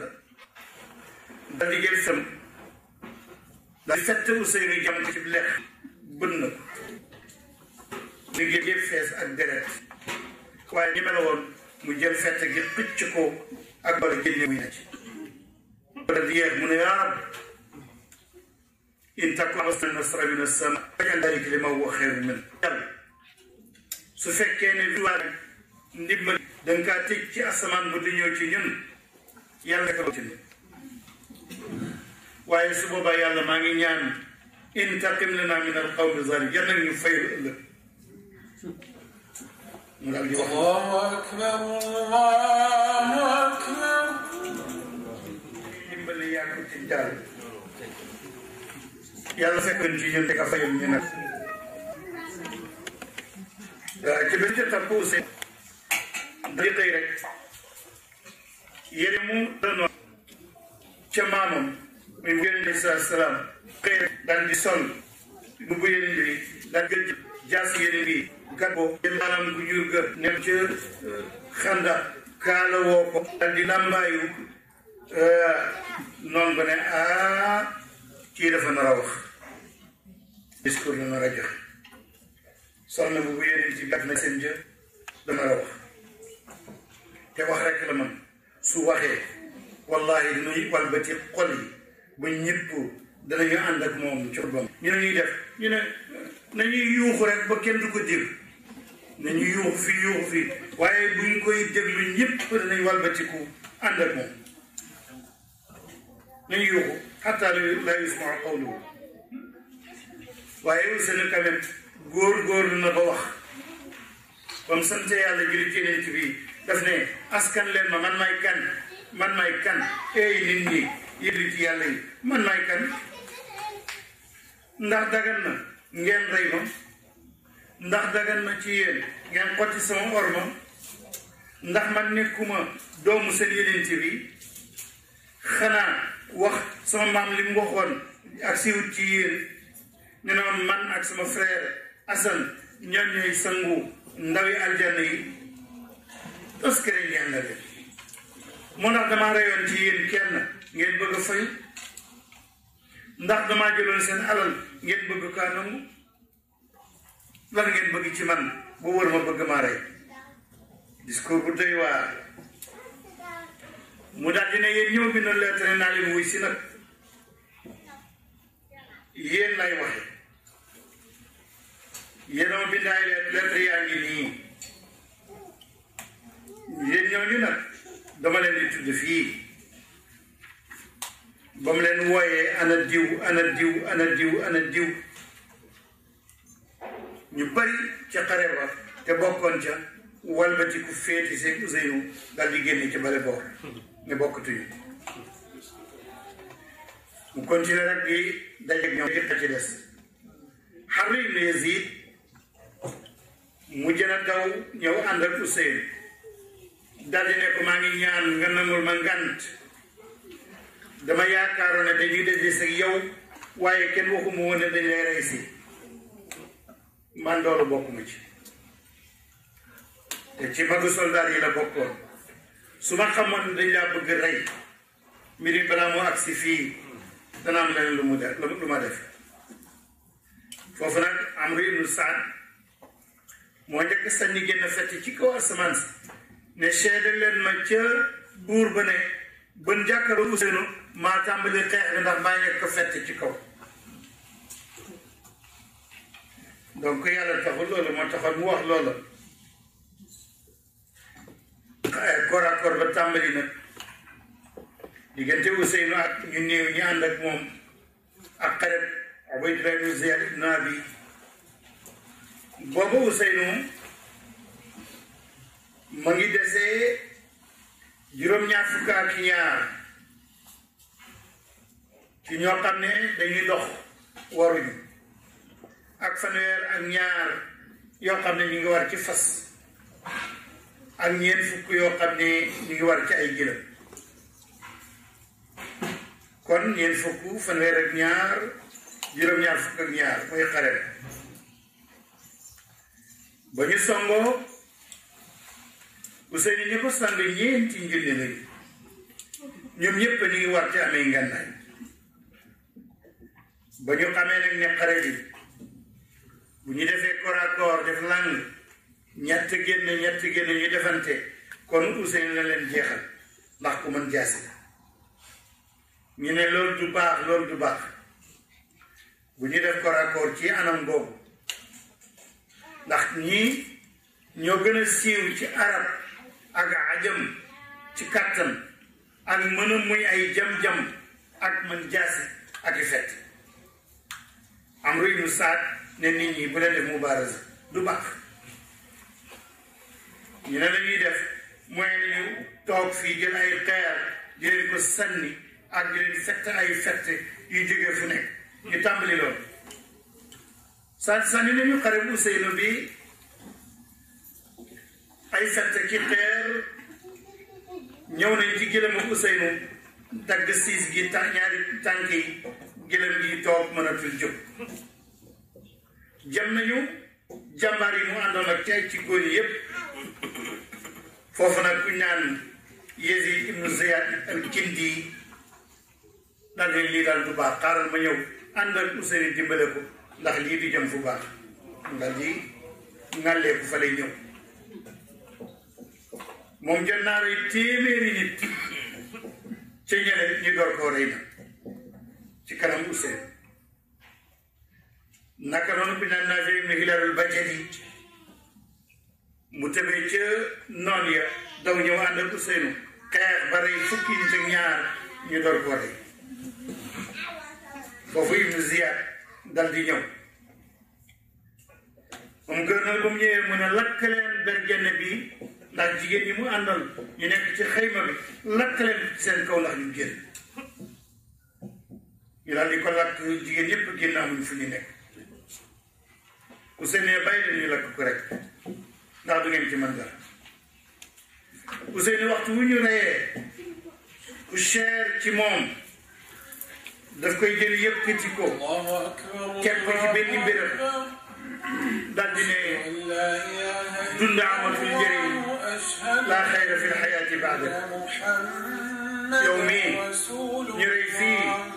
da liggéey sam da sett Ousseynou jam ko ci lex bën na ko liggéey yëpp fees ak deret waaye ñi mel woon mu jël fett gi xëcc ko ak bari génne muy na ci بربيات من يا رب إن تكون حسن النصر من السماء فجعل ذلك لما هو خير منه سفك كان دوار نبل دنكاتك أسمان بدنيو كي ين يلا كبتني waaye su boobaa yàlla maa ngi ñaan intaqim lana min al qawmi zalim yal nañu fayu ëllëg mu daal di wax allahu akbar allahu akbar dimbali yaa ko ci jaar yàlla fekkoon ci ñun te ka fayam ñu nag ci benn jot a poussé day tey rek yére mu doon wax ca maamam muy bu yeneen bi sa salaam xëy daan di sol bu bu yeneen bi gën jaas yeneen bi gat boo jël maanaam bu jur ga nem ca euh, xanda kaala woo ko daan di làmbaayu euh, noonu ba ne ah kii dafa nar wax discours la nar a jox na bu bu yeneen ci gàtt na seen jë wax te wax rek la man su waxee wallahi dinañu walbati xol yi ba ñëpp danañu ànd ak moom ci xutba ñu ne ñuy def ñu ne nañuy yuuxu rek ba kenn du ko dégg nañu yuux fii yuux fii waaye buñ koy déglu ñëpp danañ walbatiku ànd ak moom nañu yuuxu xataa laa yusmaa qawluhu waaye aussi nag quand même góor-góorlu na ba wax comme sant yàlla julli ci yonent bi daf ne askan leen ma man maay kan man may kan ey nit ñi yëllit yàlla yi man maay kan ndax dagan na ngeen rey ma ndax dagan na ci yéen ngeen xotti sama orma ndax man nekkuma doomu seen yenente bi xanaa wax sama maam li mu waxoon ak siwut ci yéen ñu ne man ak sama frère Assane ñoom ñooy sangu ndawi aljanna yi tos ngeen la de moo tax damaa reyoon ci yéen kenn ngeen bëgg a fay ndax damaa jëloon seen alal ngeen bëgg kaa nangu lan ngeen bëgg ci man bu wër ma bëgg maa rey discours bu doy waar mu daal dina yéen ñëw bi na lettre naa leen wuy si nag yéen lay waxe yéenoo bindaay lettre yaa ngi nii yéen ñoo ñu nag dama leen tudd fii ba leen wooyee ana diw ana diw ana diw ana diw ñu bari ca xare te bokkoon ca walbatiku féeti seen Ousseynou dal di génne ci bale boor ne bokkatuñu mu continuer rek di dajeeg ñoom jëkka ci des Harri ibn Yazid mu jën a daw ñëw ànd ak dal di ne maa ngi ñaan nga nangul ma ngant dama yaakaaroon ne dañuy def si yow waaye kenn waxuma woon ne dañ lay rey si man loolu bokk ci te ci magu soldat yi la bokkoon su ma xamoon ne dañ laa bëgg rey mbiri balaa moo agsi fii dana am lu mu def lu ma def foofu nag Amru ibnu Saad moo njëkk sànni génn fett ci kaw asamaan si ne seede leen ma ca buur ba ne bën jàkkaaroo Ousseynou maa tàmbali xeex ndax maa ngi ko fett ci kaw donc yàlla taxul loolu moo taxoon mu wax loola corps à corps ba tàmbali na diggante Ousseynou ak ñu néew ñu ànd ak moom ak xarit Ubaydullah ibn Ziyad ibn Abi boobu Ousseynou ma ngi desee juróom-ñaar fukk ak ñaar ci ñoo xam ne dañuy dox waruñu ak fanweer ak ñaar yoo xam ne ñu ngi war ci fas ak ñeen fukk yoo xam ne ñu ngi war ci ay jëlëm kon ñeen fukk fanweer ak ñaar juróom ñaar fukk ak ñaar muy xare ba ñu songoo seen ñi ko sang ñeenti njulli lañu ñoom ñëpp ñu ngi war ci amee ngànnaay ba ñu amee nag ne xare bi bu ñu defee corps à corps def làng ñett génn ñett génn ñu defante kon Ousseyn la leen jeexal ndax ku mën jaasi ñu ne loolu du baax loolu du baax bu ñu def corps ci anam boobu ndax ñii ñoo gën a siiw ci arab ak jëm ci kàttan ak mën a muy ay jëm jëm ak mën jaasi ak i fett am ru ñu saat ne nit ñi bu leen def mubaarasa du baax ñu ne la ñuy def mooy ñu toog fii jël ay xeer di leen ko sànni ak di leen fett ay fett yu jógee fu nekk ñu tàmbali loolu sa sànni nañu xare bu Seynu bi ay fett ki xeer ñëw nañ ci gëlëmu Useynu dagg siis gi ta ñaari tànk gëlëm gi toog mënatul jóg jam nañu jàmbaar yi mu àndoon ak tey ci góor yi yëpp foofu nag ku ñaan Yazid ibnu Ziyad al-Kindi daal lii daal du baax xaaral ma ñëw ànd ak Ousseynou dimbale ko ndax lii di jëm fu baax ndax lii ngàlleeku fa lay ñëw moom jot naa rey téeméeri nit ca ñeneen ñu door koo na ci kanam Ousseyn naka noonu bi naan naajee mi hilalul bajjat yi mu tëbee ca noon ya daw ñëw ànd ak Ousseynou xeex ba rey fukki nit ak ñaar ñu door ko rey foofu Ibnu Ziyaad dal di ñëw mu ñëwee mu ne lakk leen bi ndax jigéen ñi mu àndal ñu nekk ci xayma bi lakk leen seen kaw ndax ñu génn ñu daal di ko lakk jigéen yëpp génn amuñ fu ñu nekk ku seenee bàyyi leen ñu lakk ko rek ndax du ngeen ci mën dara ku seen waxtu wu ñu reyee ku cher ci moom daf koy jël yëkkati ko képp ko ci benn béréb daal di ne dund amatul njëriñ laa xayra fi lxayaati baada yow mii ñu rey fii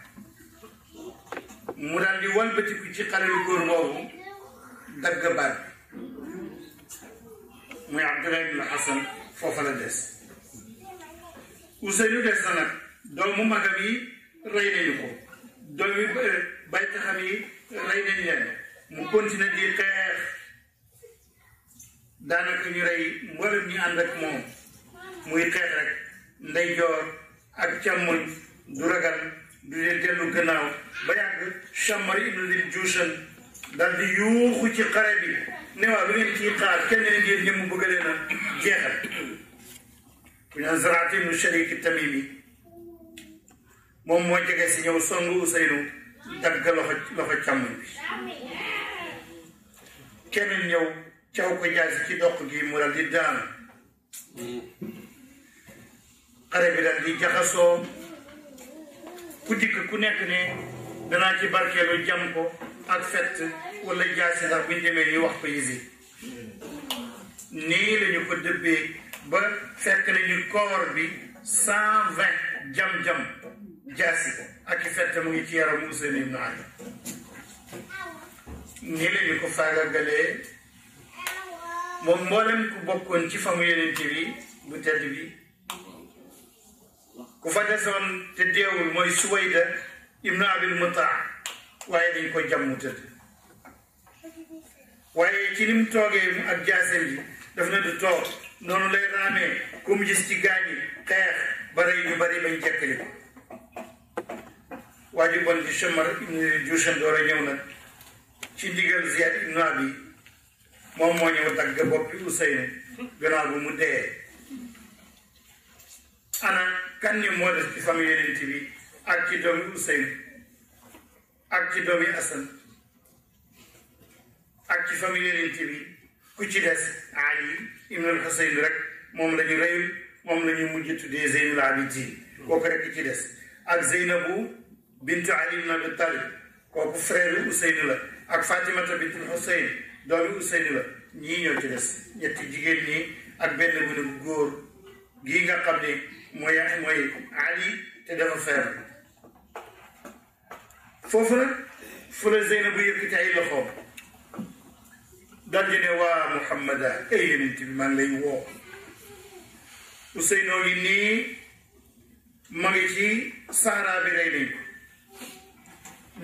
mu daal di walbatiku ci xale lu góor boobu dagg baat bi muy Abdullah ibn Hasan foofa la des Ousseynou des na nag doomu magam yi rey nañu ko doomu eh, bay taxam yi rey nañu leen mu continué di xeex daanaka ñu rey mboolem ñu ànd ak moom muy xeex rek ndeyjoor ak càmmoñ du ragal du leen dellu gannaaw ba yàgg Samar ibnu dil Juusan dal yuuxu ci xare bi ne waaw lu kenn ngeen ñëpp bëgg leen a jeexal ku ñu Zaraat ibnu Sharik Tamimi moom moo jege si ñëw songu Useynu dagg loxo loxo càmmoñ bi keneen ñëw caw ko jaasi ci doq gi mu dal di daanu mm. xare bi dal ku dikk ku nekk ni danaa ci barkeelu jam ko ak fett wala jaasi ndax buñ demee ñu wax ko yisi nii lañu ko dëbbee ba fekk nañu koor bi cent vingt jam-jam jaasi ak i fett mu ngi ci yaram Useyn ibn Ali nii lañu ko faagagalee moom mboolem ku bokkoon ci famu yeneen bi bu tedd bi ku fa desoon te deewul mooy Suwayda ibnu abil mutaa waaye dañ ko jàmm tëdd waaye ci lim toogee ak jaasem ji daf na du toog noonu lay raamee ku mu gis ci gaañi xeex bare yu bare bañ jekk ñu ko bon di Chamar ibnu Juusan a ñëw nag ci ndigal Ziyaad ibnu Abi moom moo ñëw dagg boppi Useyn gannaaw bu mu dee ana kan ni moo des ci famille yeneen ak ci doomi Useyn ak ci doomi Asan ak ci famille yeneen ku ci des Ali ibnul Xuseyn rek moom lañu ñu reyul moom la ñu mujj tuddee Zeynul Abidin kooku rek ci des ak Zeynabu bintu Ali ibn Abi Talib kooku frère Useyn la ak Fatimata bintul Xuseyn doomi Useyn la ñii ñoo ci des ñetti jigéen ñi ak benn gune bu góor gii nga xam ne mooy mooy Ali te dafa feer foofu nag fu la Zeynab bu yëkkati ay loxoom ne waa Muhammada ay yonent bi maa ngi lay woo Ousseynou ngi nii ma ngi bi rey nañ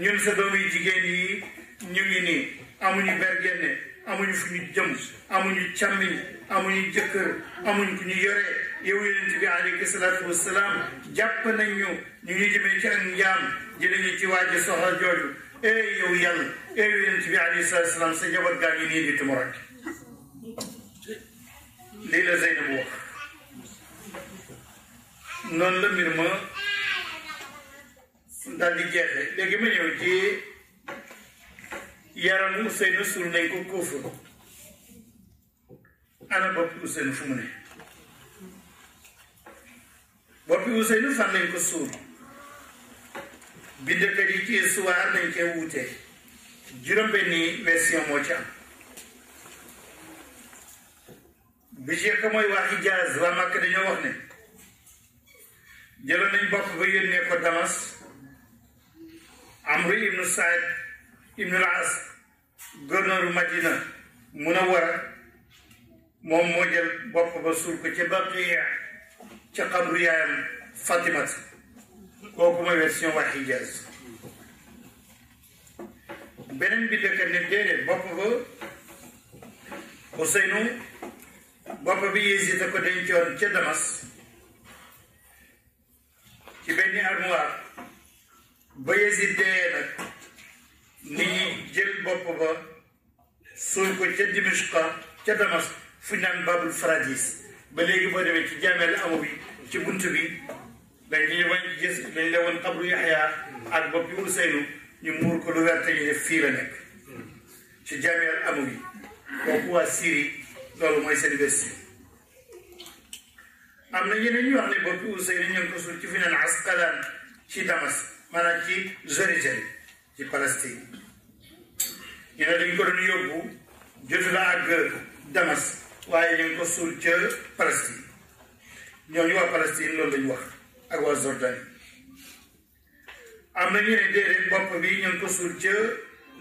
ñun sa doom yi jigéen yi ñu ngi nii amuñu bergenne amuñu fu ñu jëm amuñu càmmiñ amuñu jëkkër amuñu ku ñu yoree yow yonent bi alayhi salaatu wasalaam jàpp nañu ñu ngi jëmee ci ak njaam jëlee ñu ci waaji soxla jooju ee yow yàlla ee yonent bi alayhi salaatu wasalaam sa jabar gaa ngi nii di tumurak lii la Zeynab wax noonu la mbir ma daal di jeexee léegi ma ñëw ci yaramu Ousseynou suul nañ ko kóofu ana bopp Ousseynou fu mu ne boppi Ousseynou fan nañ ko suul bindkat yi ci histoire dañ cee wuute juróom-benni version moo ci am bi jëkk mooy waa Hijaaz waa Makka dañoo wax ne jëloon nañ bopp ba yónnee ko Damas Amru ibnu Saad ibnul As gouverneur Madina mun a war moom moo jël bopp ba suul ko ca Baqiya ca xam riyaayam Fatimat kooku mooy version waa Hijaaz bi dëkk ne déedéet bopp ba Ousseynou bopp bi Yezid a ko dencoon ca Damas ci benn armoire ba Yezid dee nag nit ñi jël bopp ba suul Babul fradis. ba léegi boo demee ci jaamel amu ci bunt bi dañ li way gis dañ la woon xabru yaxya ak bopp bi Useynu ñu lu werte ñu ne fii nekk ci jameel amu yi kooku waa Syrie loolu mooy seen version am na ñeneen ñu wax ne bopp bi Useynu ñu ngi ko suul ci fi naan Asqalaan ci Damas maanaam ci Jérusalem ci Palestine ñu ne dañ ko ak Damas waaye ñu ngi ko suul ñooñu waa Palestine loolu lañu wax ak waa Jordanie am na ñu ne déedéet bopp bi ñu ngi ko suul ca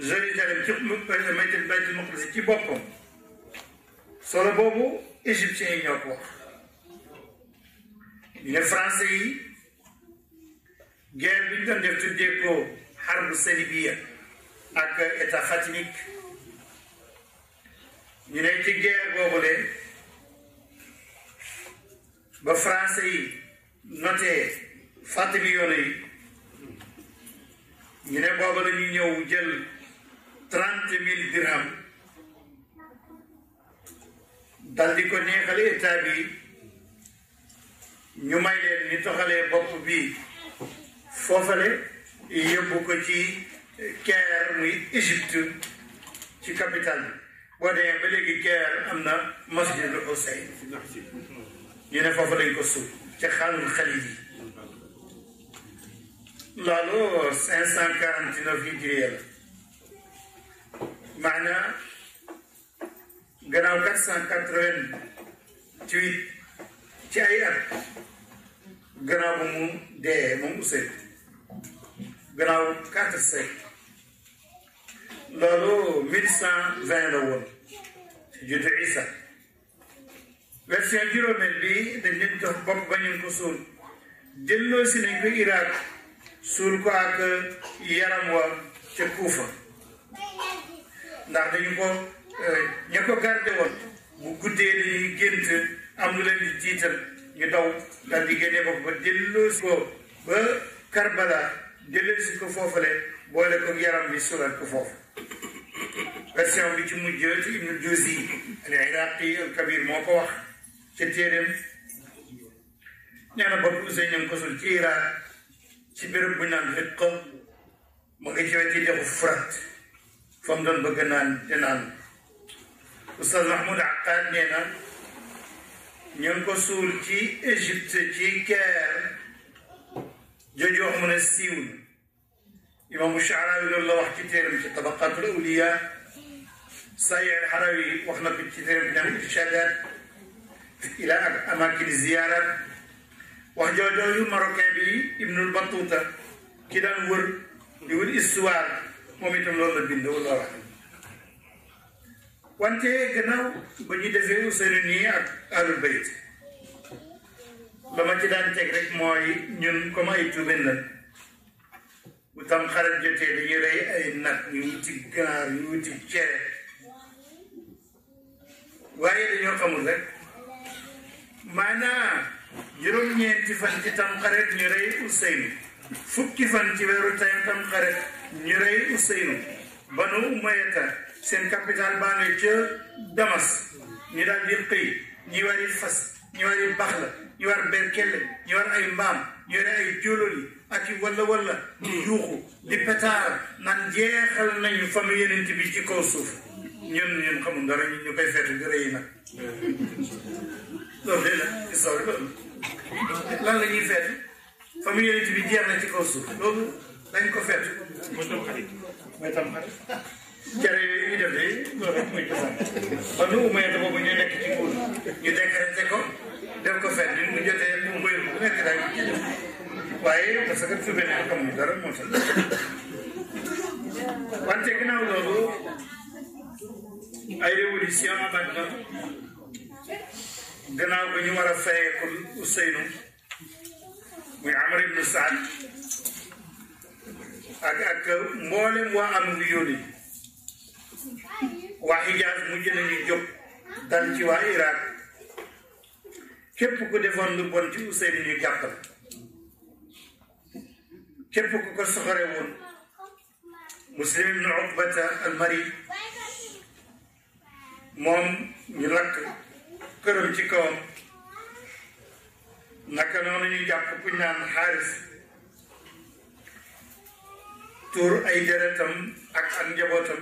Jérusalem ci maytul euh, solo boobu égyptiens yi ñoo ko wax ñu ne français yi guerre bi ñu doon def tuddee ko xarbu salibiya ñu ne ci guerre boobu leen ba français yi noté fàttali yoon yi ñu ne booba dañuy ñëw jël trente mille dirham dal di ko neexale état bi ñu may leen ni toxalee bopp bi foofale yóbbu ko ci Caire muy Égypte ci capitale bi boo demee ba léegi Caire am na masjidul Hussein ñu ne foofu lañ ko suuf ca xaalul xalil loolu cinq cent quarante neuf hijriya la maanaam gannaaw quatre cent quatre-vingt-huit ci ay at mu dee moom Ousseynou gannaaw quatre siècle loolu mille cent vingt la woon juddu Isa verset juróomeel bi dañ leen jox bopp ba ko suul delloo si nañ ko Irak ko ak yaram wa ca Kuufa ndax dañu ko eh, ña ko gardé woon bu guddee dañuy gént am lu leen di ñu daw daal di génnee bopp ba delloo si ko ba Karbala delloo si ko foofale boole ko yaram bi suulaat ko foofu version bi ci mujj ci Ibnu Juzi al Iraqi Kabir moo ko wax تتيرم نعم ان زينيان كسو تيرا تبير بنام هدقا مغيتي واتي دي ان فمدن بغنان دنان أستاذ محمود عقاد نينا نيان كسول تي إجبت تي كير جوجو أحمد السيون إمام الشعراء يقول الله وحكي تيرم في الطبقات الأولية سيع الحراوي وحنا في التيرم بنام الشادات ila ak amakini ziyarat wax joojooyu marocain bi ibnul batuta ki daan wër di wër histoire moom itam loolu la bind wala wax wante gannaaw ba ñu defee usani nii ak ahlul bayt ma ci daan teg rek mooy ñun comme ay tuubén la bu tam xarit jotee dañuy rey ay nag ñu wuti ñu wuti cere waaye dañoo xamul rek maanaam juróom-ñeenti fan ci tamxarit ñu rey Ousseynou fukki fan ci weeru tey tamxarit ñu rey Ousseynou banu Umayata seen capital baa ngi ca Damas ñi daal di xëy ñi wari fas ñi wari baax la ñi war berkelle ñi war ay mbaam ñu yore ay jóololi ak i walla walla di yuuxu di pétaar naan jeexal nañu famille yenent bi ci kaw suuf ñun ñun xamul dara ñu koy feetu di rëy nag loolu léegi lan la ñuy feet famille yonent bi jeex ci kaw loolu dañ ko feet mooy tam xarit mooy tam xarit cere yooyu ñu def de loolu mooy cosaan ba nu umayata boobu ñu nekk ci nguur ñu décrété ko def ko feet bi mu jotee mu mbéy mu nekk daal ci def waaye parce que su beneen xamuñu dara moo tax wante ginnaaw loolu ay révolution amat gannaaw ba ñu war a fayee ko Ousseynou muy Amr ibn Saad ak ak mboolem waa am ngi yónni waa Hijaaz mujj nañu jóg dal ci waa Irak képp ku defoon bon ci Ousseynou ñu jàppal képp ku ko soxore woon Muslim ibn Uqbata al-Mari moom ñu lakk tëral ci kawam naka noonu ñu jàpp ku ñu naan xaalis tuur ay deretam ak ak njabootam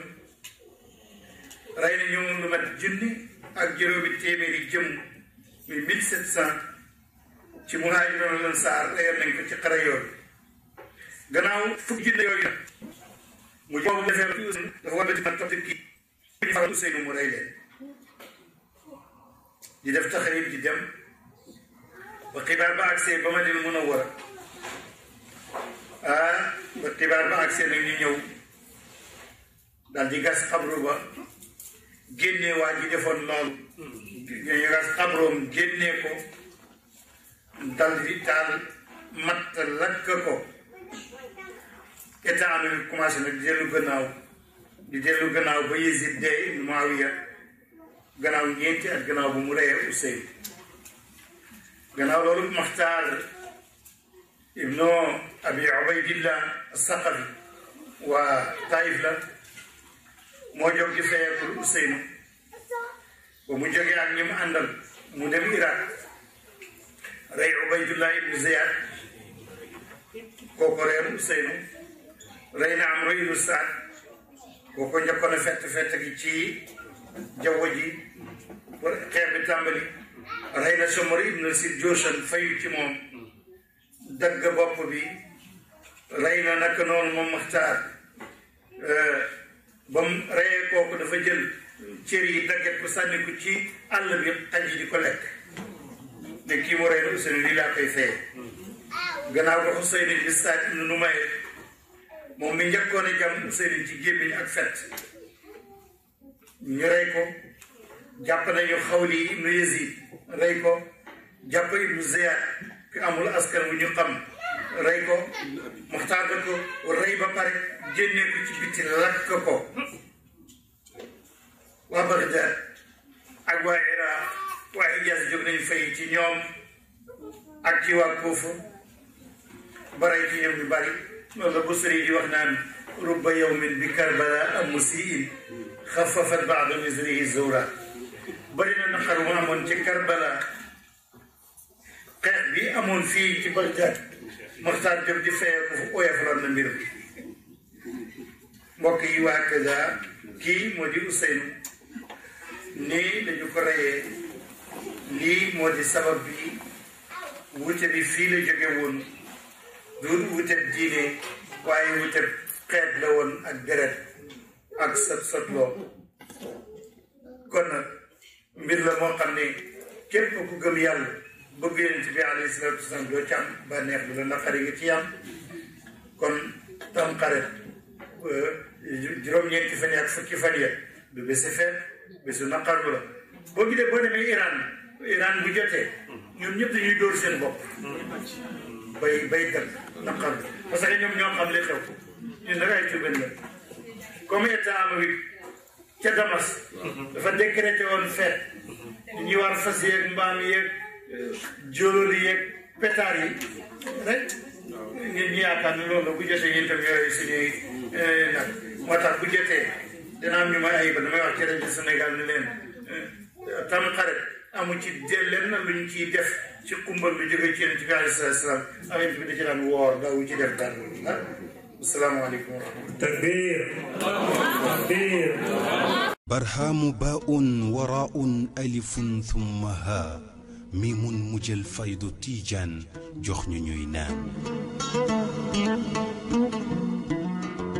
rey na ñoom lu mat junni ak juróomi téeméeri jëm mi mille sept cent ci muhaajiroon lan saar leer nañ ko ci xare yoon gannaaw fukki junni yooyu mu jox defee dafa war a ci mu rey leen di def taxarib di dem ba xibaar ba agsee ba ma dem mën a war ah, ba xibaar ba agsee nag ñu ñëw di gas xabru ba génnee waa ji defoon loolu ñu gas xabroom génnee ko dal di matt lakk ko état bi commencé nag di dellu gannaaw di dellu gannaaw ba Yezid dee Muawiya gannaaw ñeenti at gannaaw bu mu reyee Useyn gannaaw loolu Maxtaar ibnu Abi Ubaydillah Saqafi waa Taif la moo jóg di fayeekul Useynu ba mu jógee ak ñi mu àndal mu dem Irak rey Ubaydullah ibnu Ziyad kooku reer Useynu rey na Amru ibnu Saad kooku njëkkoon a fett fett gi ci jaww ji wala xeex bi tàmbali rey na somar ibn si joosal fayu ci moom dagg bopp bi rey na nag noonu moom maxtaar eh, ba reyee kooku dafa jël cër yi dagget ko sànni ci àll bi xaj yi di ko lekk ne kii mu rey na Ousseynou lii laa koy fay gannaaw ko Ousseynou bi saat ibn Numayr moom mi njëkkoon a jam Ousseynou ci gémmiñ ak fett ñu rey ko jàpp nañu xawli ibnu Yazid rey ko jàpp ki amul askan bu ñu xam rey ko muxtaar ko rey ba pare génne ko ci biti lakk ko ak waa Iraq waa Hijaz jóg nañ fay ci ñoom ak ci waa Kuufa ba rey ci wax naan rubba yawmin bi Karbala am خففت بعض وزره الزورة برنا نقروام تكربلا قعبي أمون في تبغتا مختار جبدي فيك ويفرن نمير وكي وهكذا كي مودي أسين ني لجكري لي مودي سبب بي وتبي في لجكيون دون وتب ديني واي وتب قاد لون أكبرت ak sëb sëb loo kon nag mbir moo xam ne képp ku gëm yàlla bëgg yonent bi alayhi salaatu wasalaam doo ci am bànneex bu la naqari nga ci am kon tamxarit euh, juróom-ñeenti fan yi ak fukki fan ya du bési feet bésu naqarlu la boo gisee boo demee Iran Iran bu jotee ñoom ñëpp dañuy dóor seen bopp bay bay dëkk naqarlu parce que ñoom ñoo xam li xew ñun nag ay tuban la comme état amérique ca Damas dafa décrété woon fête ñu war fas yeeg mbaam yeeg jolori yeeg pétard yi rek nit ñi yaakaar loolu bu jotee ñun tam yooyu suñuy eh, nag moo tax bu jotee dana am ñu may ayib damay wax ci rajo senegal ni leen eh, tam xarit amu ci delleen na lu ñu ciy def ci kumbal bi jóge ci yonent bi alayhi salaam alayhi bi da ci daan woor daawu ci def dara ah. السلام عليكم ورحمة الله برهام باء وراء ألف ثم ها ميم مجل فيض تيجان جخن نام